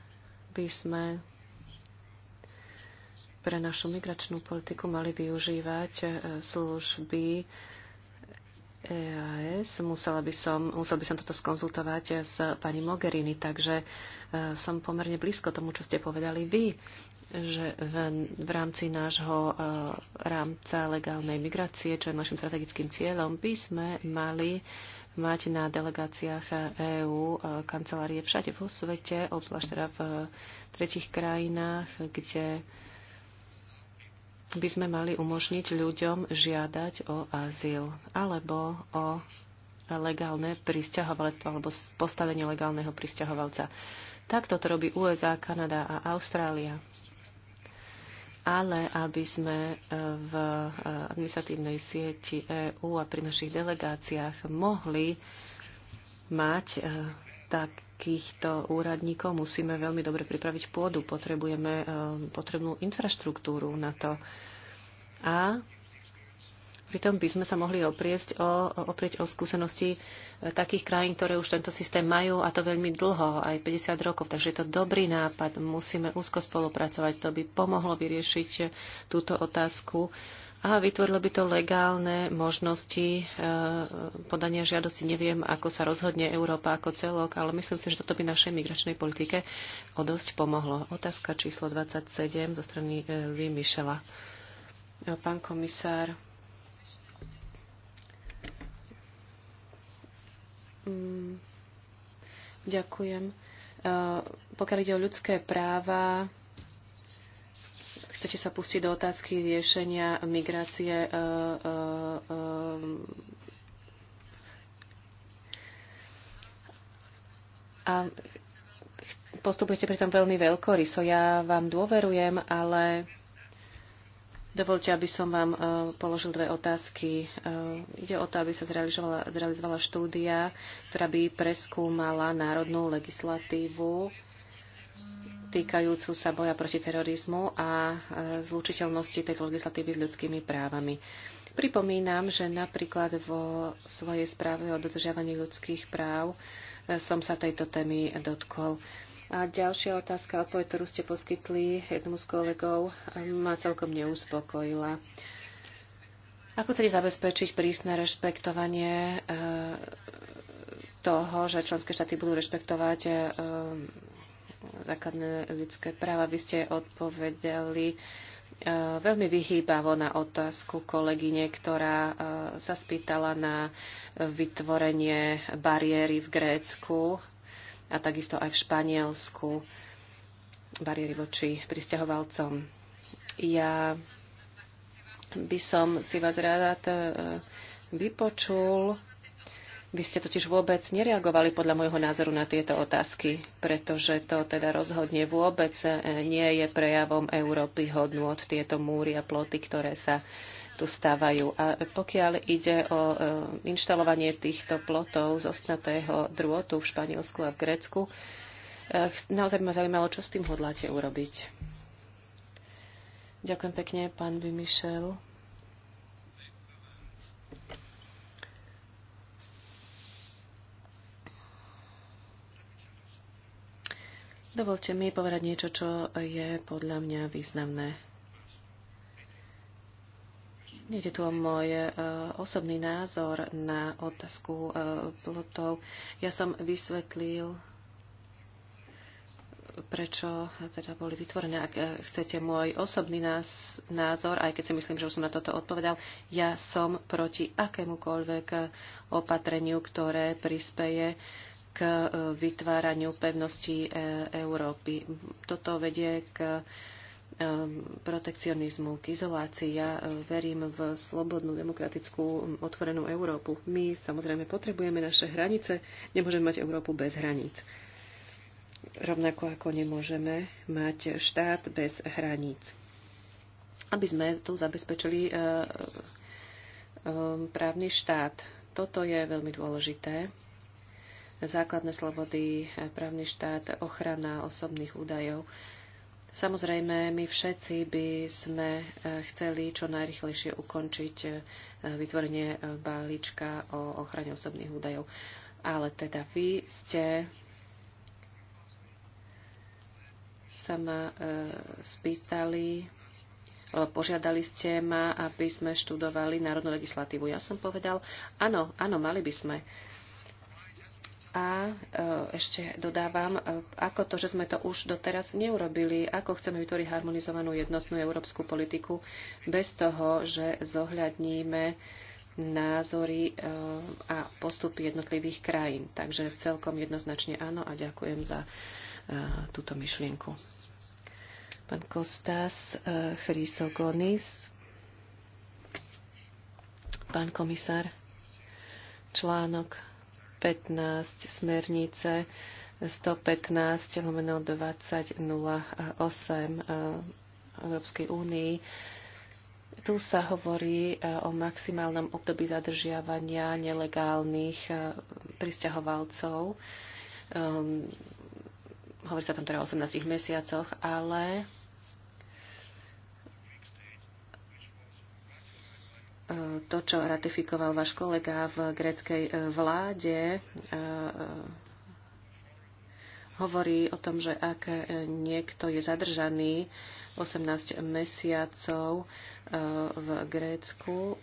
by sme pre našu migračnú politiku mali využívať eh, služby EAS, musela by som, musel by som toto skonzultovať s pani Mogherini, takže e, som pomerne blízko tomu, čo ste povedali vy, že v, v rámci nášho e, rámca legálnej migrácie, čo je našim strategickým cieľom, by sme mali mať na delegáciách EÚ e, kancelárie všade vo svete, obzvlášť teda v tretich krajinách, kde by sme mali umožniť ľuďom žiadať o azyl alebo o legálne pristahovalectvo alebo postavenie legálneho pristahovalca. Takto to robí USA, Kanada a Austrália. Ale aby sme e, v e, administratívnej sieti EÚ a pri našich delegáciách mohli mať e, tak, takýchto úradníkov musíme veľmi dobre pripraviť pôdu, potrebujeme eh, potrebnú infraštruktúru na to. A pritom by sme sa mohli oprieť o, oprieť o skúsenosti eh, takých krajín, ktoré už tento systém majú a to veľmi dlho, aj 50 rokov. Takže je to dobrý nápad, musíme úzko spolupracovať, to by pomohlo vyriešiť eh, túto otázku a vytvorilo by to legálne možnosti e, podania žiadosti. Neviem, ako sa rozhodne Európa ako celok, ale myslím si, že toto by našej migračnej politike o dosť pomohlo. Otázka číslo 27 zo strany e, Louis Michela. E, pán komisár, mm, ďakujem. Pokiaľ ide o ľudské práva, chcete sa pustiť do otázky riešenia migrácie e, e, e, a postupujete pri tom veľmi veľkoryso. Ja vám dôverujem, ale Dovolte, aby som vám položil dve otázky. Ide o to, aby sa zrealizovala, zrealizovala štúdia, ktorá by preskúmala národnú legislatívu týkajúcu sa boja proti terorizmu a e, zlučiteľnosti tejto legislatívy s ľudskými právami. Pripomínam, že napríklad vo svojej správe o dodržiavaní ľudských práv e, som sa tejto témy dotkol. A ďalšia otázka, odpoveď, ktorú ste poskytli jednomu z kolegov, ma celkom neuspokojila. Ako chcete zabezpečiť prísne rešpektovanie e, toho, že členské štáty budú rešpektovať základné ľudské práva. Vy ste odpovedali e, veľmi vyhýbavo na otázku kolegyne, ktorá e, sa spýtala na vytvorenie bariéry v Grécku a takisto aj v Španielsku bariéry voči pristahovalcom. Ja by som si vás rád e, vypočul vy ste totiž vôbec nereagovali podľa môjho názoru na tieto otázky, pretože to teda rozhodne vôbec e, nie je prejavom Európy hodnú od tieto múry a ploty, ktoré sa tu stávajú. A pokiaľ ide o e, inštalovanie týchto plotov z ostnatého drôtu v Španielsku a v Grécku, e, naozaj by ma zaujímalo, čo s tým hodláte urobiť. Ďakujem pekne, pán Vimišel. Dovolte mi povedať niečo, čo je podľa mňa významné. Nede tu o môj e, osobný názor na otázku e, plotov. Ja som vysvetlil, prečo teda boli vytvorené. Ak e, chcete môj osobný názor, aj keď si myslím, že už som na toto odpovedal, ja som proti akémukoľvek opatreniu, ktoré prispeje uh, k e, vytváraniu pevnosti e, Európy. Toto vedie k e, protekcionizmu, k izolácii. Ja verím v slobodnú, demokratickú, otvorenú Európu. My samozrejme potrebujeme naše hranice, nemôžeme mať Európu bez hraníc. Rovnako ako nemôžeme mať štát bez hraníc. Aby sme tu zabezpečili právny štát. Toto je veľmi dôležité základné slobody, právny štát, ochrana osobných údajov. Samozrejme, my všetci by sme eh, chceli čo najrychlejšie ukončiť eh, vytvorenie eh, balíčka o ochrane osobných údajov. Ale teda vy ste sa ma spýtali, alebo požiadali ste ma, aby sme študovali národnú legislatívu. Ja som povedal, áno, áno, mali by sme. Uh, a e, ešte dodávam, e, ako to, že sme to už doteraz neurobili, ako chceme vytvoriť harmonizovanú jednotnú európsku politiku bez toho, že zohľadníme názory e, a postupy jednotlivých krajín. Takže celkom jednoznačne áno a ďakujem za túto myšlienku. Pán Kostas Chrysogonis, pán komisár, článok 115 smernice 115 lomeno 2008 eh, Európskej únii. Tu sa hovorí eh, o maximálnom období zadržiavania nelegálnych eh, pristahovalcov. Um, hovorí sa tam teda o 18 mesiacoch, ale to, čo ratifikoval váš kolega v gréckej e, vláde, e, e, hovorí o tom, že ak niekto je zadržaný 18 mesiacov v Grécku,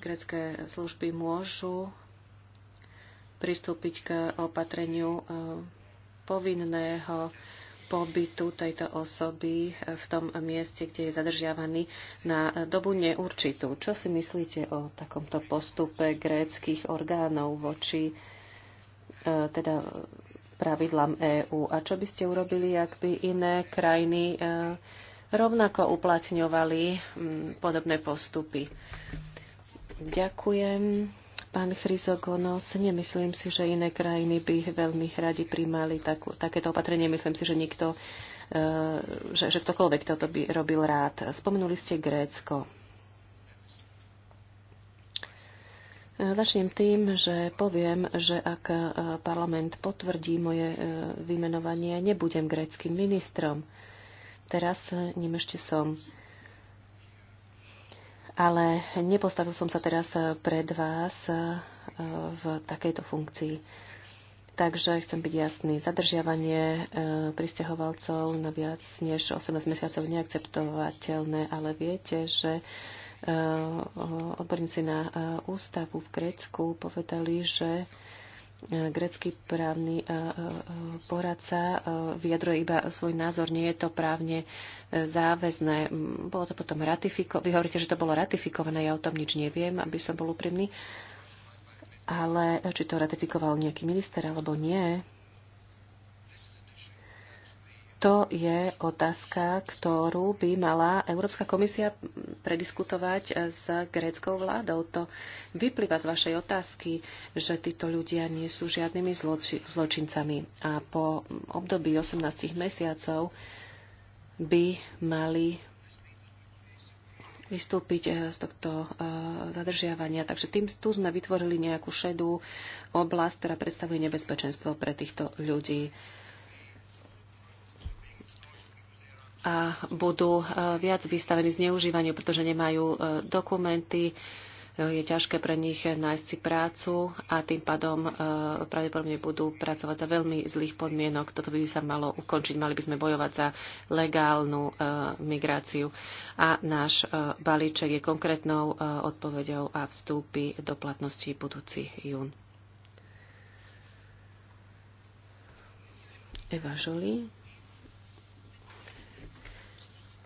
grécké služby môžu pristúpiť k opatreniu povinného pobytu tejto osoby v tom mieste, kde je zadržiavaný na dobu neurčitú. Čo si myslíte o takomto postupe gréckých orgánov voči e, teda pravidlám EÚ? A čo by ste urobili, ak by iné krajiny e, rovnako uplatňovali podobné postupy? Ďakujem. Pán Chryzogonos, nemyslím si, že iné krajiny by veľmi radi príjmali takú, takéto opatrenie. Myslím si, že nikto, e, že, že ktokoľvek toto by robil rád. Spomenuli ste Grécko. E, začnem tým, že poviem, že ak e, parlament potvrdí moje vymenovanie, nebudem gréckým ministrom. Teraz ním ešte som ale nepostavil som sa teraz eh, pred vás eh, v takejto funkcii. Takže chcem byť jasný. Zadržiavanie eh, pristahovalcov na viac než 18 mesiacov neakceptovateľné, ale viete, že odborníci na ústavu v Grécku povedali, že E, grecký právny e, e, poradca vyjadruje iba svoj názor, nie je to právne záväzné. Bolo to potom ratifikované. Vy hovoríte, že to bolo ratifikované, ja o tom nič neviem, aby som bol úprimný. Ale či to ratifikoval nejaký minister alebo nie, to je otázka, ktorú by mala Európska komisia prediskutovať s gréckou vládou. To vyplýva z vašej otázky, že títo ľudia nie sú žiadnymi zloči- zločincami. A po období 18 mesiacov by mali vystúpiť eh, z tohto eh, zadržiavania. Takže tým, tu sme vytvorili nejakú šedú oblasť, ktorá predstavuje nebezpečenstvo pre týchto ľudí. a budú e, viac vystavení zneužívaniu, pretože nemajú e, dokumenty, e, je ťažké pre nich nájsť si prácu a tým pádom pravdepodobne budú pracovať za veľmi zlých podmienok. Toto by sa malo ukončiť. Mali by sme bojovať za legálnu migráciu. A náš balíček je konkrétnou odpoveďou a vstúpi do platnosti budúci jún. Eva Jolie.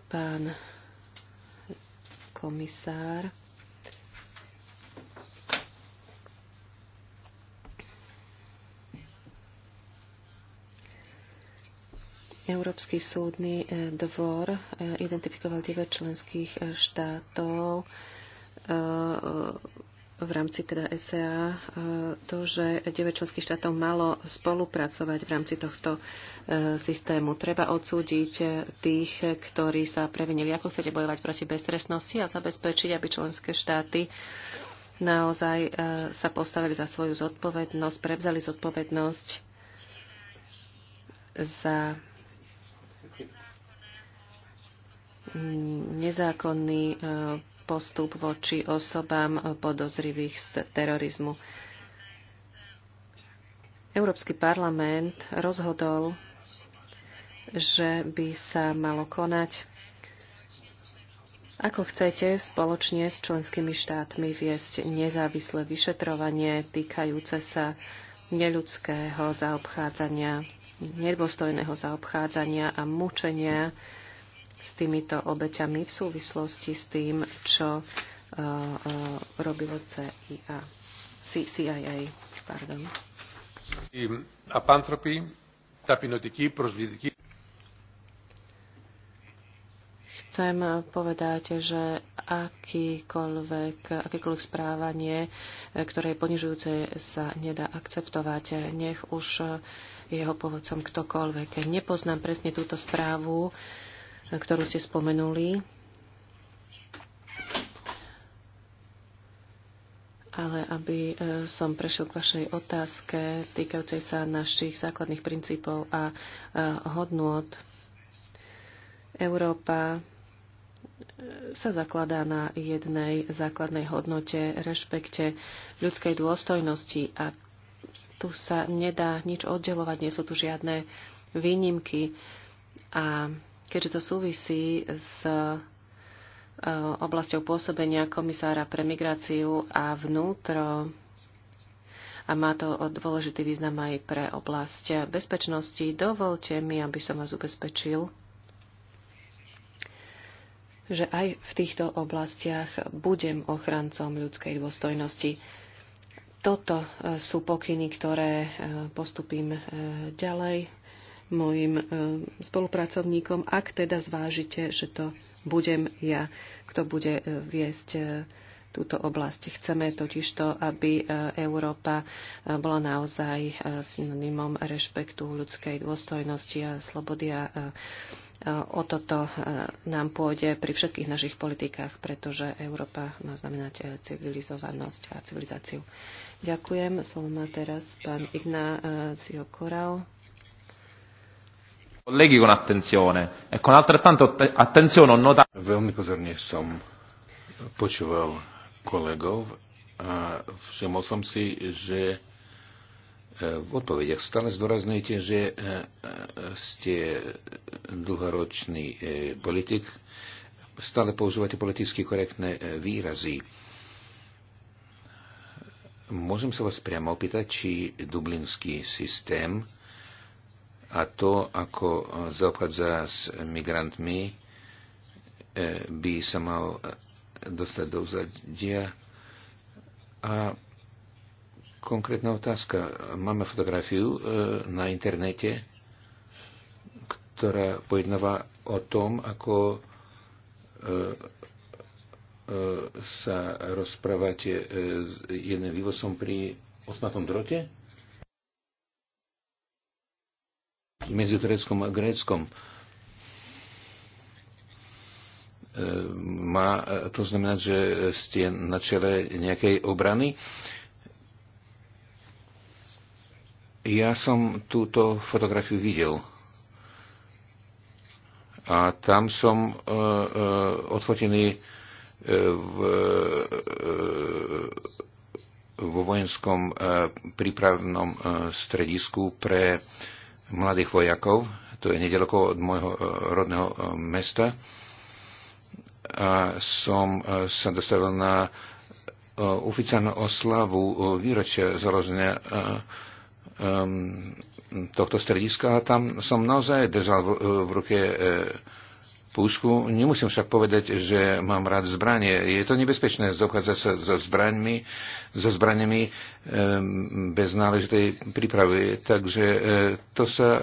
Pán komisár. Európsky súdny e, dvor e, identifikoval 9 členských e, štátov, v rámci teda SEA e, to, že 9 členských štátov malo spolupracovať v rámci tohto e, systému. Treba odsúdiť e, tých, ktorí sa previnili. Ako chcete bojovať proti bezstresnosti a zabezpečiť, aby členské štáty naozaj sa postavili za svoju zodpovednosť, prevzali zodpovednosť za mm, nezákonný postup voči osobám podozrivých z terorizmu. Európsky parlament rozhodol, že by sa malo konať, ako chcete, spoločne s členskými štátmi viesť nezávislé vyšetrovanie týkajúce sa neľudského zaobchádzania, nedôstojného zaobchádzania a mučenia s týmito obeťami v súvislosti s tým, čo uh, uh, robilo CIA. CIA pardon. Η απάνθρωπη, ταπεινωτική, chcem povedať, že akýkoľvek, akékoľvek správanie, ktoré je ponižujúce, sa nedá akceptovať. Nech už jeho povodcom ktokoľvek. Nepoznám presne túto správu, ktorú ste spomenuli. Ale aby e, som prešiel k vašej otázke týkajúcej sa našich základných princípov a e, hodnôt, Európa e, sa zakladá na jednej základnej hodnote, rešpekte ľudskej dôstojnosti a tu sa nedá nič oddelovať, nie sú tu žiadne výnimky a keďže to súvisí s e, oblasťou pôsobenia komisára pre migráciu a vnútro a má to dôležitý význam aj pre oblasť bezpečnosti. Dovolte mi, aby som vás ubezpečil, že aj v týchto oblastiach budem ochrancom ľudskej dôstojnosti. Toto e, sú pokyny, ktoré e, postupím ďalej mojim e, spolupracovníkom, ak teda zvážite, že to budem ja, kto bude e, viesť e, túto oblasť. Chceme totiž to, aby Európa bola naozaj synonymom rešpektu ľudskej dôstojnosti a slobody a o toto nám pôjde pri všetkých našich politikách, pretože Európa má znamenať civilizovanosť a civilizáciu. Ďakujem. Slovo má teraz pán Igna Korau. Colleghi con attenzione e con altrettanto attenzione ho notato... Veľmi pozorne som počúval kolegov a všimol som si, že e, v odpovediach stále zdôrazňujete, že e, e, ste dlhoročný politik, stále používate politicky korektné výrazy. Môžem sa vás priamo opýtať, či dublinský systém a to, ako zaobchádza s migrantmi, e, by sa mal dostať do vzadia. A konkrétna otázka. Máme fotografiu e, na internete, ktorá pojednáva o tom, ako e, sa rozprávate s jedným vývozom pri osnatom drote? medzi Tureckom a Gréckom. E, má e, to znamená, že ste na čele nejakej obrany? Ja som túto fotografiu videl. A tam som uh, uh, odfotený uh, v, vo vojenskom prípravnom stredisku pre uh, mladých vojakov, to je nedaleko od môjho e, rodného e, mesta. A som e, sa dostavil na oficiálnu oslavu výročia založenia tohto strediska a tam som naozaj držal v, v ruke púšku. Nemusím však povedať, že mám rád zbranie. Je to nebezpečné zochádzať sa so zbraňmi, so zbraniami eh, bez náležitej prípravy. Takže eh, to sa eh,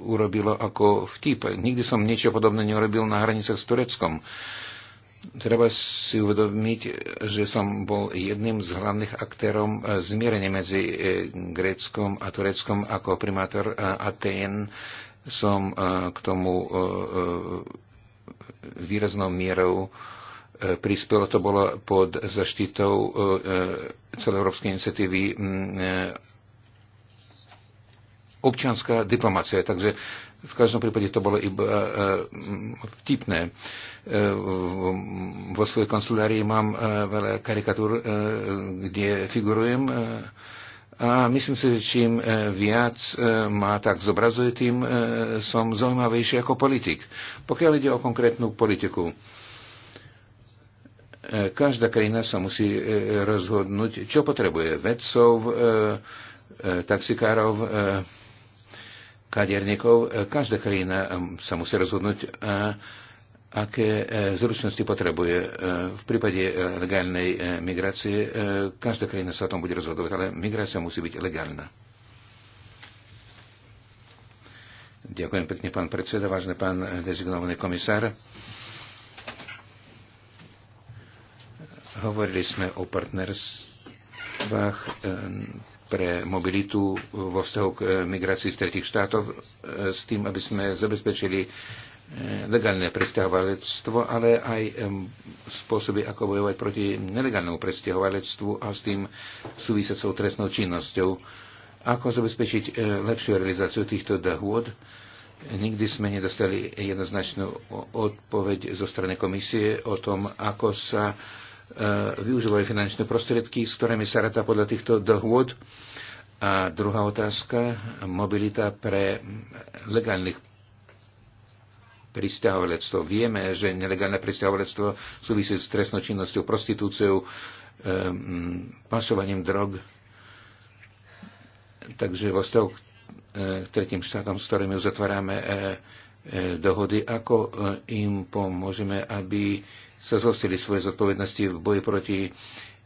urobilo ako vtip. Nikdy som niečo podobné neurobil na hranicách s Tureckom. Treba si uvedomiť, že som bol jedným z hlavných aktérom zmierenia medzi Gréckom a Tureckom ako primátor Aten. Som k tomu výraznou mierou e, prispelo. To bolo pod zaštitou e, celé európskej iniciatívy e, občianská diplomácia. Takže v každom prípade to bolo iba vtipné. Vo svojej kancelárii mám veľa karikatúr, kde figurujem a myslím si, že čím e, viac e, ma tak zobrazuje, tým e, som zaujímavejší ako politik. Pokiaľ ide o konkrétnu politiku, každá krajina sa musí rozhodnúť, čo potrebuje vedcov, taxikárov, kaderníkov. Každá krajina sa musí rozhodnúť, aké e, zručnosti potrebuje. E, v prípade e, legálnej migrácie každá krajina sa o tom bude rozhodovať, ale migrácia musí byť legálna. Ďakujem pekne, pán predseda, vážne pán dezignovaný komisár. Hovorili sme o partnerstvách pre mobilitu vo vzťahu k migrácii z tretich štátov s tým, aby sme zabezpečili legálne presťahovalectvo, ale aj spôsoby, ako bojovať proti nelegálnemu presťahovalectvu a s tým súvisiacou trestnou činnosťou. Ako zabezpečiť e, lepšiu realizáciu týchto dohôd? Nikdy sme nedostali jednoznačnú odpoveď zo strany komisie o tom, ako sa e, využívajú finančné prostriedky, s ktorými sa rata podľa týchto dohôd. A druhá otázka, mobilita pre legálnych pristahovalectvo. Vieme, že nelegálne pristahovalectvo súvisí s trestnou činnosťou, prostitúciou, ehm, pašovaním drog. Takže vo vzťahu k eh, tretím štátom, s ktorými uzatvárame eh, eh, dohody, ako im pomôžeme, aby sa zostili svoje zodpovednosti v boji proti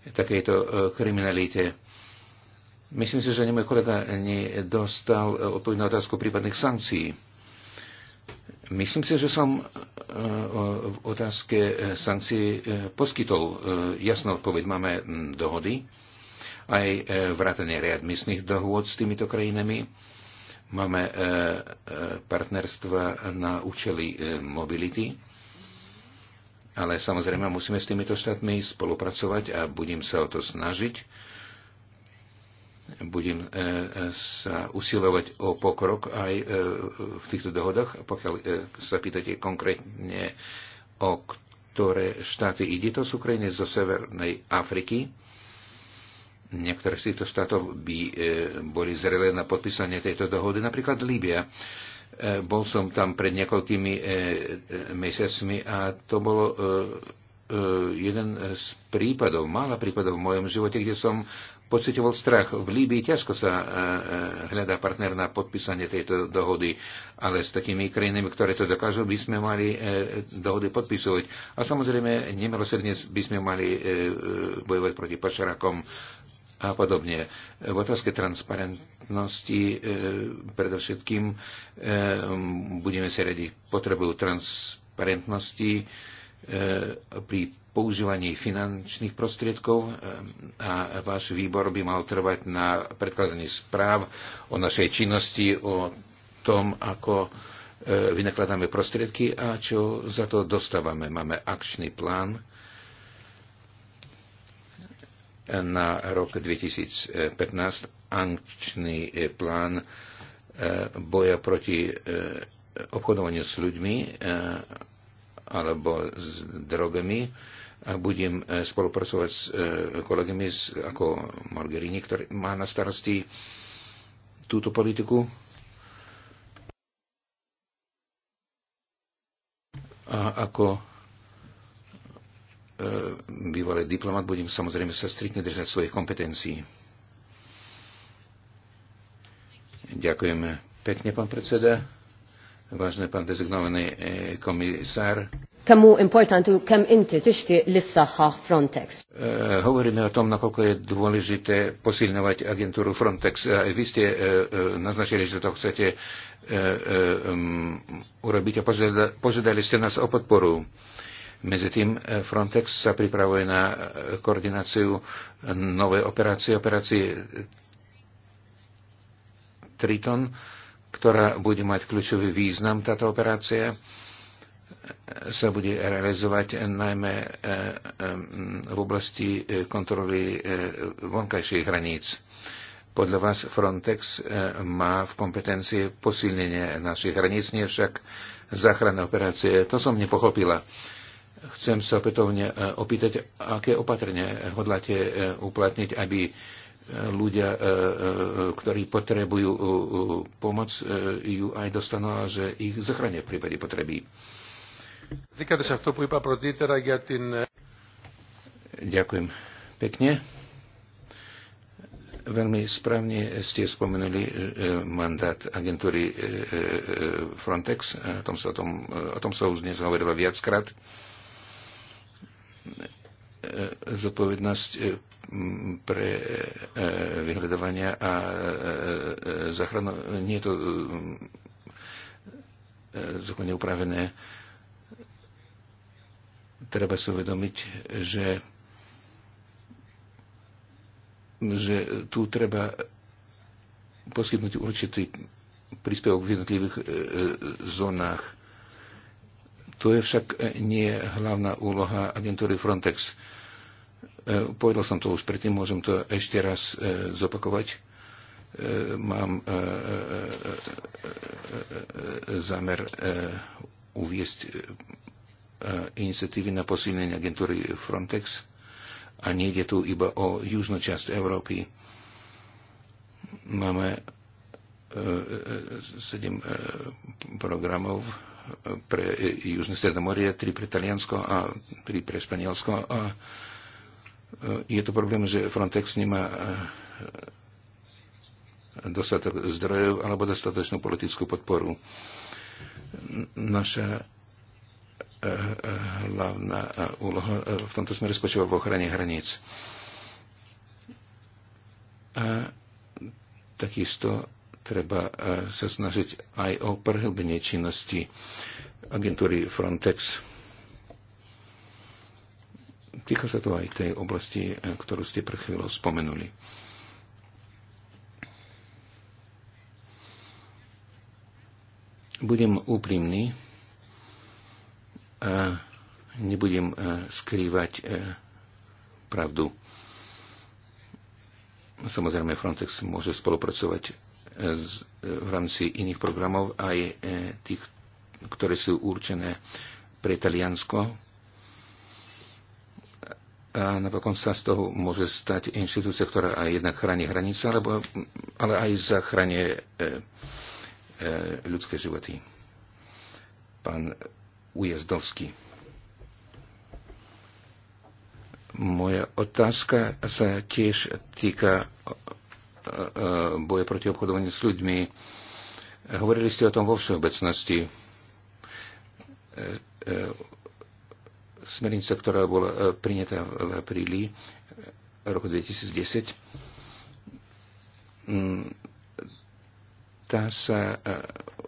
takejto kriminalite. Myslím si, že ani môj kolega nedostal odpovedť na otázku prípadných sankcií. Myslím si, že som e, v otázke e, sankcií e, poskytol jasnú odpoveď. Máme dohody, aj vrátanie readmisných dohôd s týmito krajinami. Máme partnerstva na účely mobility. Ale samozrejme musíme s týmito štátmi spolupracovať a budem sa o to snažiť budem e, e, sa usilovať o pokrok aj e, v týchto dohodách, pokiaľ sa pýtate konkrétne o ktoré štáty ide. To sú krajiny zo Severnej Afriky. Niektoré z týchto štátov by boli zrelé na podpísanie tejto dohody, napríklad Líbia. Bol som tam pred niekoľkými mesiacmi a to bolo E, jeden z prípadov, mála prípadov v mojom živote, kde som pocitoval strach. V Líbii ťažko sa e, e, hľadá partner na podpísanie tejto dohody, ale s takými krajinami, ktoré to dokážu, by sme mali dohody podpisovať. A samozrejme, nemilosrdne by sme mali bojovať proti pašerakom a podobne. V otázke transparentnosti e, predovšetkým e, budeme sa radiť potrebu transparentnosti e, E, pri používaní finančných prostriedkov e, a váš výbor by mal trvať na predkladaní správ o našej činnosti, o tom, ako e, vynakladáme prostriedky a čo za to dostávame. Máme akčný plán na rok 2015, akčný plán boja proti obchodovaniu s ľuďmi alebo s drogami a budem e, spolupracovať s e, kolegami ako Margerini, ktorý má na starosti túto politiku. A ako e, bývalý diplomat budem samozrejme sa striktne držať svojich kompetencií. Ďakujeme pekne, pán predseda. Vážne pán dezignovaný e, komisár, Kamu importantu kam kemm inti tixtieq lis saħħa Frontex. Eh, hovoríme o tom, nakoľko je dôležité posilňovať agentúru Frontex. Eh, vy ste e, naznačili, že to chcete e, um, urobiť a požiadali požiadali ste nás o podporu. Medzi tým Frontex sa pripravuje na koordináciu novej operácie, operácie Triton E, ktorá bude mať kľúčový význam, táto operácia sa bude realizovať najmä e, e, v oblasti e, kontroly vonkajších hraníc. Podľa vás Frontex má v kompetencii posilnenie našich hraníc, nie však záchranné operácie. To som nepochopila. Chcem sa opätovne opýtať, aké opatrenia hodláte uplatniť, aby ľudia, e, e, ktorí potrebujú e, pomoc, ju aj dostanú a že ich zachránia v prípade potreby. Teda Ďakujem pekne. Veľmi správne ste spomenuli mandát agentúry Frontex. O tom sa, o tom, o tom sa už dnes hovorilo viackrát zodpovednosť pre e, e, vyhľadovania a e, zachrano... Nie je to zákonne upravené. Treba si uvedomiť, že že tu treba poskytnúť určitý príspevok v jednotlivých zónach. To je však nie hlavná úloha agentúry Frontex. E, povedal som to už predtým, môžem to ešte raz zopakovať. Mám zámer uviesť iniciatívy na posilnenie agentúry Frontex a nejde tu iba o južnú časť Európy. Máme e, e, sedem programov pre Južné Stredomorie, tri pre Taliansko a tri pre Španielsko a E, je to problém, že Frontex nemá e, dostatok zdrojov alebo dostatočnú politickú podporu. Naša e, hlavná úloha v tomto smere spočíva v ochrane hraníc. A takisto treba sa snažiť aj o prehlbenie činnosti agentúry Frontex Týka sa to aj tej oblasti, e, ktorú ste pre chvíľu spomenuli. Budem úprimný a e, nebudem e, skrývať pravdu. Samozrejme, Frontex môže spolupracovať v rámci iných programov, aj tých, ktoré sú určené pre Taliansko, a napokon sa z toho môže stať inštitúcia, ktorá aj jednak chráni hranice, alebo, ale aj zachránie e, e, ľudské životy. Pán Ujezdovský. Moja otázka sa tiež týka e, e, boje proti obchodovaniu s ľuďmi. Hovorili ste o tom vo všeobecnosti e, Smernica, ktorá bola e, prinetá v apríli e, roku 2010, mm, tá sa e,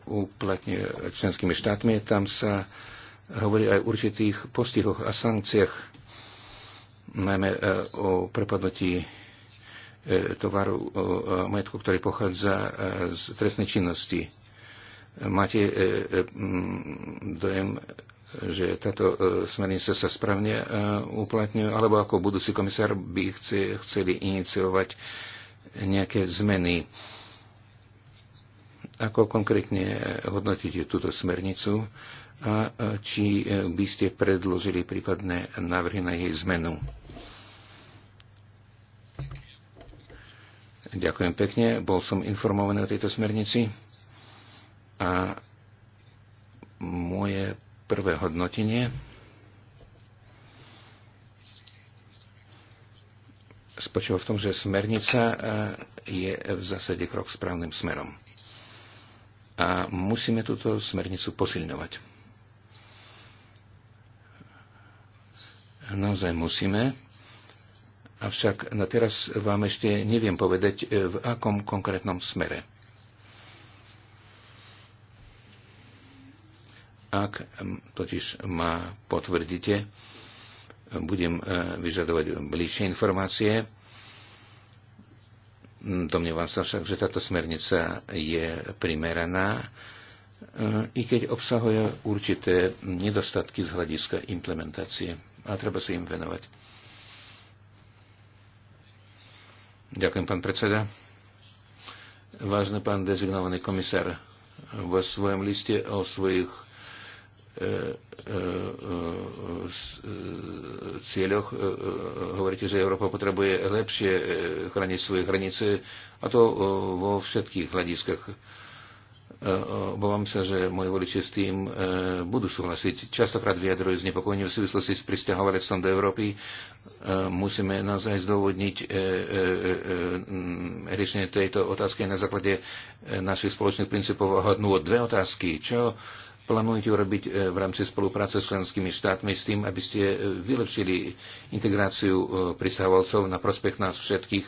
uplatňuje členskými štátmi. Tam sa hovorí aj o určitých postihoch a sankciách, najmä o prepadnutí tovaru majetku, ktorý pochádza z trestnej činnosti. Máte dojem, že táto e, smernica sa správne e, uplatňuje, alebo ako budúci komisár by chceli iniciovať nejaké zmeny. Ako konkrétne hodnotíte túto smernicu a e, či by ste predložili prípadné návrhy na jej zmenu? Ďakujem pekne. Bol som informovaný o tejto smernici a moje Prvé hodnotenie. spočíva v tom, že smernica e, je v zásade krok správnym smerom. A musíme túto smernicu posilňovať. Naozaj musíme. Avšak na teraz vám ešte neviem povedať, e, v akom konkrétnom smere. Ak totiž ma potvrdíte, budem e, vyžadovať bližšie informácie. Mm, domnievam sa však, že táto smernica je primeraná, e, i keď obsahuje určité nedostatky z hľadiska implementácie a treba sa im venovať. Ďakujem, pán predseda. Vážny pán dezignovaný komisár, vo svojom liste o svojich cieľoch hovoríte, že Európa potrebuje lepšie chrániť svoje hranice a to vo všetkých hľadiskách. Obávam sa, že moji voliči s tým budú súhlasiť. Častokrát vyjadrujú znepokojenie v súvislosti s pristahovalectvom do Európy. Musíme naozaj zdôvodniť riešenie tejto otázky na základe našich spoločných princípov a hodnú dve otázky. Čo plánujete urobiť e, v rámci spolupráce s členskými štátmi s tým, aby ste e, vylepšili integráciu e, prisahovalcov na prospech nás všetkých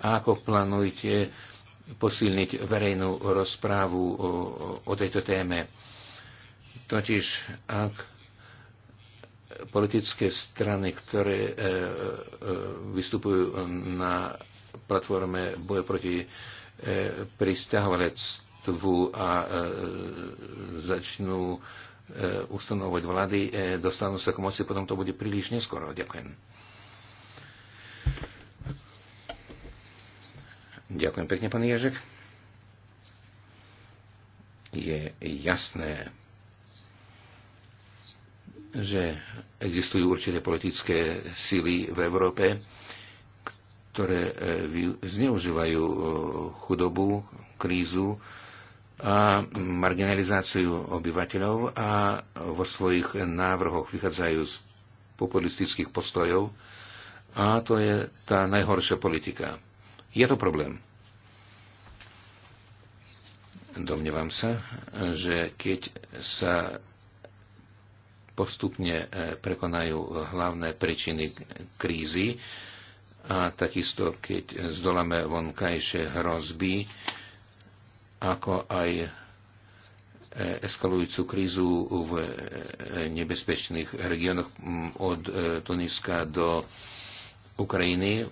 a ako plánujete posilniť verejnú rozprávu o, o tejto téme. Totiž, ak politické strany, ktoré e, e, vystupujú na platforme boje proti e, pristahovalectvu, legislatívu a e, začnú e, ustanovať vlády, e, dostanú sa k moci, potom to bude príliš neskoro. Ďakujem. Ďakujem pekne, pán Ježek. Je jasné, že existujú určité politické síly v Európe, ktoré zneužívajú chudobu, krízu a marginalizáciu obyvateľov a vo svojich návrhoch vychádzajú z populistických postojov a to je tá najhoršia politika. Je to problém. Domnievam sa, že keď sa postupne e, prekonajú hlavné príčiny krízy a takisto keď zdoláme vonkajšie hrozby, ako aj e, eskalujúcu krízu v e, nebezpečných regiónoch od e, Tuniska do Ukrajiny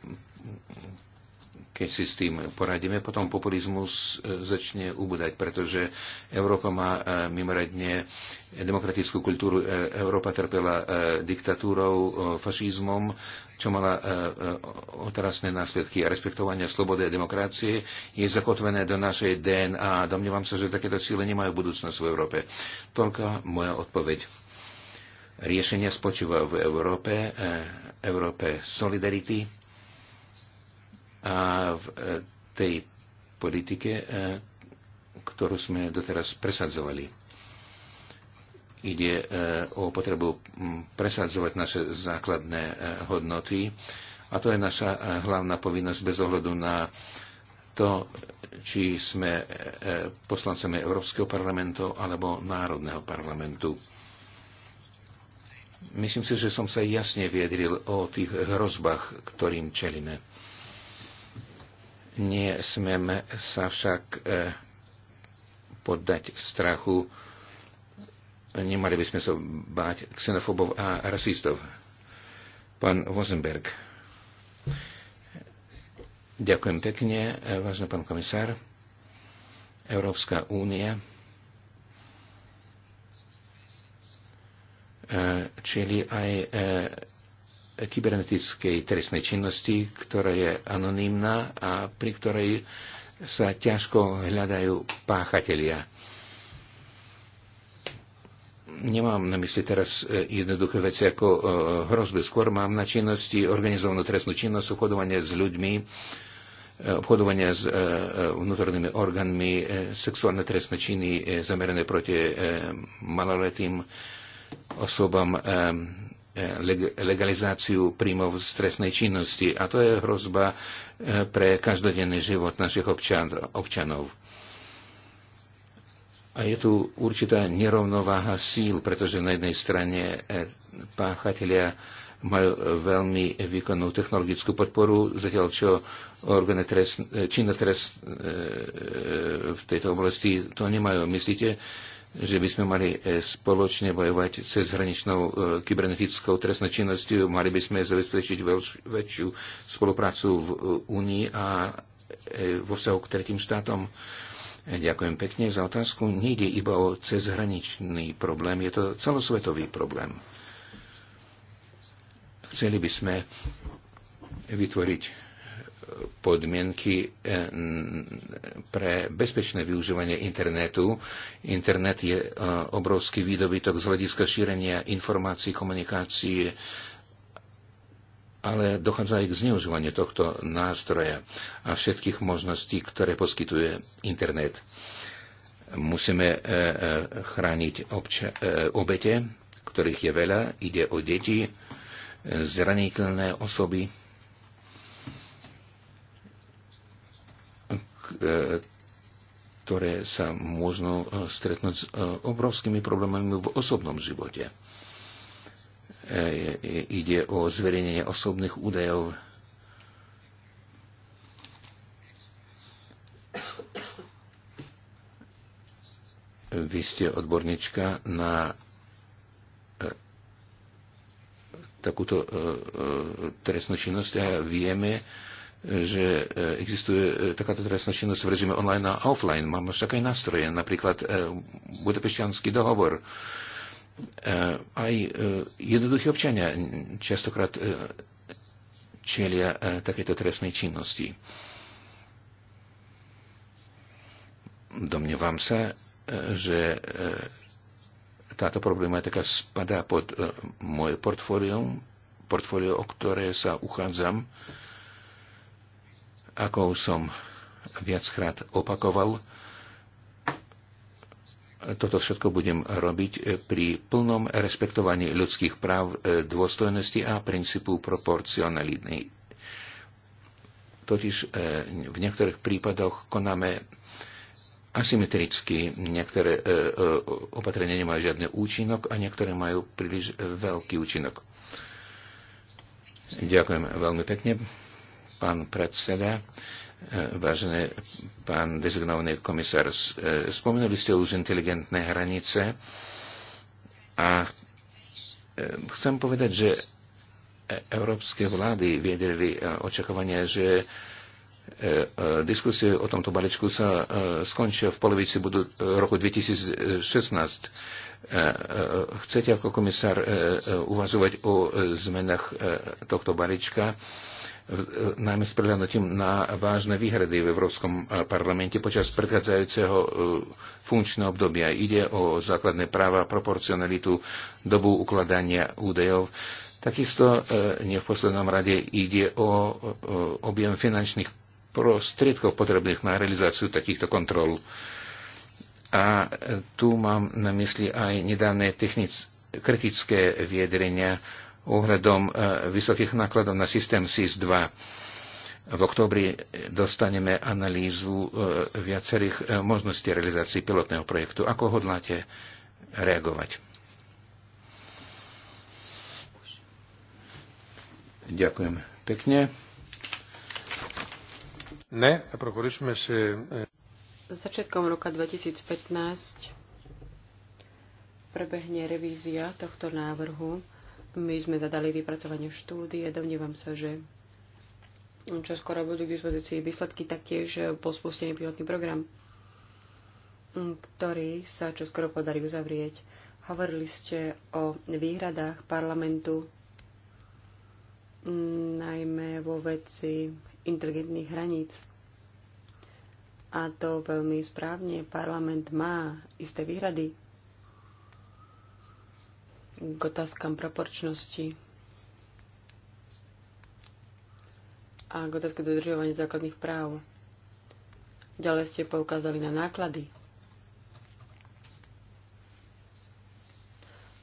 keď si s tým poradíme, potom populizmus e, začne ubúdať, pretože Európa má e, mimoriadne demokratickú kultúru. E, Európa trpela diktatúrou, fašizmom, čo mala otrasné následky a respektovanie slobody a demokracie je zakotvené do našej DNA. Domnievam sa, že takéto síly nemajú budúcnosť v Európe. Toľko moja odpoveď. Riešenie spočíva v Európe, Európe solidarity, a v e, tej politike, e, ktorú sme doteraz presadzovali. Ide e, o potrebu presadzovať naše základné hodnoty a to je naša hlavná povinnosť bez ohľadu na to, či sme poslancami Európskeho parlamentu alebo Národného parlamentu. Myslím si, že som sa jasne viedril o tých hrozbách, ktorým čelíme. Nesmieme sa však e, poddať strachu. Nemali by sme sa báť xenofobov a rasistov. Pán Vozenberg. Ďakujem pekne, e, vážny pán komisár. Európska únia e, čili aj kybernetickej trestnej činnosti, ktorá je anonymná a pri ktorej sa ťažko hľadajú páchatelia. Nemám na mysli teraz e, jednoduché veci ako e, hrozby, skôr mám na činnosti organizovanú trestnú činnosť, obchodovanie s ľuďmi, e, obchodovanie s vnútornými orgánmi, sexuálne trestné činy zamerané proti maloletým osobám, E, legalizáciu príjmov z trestnej činnosti a to je hrozba e, pre každodenný život našich občan, občanov. A je tu určitá nerovnováha síl, pretože na jednej strane e, páchatelia majú veľmi výkonnú technologickú podporu, zatiaľ čo orgány trest, činné trest v tejto oblasti to nemajú. Myslíte, že by sme mali e, spoločne bojovať cez hraničnou e, kybernetickou trestnou činnosťou, mali by sme zabezpečiť väčšiu spoluprácu v Únii e, a vo vzťahu k tretím štátom. Ďakujem pekne za otázku. Nejde iba o cezhraničný problém, je to celosvetový problém. Chceli by sme vytvoriť podmienky eh, pre bezpečné využívanie internetu. Internet je eh, obrovský výdobytok z hľadiska šírenia informácií, komunikácií, ale dochádza aj k zneužívaniu tohto nástroja a všetkých možností, ktoré poskytuje internet. Musíme eh, chrániť obča- obete, ktorých je veľa, ide o deti, zraniteľné osoby, E, ktoré sa môžu e, stretnúť s e, obrovskými problémami v osobnom živote. Ide o zverejnenie osobných údajov Vy ste odborníčka na takúto trestnú činnosť a vieme, že e, existuje e, takáto trestná činnosť v režime online a offline. Máme však aj nástroje, napríklad e, Budapešťanský dohovor. Aj jednoduchí občania častokrát čelia takéto trestnej činnosti. Domnievam sa, že táto problematika spadá pod moje portfólium, portfólio, o ktoré sa uchádzam ako som viackrát opakoval, toto všetko budem robiť pri plnom respektovaní ľudských práv, e, dôstojnosti a princípu proporcionality. Totiž e, v niektorých prípadoch konáme asymetricky. Niektoré e, opatrenia nemajú žiadny účinok a niektoré majú príliš veľký účinok. Ďakujem veľmi pekne pán predseda, e, vážený pán dezignovaný komisár. E, spomenuli ste už inteligentné hranice a e, chcem povedať, že európske vlády viedeli očakávania, že diskusie o tomto balíčku sa skončia v polovici budú roku 2016. Chcete ako komisár uvažovať o zmenách tohto balíčka? E, najmä s prehľadnutím na vážne výhrady v Európskom e, parlamente počas predchádzajúceho e, funkčného obdobia. Ide o základné práva, proporcionalitu, dobu ukladania údajov. Takisto nie v poslednom rade ide o objem finančných prostriedkov potrebných na realizáciu takýchto kontrol. A tu mám na mysli aj nedávne technic- kritické viedrenia ohľadom e, vysokých nákladov na systém SIS-2. V oktobri dostaneme analýzu e, viacerých e, možností realizácií pilotného projektu. Ako hodláte reagovať? Ďakujem pekne. Ne, a prokurišme si... Začiatkom roka 2015 prebehne revízia tohto návrhu my sme zadali vypracovanie štúdie, domnievam sa, že čo skoro budú k dispozícii výsledky, taktiež bol spustený pilotný program, ktorý sa čo skoro podarí uzavrieť. Hovorili ste o výhradách parlamentu, najmä vo veci inteligentných hraníc. A to veľmi správne. Parlament má isté výhrady k otázkam proporčnosti a k otázke dodržovania základných práv. Ďalej ste poukázali na náklady.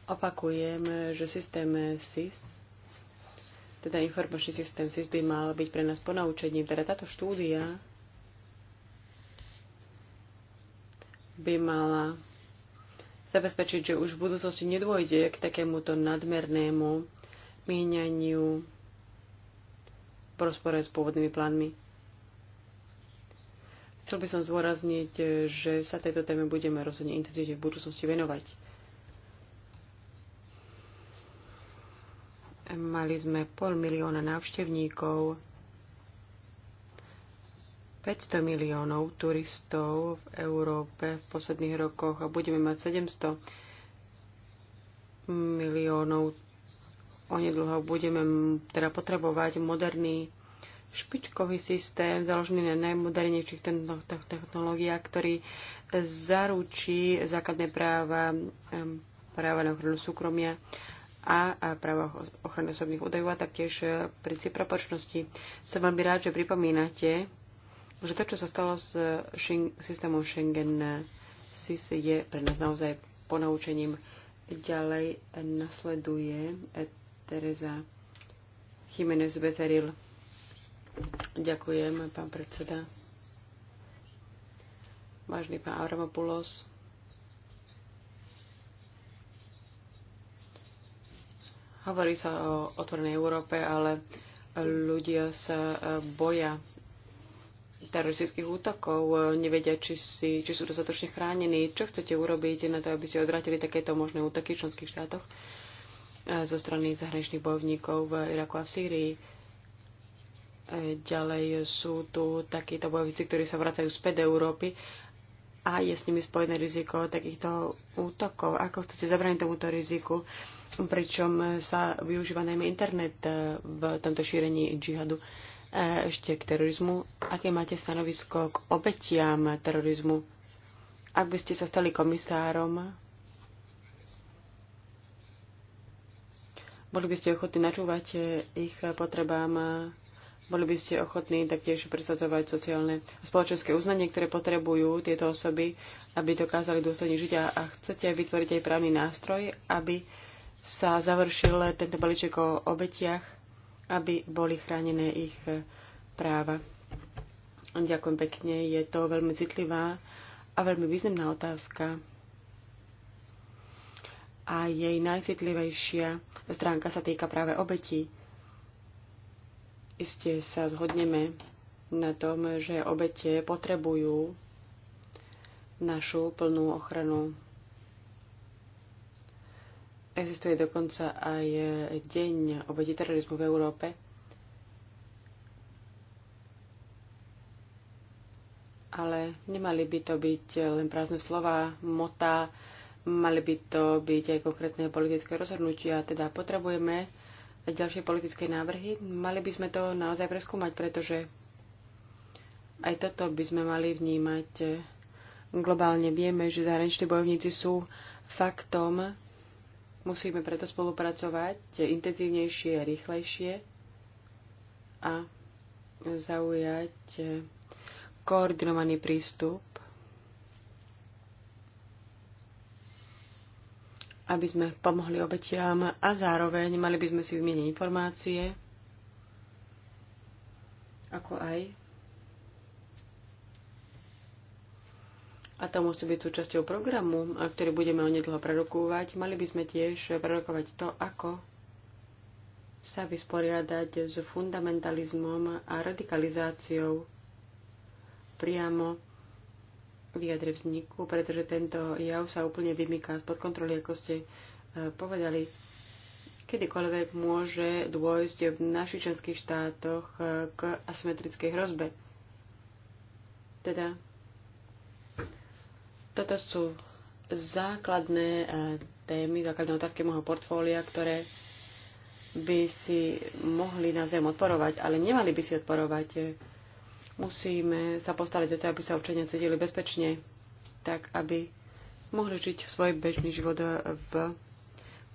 Opakujem, že systém SIS, teda informačný systém SIS by mal byť pre nás ponaučením. Teda táto štúdia by mala zabezpečiť, že už v budúcnosti nedôjde k takémuto nadmernému míňaniu v rozpore s pôvodnými plánmi. Chcel by som zdôrazniť, že sa tejto téme budeme rozhodne intenzívne v budúcnosti venovať. Mali sme pol milióna návštevníkov 500 miliónov turistov v Európe v posledných rokoch a budeme mať 700 miliónov. Onedlho budeme teda potrebovať moderný špičkový systém založený na najmodernejších technológiách, ktorý zaručí základné práva, práva na ochranu súkromia a práva ochrany osobných údajov a taktiež e, princíp proporčnosti. Som veľmi rád, že pripomínate že to, čo sa stalo s systémom Schengen SIS je pre nás naozaj ponaučením. Ďalej nasleduje eh, Teresa Jiménez Beteril. Ďakujem, pán predseda. Vážny pán Avramopoulos. Hovorí sa o otvorenej Európe, ale ľudia sa eh, boja teroristických útokov, e, nevedia, či, si, či sú dostatočne chránení. Čo chcete urobiť na to, aby ste odvratili takéto možné útoky v členských štátoch e, zo strany zahraničných bojovníkov v Iraku a v Sýrii? E, ďalej sú tu takíto bojovníci, ktorí sa vracajú späť do Európy a je s nimi spojené riziko takýchto útokov. Ako chcete zabrániť tomuto riziku, pričom sa využíva najmä internet v tomto šírení džihadu? E, ešte k terorizmu. Aké máte stanovisko k obetiam terorizmu? Ak by ste sa stali komisárom, boli by ste ochotní načúvať ich potrebám, boli by ste ochotní taktiež presadzovať sociálne a spoločenské uznanie, ktoré potrebujú tieto osoby, aby dokázali dôstojne žiť a, a chcete vytvoriť aj právny nástroj, aby sa završil tento balíček o obetiach aby boli chránené ich e, práva. Ďakujem pekne, je to veľmi citlivá a veľmi významná otázka. A jej najcitlivejšia stránka sa týka práve obetí. Isté sa zhodneme na tom, že obete potrebujú našu plnú ochranu Existuje dokonca aj e, deň obeti terorizmu v Európe. Ale nemali by to byť e, len prázdne slova, mota, mali by to byť aj konkrétne politické rozhodnutia. Teda potrebujeme ďalšie politické návrhy. Mali by sme to naozaj preskúmať, pretože aj toto by sme mali vnímať e, globálne. Vieme, že zahraniční bojovníci sú faktom, Musíme preto spolupracovať intenzívnejšie a rýchlejšie a zaujať koordinovaný prístup, aby sme pomohli obetiam a zároveň mali by sme si vymeniť informácie, ako aj a to musí byť súčasťou programu, ktorý budeme onedlho prerokovať, mali by sme tiež prerokovať to, ako sa vysporiadať s fundamentalizmom a radikalizáciou priamo v jadre vzniku, pretože tento jav sa úplne vymyká spod kontroly, ako ste e, povedali. Kedykoľvek môže dôjsť v našich členských štátoch e, k asymetrickej hrozbe. Teda toto sú základné e, témy, základné otázky môjho portfólia, ktoré by si mohli navzájom odporovať, ale nemali by si odporovať. Musíme sa postarať o to, aby sa občania cítili bezpečne, tak aby mohli žiť svoj bežný život v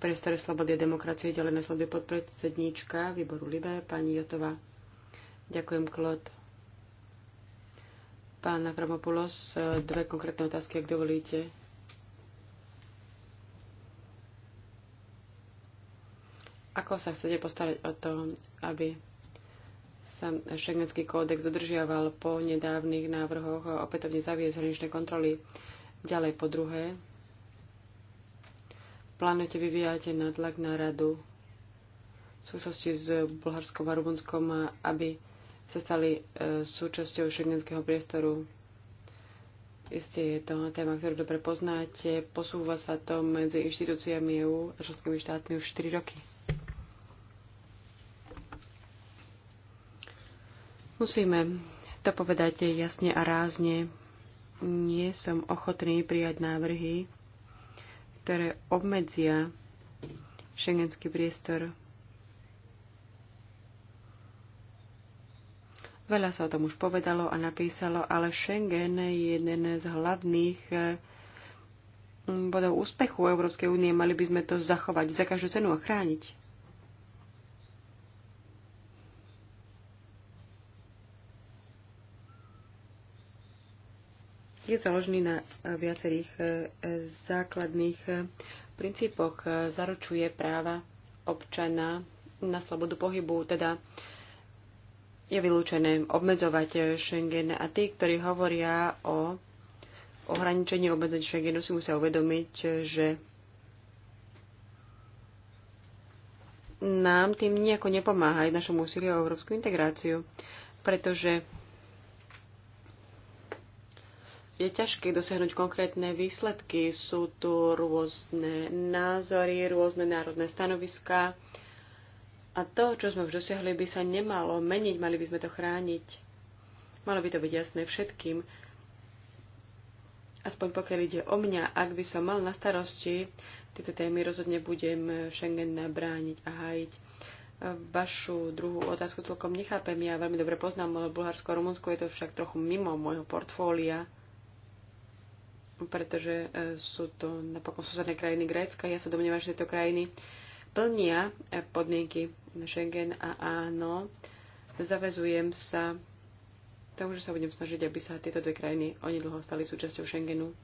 priestore slobody a demokracie, ďalej na slobode podpredsedníčka výboru Libé, pani Jotová. Ďakujem, Klod. Pán Avramopoulos, dve konkrétne otázky, ak dovolíte. Ako sa chcete postarať o to, aby sa šengenský kódex dodržiaval po nedávnych návrhoch opätovne zaviesť hraničné kontroly? Ďalej po druhé, plánujete vyvíjať natlak na radu v súvislosti s Bulharskom a Rumunskom, aby sa stali e, súčasťou šengenského priestoru. Isté je to téma, ktorú dobre poznáte. Posúva sa to medzi inštitúciami EÚ a členskými štátmi už 4 roky. Musíme to povedať jasne a rázne. Nie som ochotný prijať návrhy, ktoré obmedzia šengenský priestor Veľa sa o tom už povedalo a napísalo, ale Schengen je jeden z hlavných eh, bodov úspechu Európskej únie. Mali by sme to zachovať za každú cenu a chrániť. je založený na eh, viacerých eh, základných princípoch. Zaručuje práva občana na slobodu pohybu, teda je vylúčené obmedzovať eh, Schengen a tí, ktorí hovoria o ohraničení obmedzenia Schengenu, si musia uvedomiť, eh, že nám tým nejako nepomáha aj našom úsilí o európsku integráciu, pretože je ťažké dosiahnuť konkrétne výsledky. Sú tu rôzne názory, rôzne národné stanoviská. A to, čo sme už dosiahli, by sa nemalo meniť, mali by sme to chrániť. Malo by to byť jasné všetkým. Aspoň pokiaľ ide o mňa, ak by som mal na starosti, tieto témy rozhodne budem Schengen brániť a hájiť. Vašu druhú otázku celkom nechápem. Ja veľmi dobre poznám Bulharsko a Rumunsko, je to však trochu mimo môjho portfólia, pretože e, sú to napokon susedné krajiny Grécka. Ja sa domnievam, že tieto krajiny plnia e, podmienky Schengen a áno, zavezujem sa tomu, že sa budem snažiť, aby sa tieto dve krajiny oni dlho stali súčasťou Schengenu.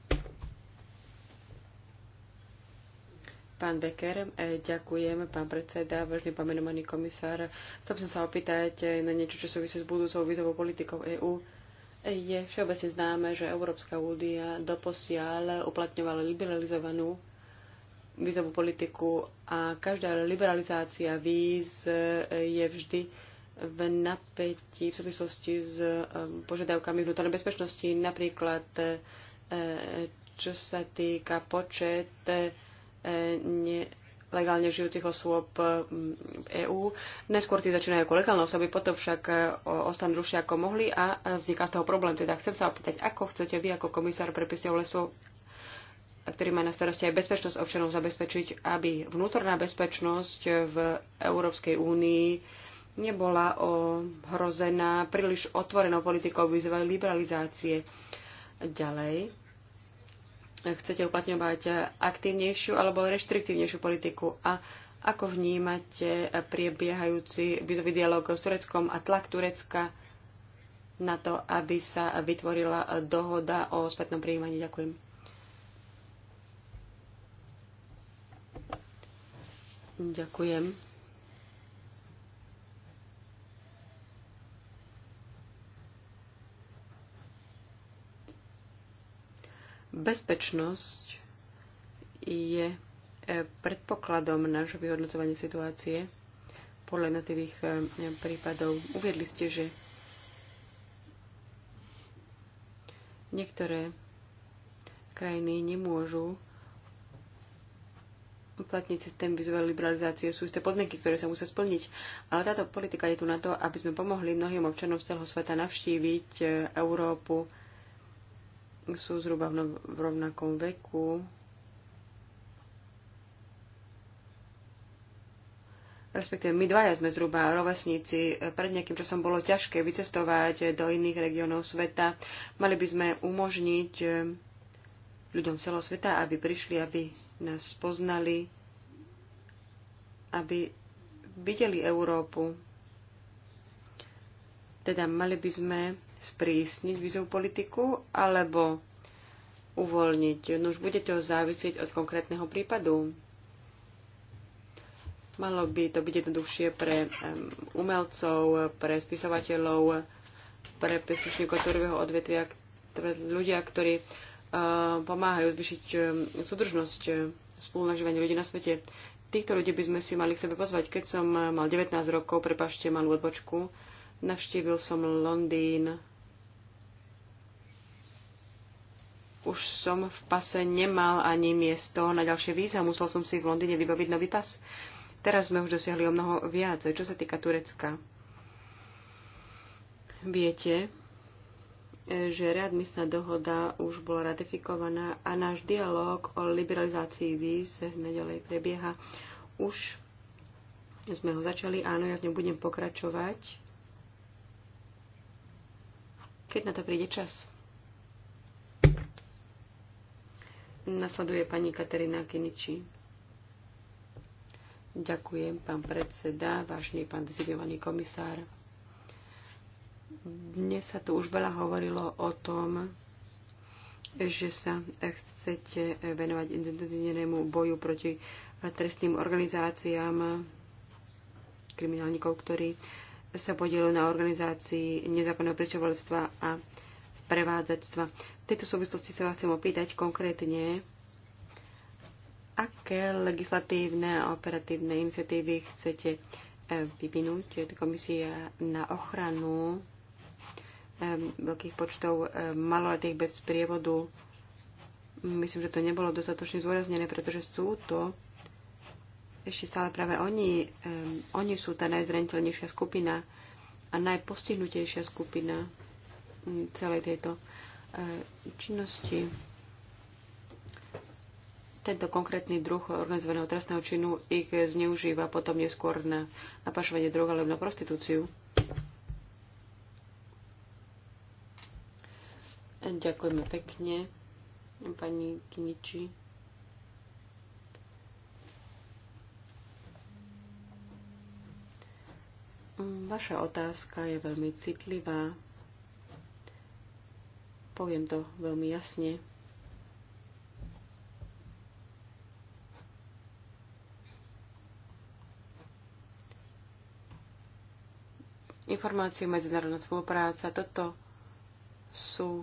Pán Becker, e, ďakujem, pán predseda, vážny pán menovaný komisár. Chcem sa opýtať e, na niečo, čo súvisí s budúcou vízovou politikou EÚ. E, je všeobecne známe, že Európska únia doposiaľ uplatňovala liberalizovanú vízovú politiku a každá liberalizácia víz e, je vždy v napätí v súvislosti s e, požiadavkami vnútornej bezpečnosti, napríklad e, čo sa týka počet legálne žijúcich osôb v EÚ. Neskôr tí začínajú ako legálne osoby, potom však ostanú dlhšie ako mohli a vzniká z toho problém. Teda chcem sa opýtať, ako chcete vy ako komisár pre pristahovalectvo ktorý má na starosti aj bezpečnosť občanov, zabezpečiť, aby vnútorná bezpečnosť v Európskej únii nebola ohrozená príliš otvorenou politikou vyzvali liberalizácie. Ďalej, chcete uplatňovať aktívnejšiu alebo reštriktívnejšiu politiku a ako vnímate priebiehajúci vizový dialog s Tureckom a tlak Turecka na to, aby sa vytvorila dohoda o spätnom príjmaní. Ďakujem. Ďakujem. Bezpečnosť je e, predpokladom nášho vyhodnocovania situácie podľa jednotlivých e, prípadov. Uviedli ste, že niektoré krajiny nemôžu uplatniť systém vizuálnej liberalizácie, sú isté podmienky, ktoré sa musia splniť. Ale táto politika je tu na to, aby sme pomohli mnohým občanom z celého sveta navštíviť e, Európu. Sú zhruba v rovnakom veku. respektíve my dvaja sme zhruba rovesníci. Pred nejakým časom bolo ťažké vycestovať do iných regiónov sveta. Mali by sme umožniť e, ľuďom celého sveta, aby prišli, aby nás poznali, aby videli Európu. Teda mali by sme sprísniť vizovú politiku alebo uvoľniť. No už bude to závisieť od konkrétneho prípadu. Malo by to byť jednoduchšie pre umelcov, pre spisovateľov, pre príslušníkov odvetvia, ľudia, ktorí pomáhajú zvyšiť e, súdržnosť e, spolunažívania ľudí na svete. Týchto ľudí by sme si mali k sebe pozvať. Keď som e, mal 19 rokov, prepašte malú odbočku, navštívil som Londýn. Už som v pase nemal ani miesto na ďalšie víza, musel som si v Londýne vybaviť nový pas. Teraz sme už dosiahli o mnoho viac, čo sa týka Turecka. Viete, že readmisná dohoda už bola ratifikovaná a náš dialog o liberalizácii víz naďalej prebieha. Už sme ho začali, áno, ja v ňom budem pokračovať, keď na to príde čas. Nasleduje pani Katerina Kiniči. Ďakujem, pán predseda, vážny pán dezignovaný komisár. Dnes sa tu už veľa hovorilo o tom, že sa chcete venovať intenzívnemu boju proti trestným organizáciám kriminálnikov, ktorí sa podielujú na organizácii nezákonného presťovalectva a prevádzačstva. V tejto súvislosti sa vás chcem opýtať konkrétne, aké legislatívne a operatívne iniciatívy chcete vyvinúť komisia na ochranu veľkých počtov maloletých bez prievodu. Myslím, že to nebolo dostatočne zúraznené, pretože sú to ešte stále práve oni, oni sú tá najzrentelnejšia skupina a najpostihnutejšia skupina mm, celej tejto eh, činnosti. Tento konkrétny druh organizovaného trestného činu ich zneužíva potom neskôr na napašovanie drog alebo na prostitúciu. Ďakujeme pekne, pani Kiniči. Vaša otázka je veľmi citlivá. Poviem to veľmi jasne. Informácie medzinárodná spolupráca, toto sú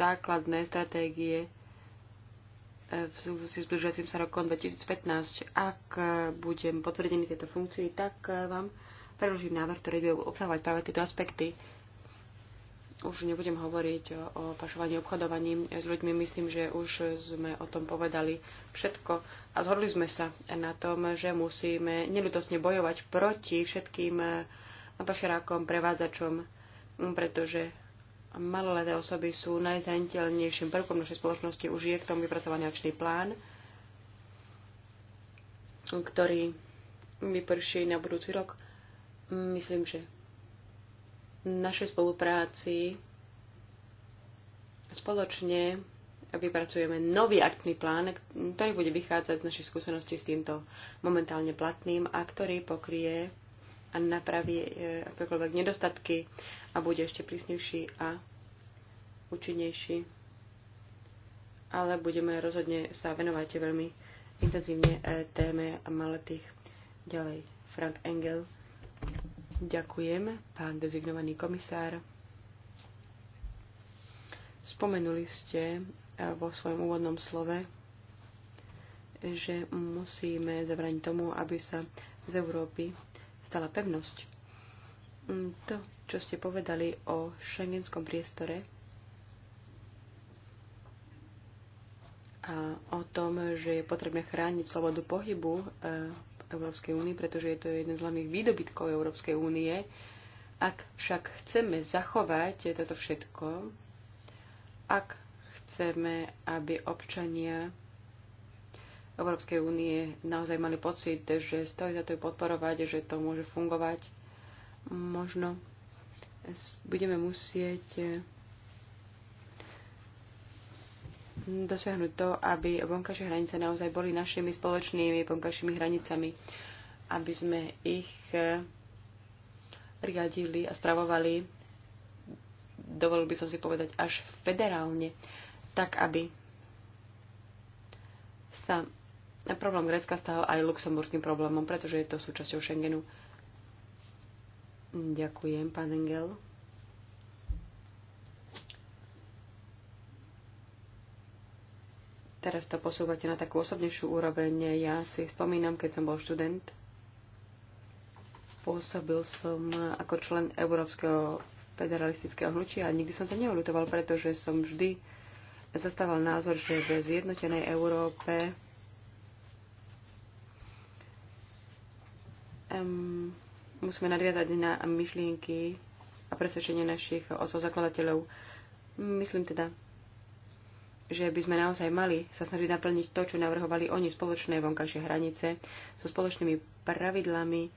základné stratégie e, v súvislosti s blížiacim sa rokom 2015. Ak budem potvrdený tieto funkcie, tak e, vám predložím návrh, ktorý bude obsahovať práve tieto aspekty. Už nebudem hovoriť o, o pašovaní obchodovaní s ľuďmi. Myslím, že už sme o tom povedali všetko a zhodli sme sa na tom, že musíme nelutosne bojovať proti všetkým e, pašerákom, prevádzačom, pretože maloleté osoby sú najzraniteľnejším prvkom našej spoločnosti. Už je k tomu vypracovaný akčný plán, ktorý vyprší na budúci rok. Myslím, že našej spolupráci spoločne vypracujeme nový akčný plán, ktorý bude vychádzať z našich skúseností s týmto momentálne platným a ktorý pokrie a napraví e, akékoľvek nedostatky a bude ešte prísnejší a účinnejší. Ale budeme rozhodne sa venovať veľmi intenzívne e, téme maletých ďalej. Frank Engel. Ďakujem, pán dezignovaný komisár. Spomenuli ste e, vo svojom úvodnom slove, že musíme zabrániť tomu, aby sa z Európy stala pevnosť. Mm, to, čo ste povedali o šengenskom priestore a o tom, že je potrebné chrániť slobodu pohybu e, v Európskej únii, pretože je to jeden z hlavných výdobytkov Európskej únie. Ak však chceme zachovať toto všetko, ak chceme, aby občania Európskej únie naozaj mali pocit, že stojí za to podporovať, že to môže fungovať. Možno budeme musieť e, dosiahnuť to, aby vonkajšie hranice naozaj boli našimi spoločnými vonkajšími hranicami, aby sme ich e, riadili a spravovali, dovolil by som si povedať, až federálne, tak aby sa a problém Grécka stál aj luxemburským problémom, pretože je to súčasťou Schengenu. Ďakujem, pán Engel. Teraz to posúvate na takú osobnejšiu úroveň. Ja si spomínam, keď som bol študent, pôsobil som ako člen Európskeho federalistického hnutia a nikdy som to neulutoval, pretože som vždy zastával názor, že bez jednotenej Európe um, musíme nadviazať na myšlienky a presvedčenie našich osov zakladateľov. Myslím teda, že by sme naozaj mali sa snažiť naplniť to, čo navrhovali oni spoločné vonkajšie hranice so spoločnými pravidlami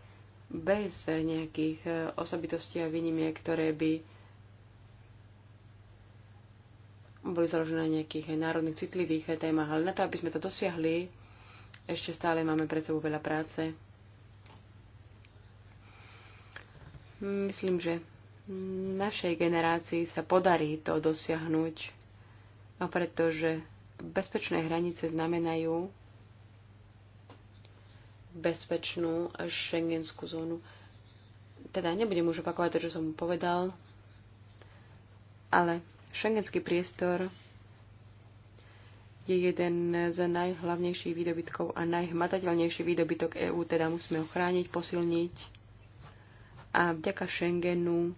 bez nejakých e, osobitostí a výnimiek, ktoré by boli založené na nejakých národných citlivých témach, ale na to, aby sme to dosiahli, ešte stále máme pred sebou veľa práce. Myslím, že našej generácii sa podarí to dosiahnuť, a pretože bezpečné hranice znamenajú bezpečnú šengenskú zónu. Teda nebudem už opakovať to, čo som povedal, ale šengenský priestor je jeden z najhlavnejších výdobytkov a najhmatateľnejší výdobytok EÚ, teda musíme ho chrániť, posilniť a vďaka Schengenu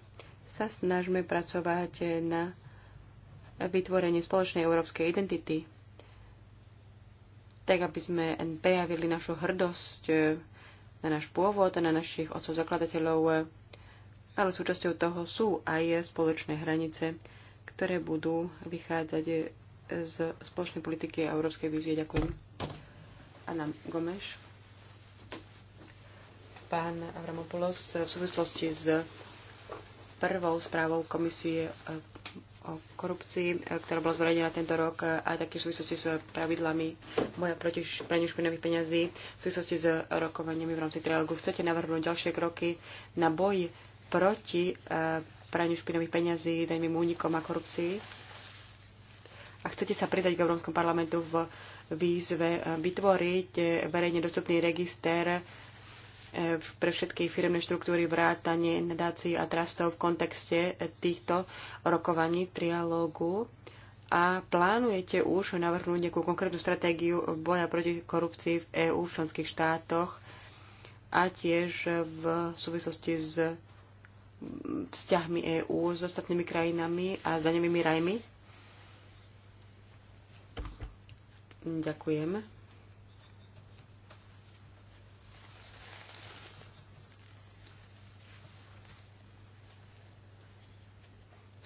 sa snažme pracovať na vytvorení spoločnej európskej identity, tak aby sme prejavili našu hrdosť e, na náš pôvod a na našich otcov zakladateľov, ale súčasťou toho sú aj spoločné hranice, ktoré budú vychádzať z spoločnej politiky a európskej vízie. Ďakujem. Anna Gomes pán Avramopoulos v súvislosti s prvou správou komisie eh, o korupcii, eh, ktorá bola zverejnená tento rok, aj také v súvislosti s pravidlami boja proti praniu špinavých peňazí, v súvislosti s rokovaniami v rámci trialogu. Chcete navrhnúť ďalšie kroky na boj proti eh, praniu špinavých peňazí, daňovým únikom a korupcii? A chcete sa pridať k Európskom parlamentu v výzve vytvoriť verejne dostupný register E, pre všetky firmné štruktúry, vrátanie nadácií a trastov v kontexte týchto rokovaní, trialógu? A plánujete už navrhnúť nejakú konkrétnu stratégiu boja proti korupcii v EÚ v členských štátoch a tiež v súvislosti s vzťahmi EÚ s ostatnými krajinami a s daňovými rajmi? Ďakujem.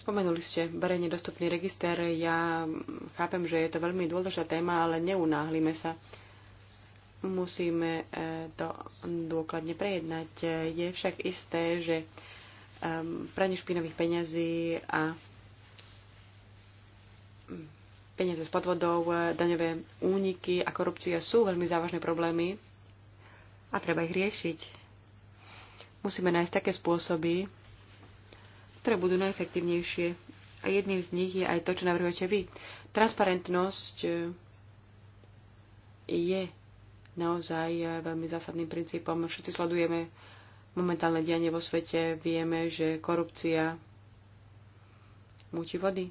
Spomenuli ste verejne dostupný register. Ja chápem, že je to veľmi dôležitá téma, ale neunáhlime sa. Musíme e, to dôkladne prejednať. Je však isté, že pranie špinových peňazí a peniaze z podvodov, e, daňové úniky a korupcia sú veľmi závažné problémy a treba ich riešiť. Musíme nájsť také spôsoby, ktoré budú najefektívnejšie. A jedným z nich je aj to, čo navrhujete vy. Transparentnosť e, je naozaj e, veľmi zásadným princípom. Všetci sledujeme momentálne dianie vo svete, vieme, že korupcia múti vody.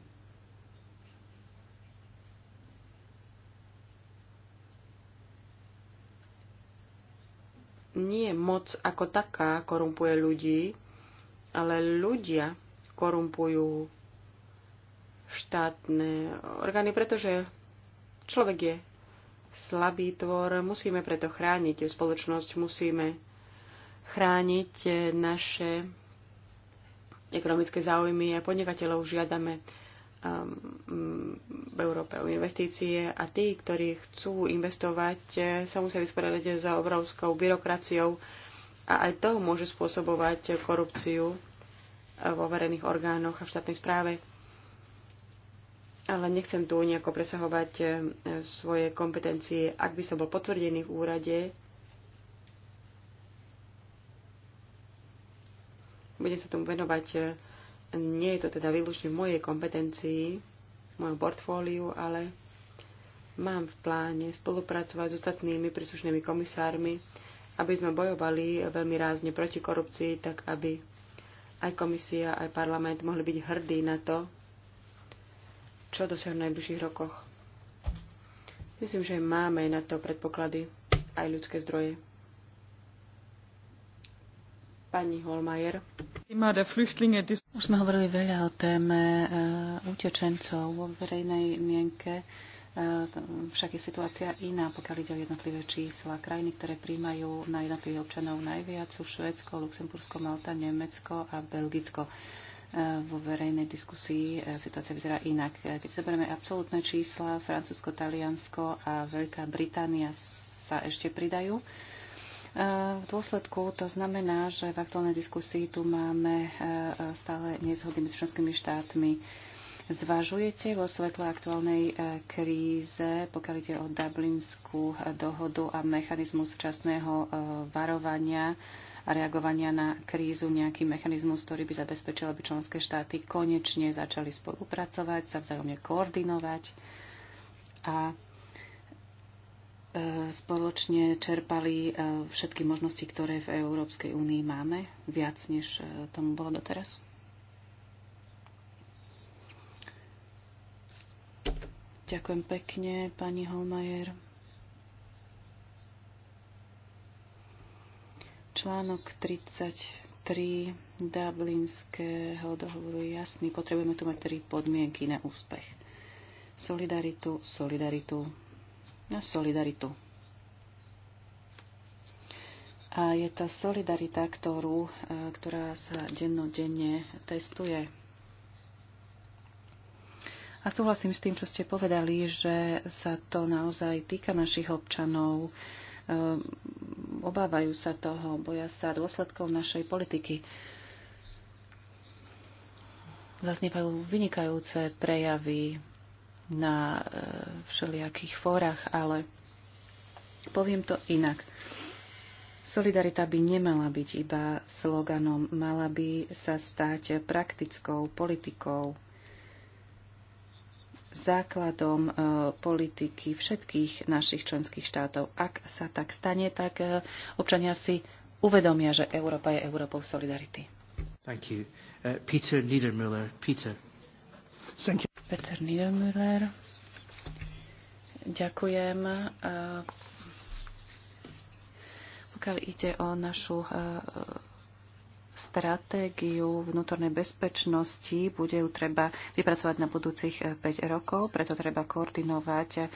Nie moc ako taká korumpuje ľudí, ale ľudia korumpujú štátne orgány, pretože človek je slabý tvor, musíme preto chrániť spoločnosť, musíme chrániť naše ekonomické záujmy a podnikateľov žiadame um, v Európe o investície a tí, ktorí chcú investovať, sa musia vysporiadať za obrovskou byrokraciou a aj to môže spôsobovať korupciu e, vo verejných orgánoch a v štátnej správe. Ale nechcem tu nejako presahovať e, svoje kompetencie. Ak by som bol potvrdený v úrade, budem sa tomu venovať. E, nie je to teda výlučne v mojej kompetencii, v mojom portfóliu, ale mám v pláne spolupracovať s ostatnými príslušnými komisármi aby sme bojovali veľmi rázne proti korupcii, tak aby aj komisia, aj parlament mohli byť hrdí na to, čo dosiahnu v najbližších rokoch. Myslím, že máme na to predpoklady aj ľudské zdroje. Pani Holmajer. Už sme hovorili veľa o téme e, utečencov vo verejnej mienke. E, však je situácia iná, pokiaľ ide o jednotlivé čísla. Krajiny, ktoré príjmajú na jednotlivých občanov najviac, sú Švédsko, Luxembursko, Malta, Nemecko a Belgicko. E, vo verejnej diskusii e, situácia vyzerá inak. Keď zoberieme absolútne čísla, Francúzsko, Taliansko a Veľká Británia sa ešte pridajú. V dôsledku to znamená, že v aktuálnej diskusii tu máme stále nezhody medzi členskými štátmi zvažujete vo svetle aktuálnej e, kríze, pokiaľ ide o Dublinskú e, dohodu a mechanizmus včasného e, varovania a reagovania na krízu, nejaký mechanizmus, ktorý by zabezpečil, aby členské štáty konečne začali spolupracovať, sa vzájomne koordinovať a spoločne čerpali všetky možnosti, ktoré v Európskej únii máme, viac než tomu bolo doteraz? Ďakujem pekne, pani Holmajer. Článok 33 Dublinského dohovoru je jasný. Potrebujeme tu mať tri podmienky na úspech. Solidaritu, solidaritu a solidaritu. A je tá solidarita, ktorú, e, ktorá sa dennodenne testuje a súhlasím s tým, čo ste povedali, že sa to naozaj týka našich občanov. Ehm, obávajú sa toho, boja sa dôsledkov našej politiky. Zaznievajú vynikajúce prejavy na ehm, všelijakých fórach, ale poviem to inak. Solidarita by nemala byť iba sloganom, mala by sa stať praktickou politikou základom e, politiky všetkých našich členských štátov. Ak sa tak stane, tak e, občania si uvedomia, že Európa je Európou solidarity. Thank you. Uh, Peter Niedermüller. Peter. Thank you. Peter Niedermüller. Ďakujem. Uh, pokiaľ ide o našu uh, stratégiu vnútornej bezpečnosti. Bude ju treba vypracovať na budúcich 5 eh, rokov, preto treba koordinovať eh,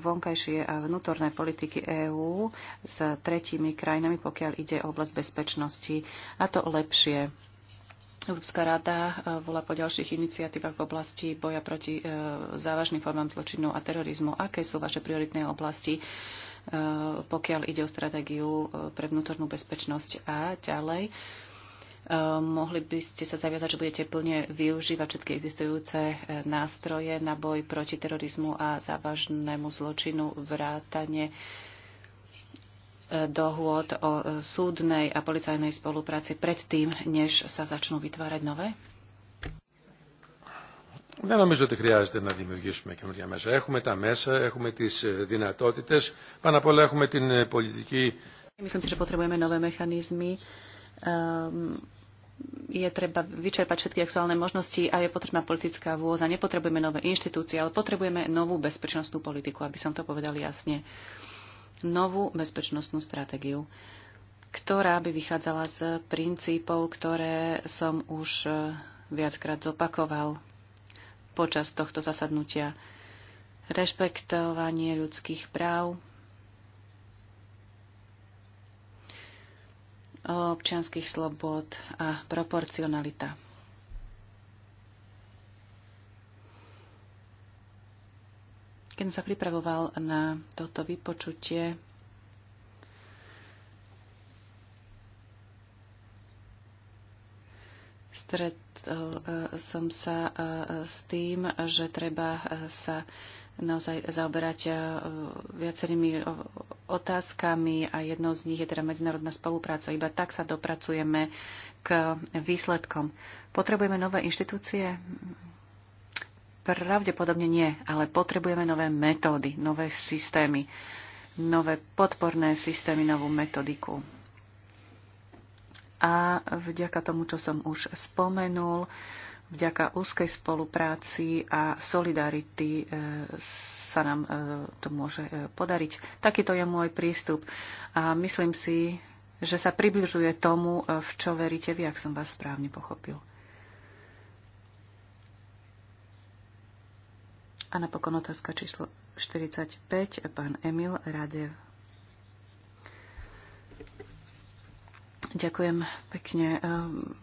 vonkajšie a vnútorné politiky EÚ s tretími krajinami, pokiaľ ide o oblasť bezpečnosti. A to lepšie. Európska rada eh, volá po ďalších iniciatívach v oblasti boja proti závažným formám zločinu a terorizmu. Aké sú vaše prioritné oblasti Eh, pokiaľ ide o stratégiu eh, pre vnútornú bezpečnosť a ďalej. Eh, mohli by ste sa zaviazať, že budete plne využívať všetky existujúce nástroje na boj proti terorizmu a závažnému zločinu, vrátanie dohôd o súdnej a policajnej spolupráci predtým, než sa začnú vytvárať nové? Δεν νομίζω ότι χρειάζεται να δημιουργήσουμε καινούργια μέσα. Έχουμε τα μέσα, έχουμε τις δυνατότητες, πάνω απ' όλα έχουμε την πολιτική... Myslím si, že potrebujeme nové mechanizmy. Um, je treba vyčerpať všetky aktuálne možnosti a je potrebná politická vôza. Nepotrebujeme nové inštitúcie, ale potrebujeme novú bezpečnostnú politiku, aby som to povedal jasne. Novú bezpečnostnú stratégiu, ktorá by vychádzala z princípov, ktoré som už e, viackrát zopakoval počas tohto zasadnutia. Rešpektovanie ľudských práv, občianských slobod a proporcionalita. Keď sa pripravoval na toto vypočutie, stret, E, som sa e, s tým, že treba e, sa naozaj zaoberať viacerými otázkami a jednou z nich je teda medzinárodná spolupráca. Iba tak sa dopracujeme k výsledkom. Potrebujeme nové inštitúcie? Pravdepodobne nie, ale potrebujeme nové metódy, nové systémy, nové podporné systémy, novú metodiku a vďaka tomu, čo som už spomenul, vďaka úzkej spolupráci a solidarity e, sa nám e, to môže e, podariť. Takýto je môj prístup a myslím si, že sa približuje tomu, v čo veríte vy, ak som vás správne pochopil. A napokon otázka číslo 45, pán Emil Radev. Ďakujem pekne, eh,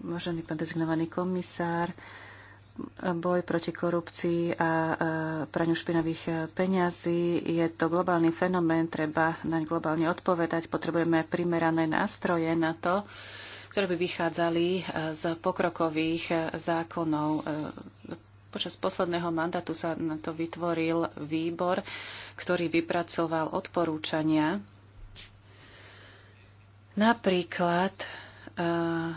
vážený pán dezignovaný komisár. Boj proti korupcii a eh, praňu špinavých eh, peňazí je to globálny fenomén, treba naň globálne odpovedať. Potrebujeme primerané nástroje na to, ktoré by vychádzali z pokrokových zákonov. Počas posledného mandátu sa na to vytvoril výbor, ktorý vypracoval odporúčania Napríklad uh,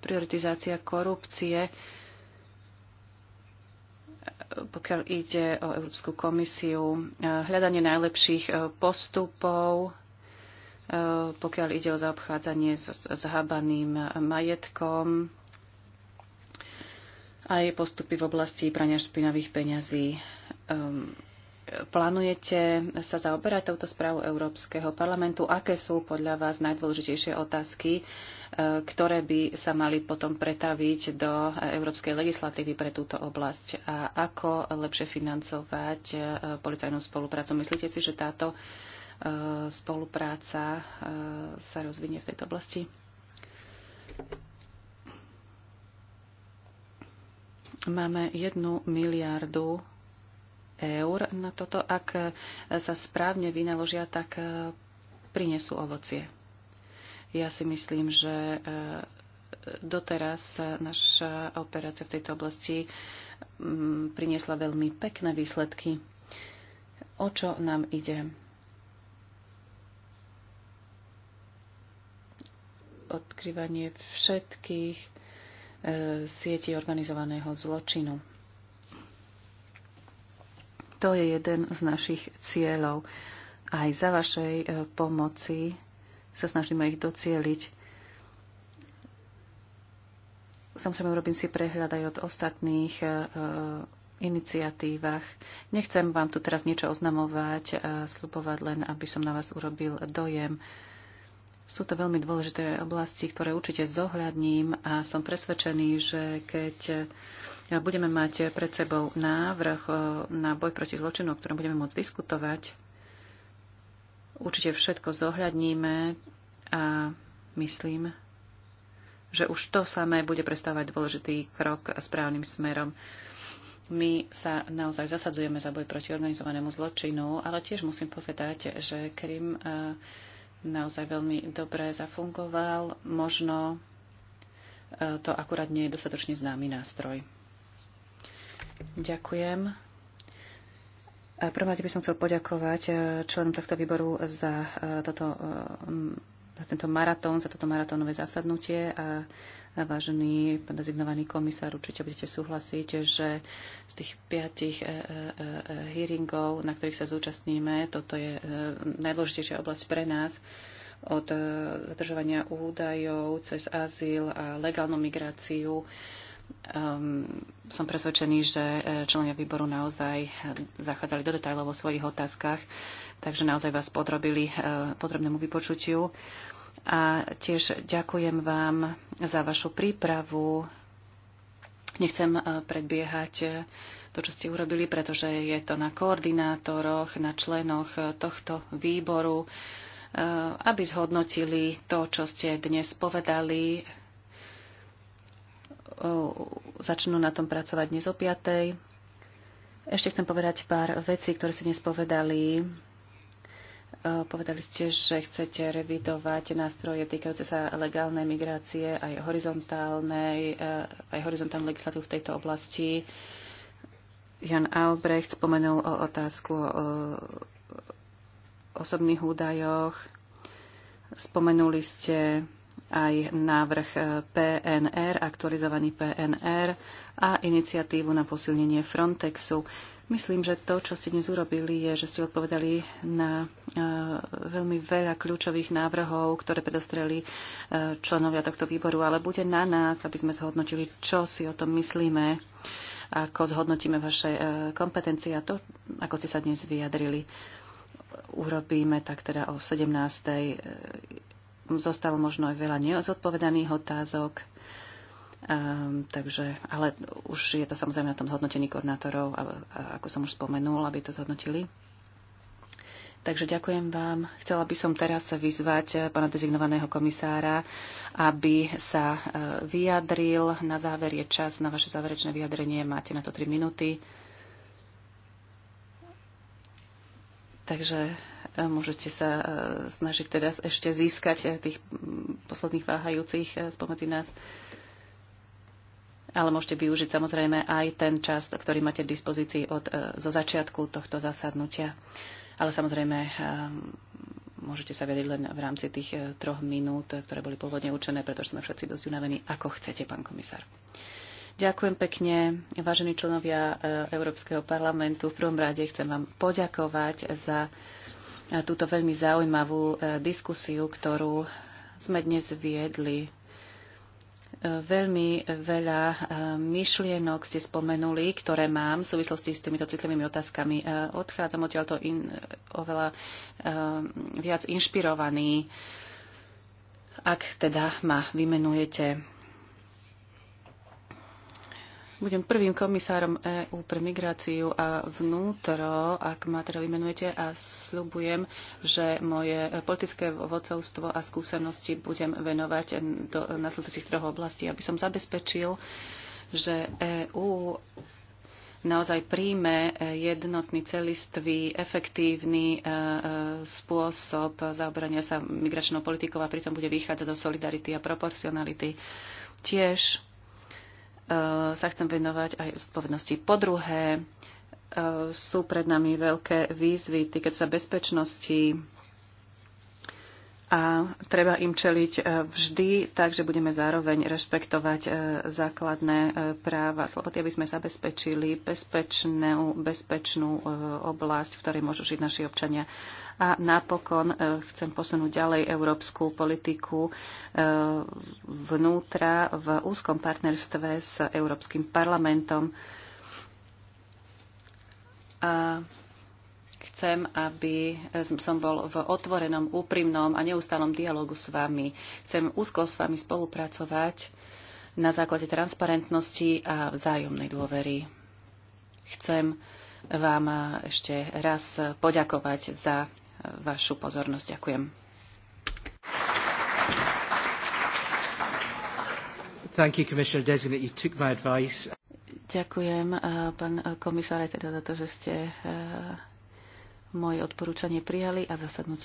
prioritizácia korupcie, pokiaľ ide o Európsku komisiu, e, hľadanie najlepších e, postupov, pokiaľ ide o zaobchádzanie s zhábaným majetkom, aj postupy v oblasti prania špinavých peňazí. Ehm, plánujete sa zaoberať touto správou Európskeho parlamentu? Aké sú podľa vás najdôležitejšie otázky, e, ktoré by sa mali potom pretaviť do európskej legislatívy pre túto oblasť? A ako lepšie financovať e, policajnú spoluprácu? Myslíte si, že táto e, spolupráca sa rozvinie v tejto oblasti? Máme jednu miliardu eur na toto, ak sa správne vynaložia, tak e, prinesú ovocie. Ja si myslím, že e, doteraz naša operácia v tejto oblasti mm, priniesla veľmi pekné výsledky. O čo nám ide? Odkrývanie všetkých e, sietí organizovaného zločinu. To je jeden z našich cieľov. Aj za vašej e, pomoci sa snažíme ich docieliť. Samozrejme, robím si prehľad aj od ostatných e, e, iniciatívach. Nechcem vám tu teraz niečo oznamovať a slupovať len, aby som na vás urobil dojem. Sú to veľmi dôležité oblasti, ktoré určite zohľadním a som presvedčený, že keď budeme mať pred sebou návrh e, na boj proti zločinu, o ktorom budeme môcť diskutovať. Určite všetko zohľadníme a myslím, že už to samé bude predstavovať dôležitý krok správnym smerom. My sa naozaj zasadzujeme za boj proti organizovanému zločinu, ale tiež musím povedať, že Krym e, naozaj veľmi dobre zafungoval. Možno e, to akurát nie je dostatočne známy nástroj. Ďakujem. Prvá by som chcel poďakovať e, členom tohto výboru za, e, toto, e, za tento maratón, za toto maratónové zasadnutie a vážený pán dezignovaný komisár, určite budete súhlasiť, že z tých piatich hearingov, na ktorých sa zúčastníme, toto je najdôležitejšia oblasť pre nás od zadržovania údajov cez azyl a legálnu migráciu um, som presvedčený, že e, členia výboru naozaj e, zachádzali do detajlov vo svojich otázkach, takže naozaj vás podrobili uh, e, potrebnému vypočutiu. A tiež ďakujem vám za vašu prípravu. Nechcem uh, predbiehať to, čo ste urobili, pretože je to na koordinátoroch, na členoch tohto výboru, aby zhodnotili to, čo ste dnes povedali, Eh, začnú na tom pracovať dnes o 5. Ešte chcem povedať pár vecí, ktoré ste dnes povedali. Eh, povedali ste, že chcete revidovať nástroje týkajúce sa legálnej migrácie, aj horizontálnej, eh, aj horizontálnej legislatív v tejto oblasti. Jan Albrecht spomenul o otázku o osobných údajoch. Spomenuli ste aj návrh e, PNR, aktualizovaný PNR a iniciatívu na posilnenie Frontexu. Myslím, že to, čo ste dnes urobili, je, že ste odpovedali na e, veľmi veľa kľúčových návrhov, ktoré predostreli e, členovia tohto výboru, ale bude na nás, aby sme zhodnotili, čo si o tom myslíme, ako zhodnotíme vaše kompetencie a to, ako ste sa dnes vyjadrili urobíme tak teda o 17 zostalo možno aj veľa nezodpovedaných otázok. Um, takže, ale už je to samozrejme na tom zhodnotení koordinátorov, a, a ako som už spomenul, aby to zhodnotili. Takže ďakujem vám. Chcela by som teraz vyzvať eh, pána dezignovaného komisára, aby sa eh, vyjadril. Na záver je čas na vaše záverečné vyjadrenie. Máte na to 3 minúty. Takže e, môžete sa e, snažiť teraz ešte získať e, tých posledných váhajúcich spomedzi nás. Ale môžete využiť samozrejme aj ten čas, ktorý máte v dispozícii od, zo začiatku tohto zasadnutia. Ale samozrejme môžete sa vedieť len v rámci tých troch minút, ktoré boli pôvodne určené, pretože sme všetci dosť unavení, ako chcete, pán komisár. Ďakujem pekne, vážení členovia eh, Európskeho parlamentu. V prvom rade chcem vám poďakovať za eh, túto veľmi zaujímavú eh, diskusiu, ktorú sme dnes viedli. Veľmi veľa myšlienok ste spomenuli, ktoré mám v súvislosti s týmito citlivými otázkami. Odchádzam odtiaľto in, oveľa viac inšpirovaný, ak teda ma vymenujete budem prvým komisárom EÚ pre migráciu a vnútro, ak ma teda vymenujete a slubujem, že moje politické vodcovstvo a skúsenosti budem venovať do nasledujúcich troch oblastí, aby som zabezpečil, že EÚ naozaj príjme jednotný, celistvý, efektívny e, e, spôsob zaoberania sa migračnou politikou a pritom bude vychádzať zo solidarity a proporcionality. Tiež Eh, sa chcem venovať aj zodpovednosti. Po druhé, eh, sú pred nami veľké výzvy týkať sa bezpečnosti a treba im čeliť e, vždy, takže budeme zároveň rešpektovať e, základné e, práva, slobody, aby sme zabezpečili bezpečnú, bezpečnú oblasť, v ktorej môžu žiť naši občania. A napokon chcem posunúť ďalej európsku politiku vnútra v úzkom partnerstve s Európskym parlamentom. A chcem, aby eh, som bol v otvorenom, úprimnom a neustálom dialogu s vami. Chcem úzko s vami spolupracovať na základe transparentnosti a vzájomnej dôvery. Chcem vám eh, ešte raz poďakovať za eh, vašu pozornosť. Ďakujem. Thank you, Commissioner Designate. You took my advice. Ďakujem, pán komisár, teda za to, že ste moje odporúčanie prijali a zasadnutie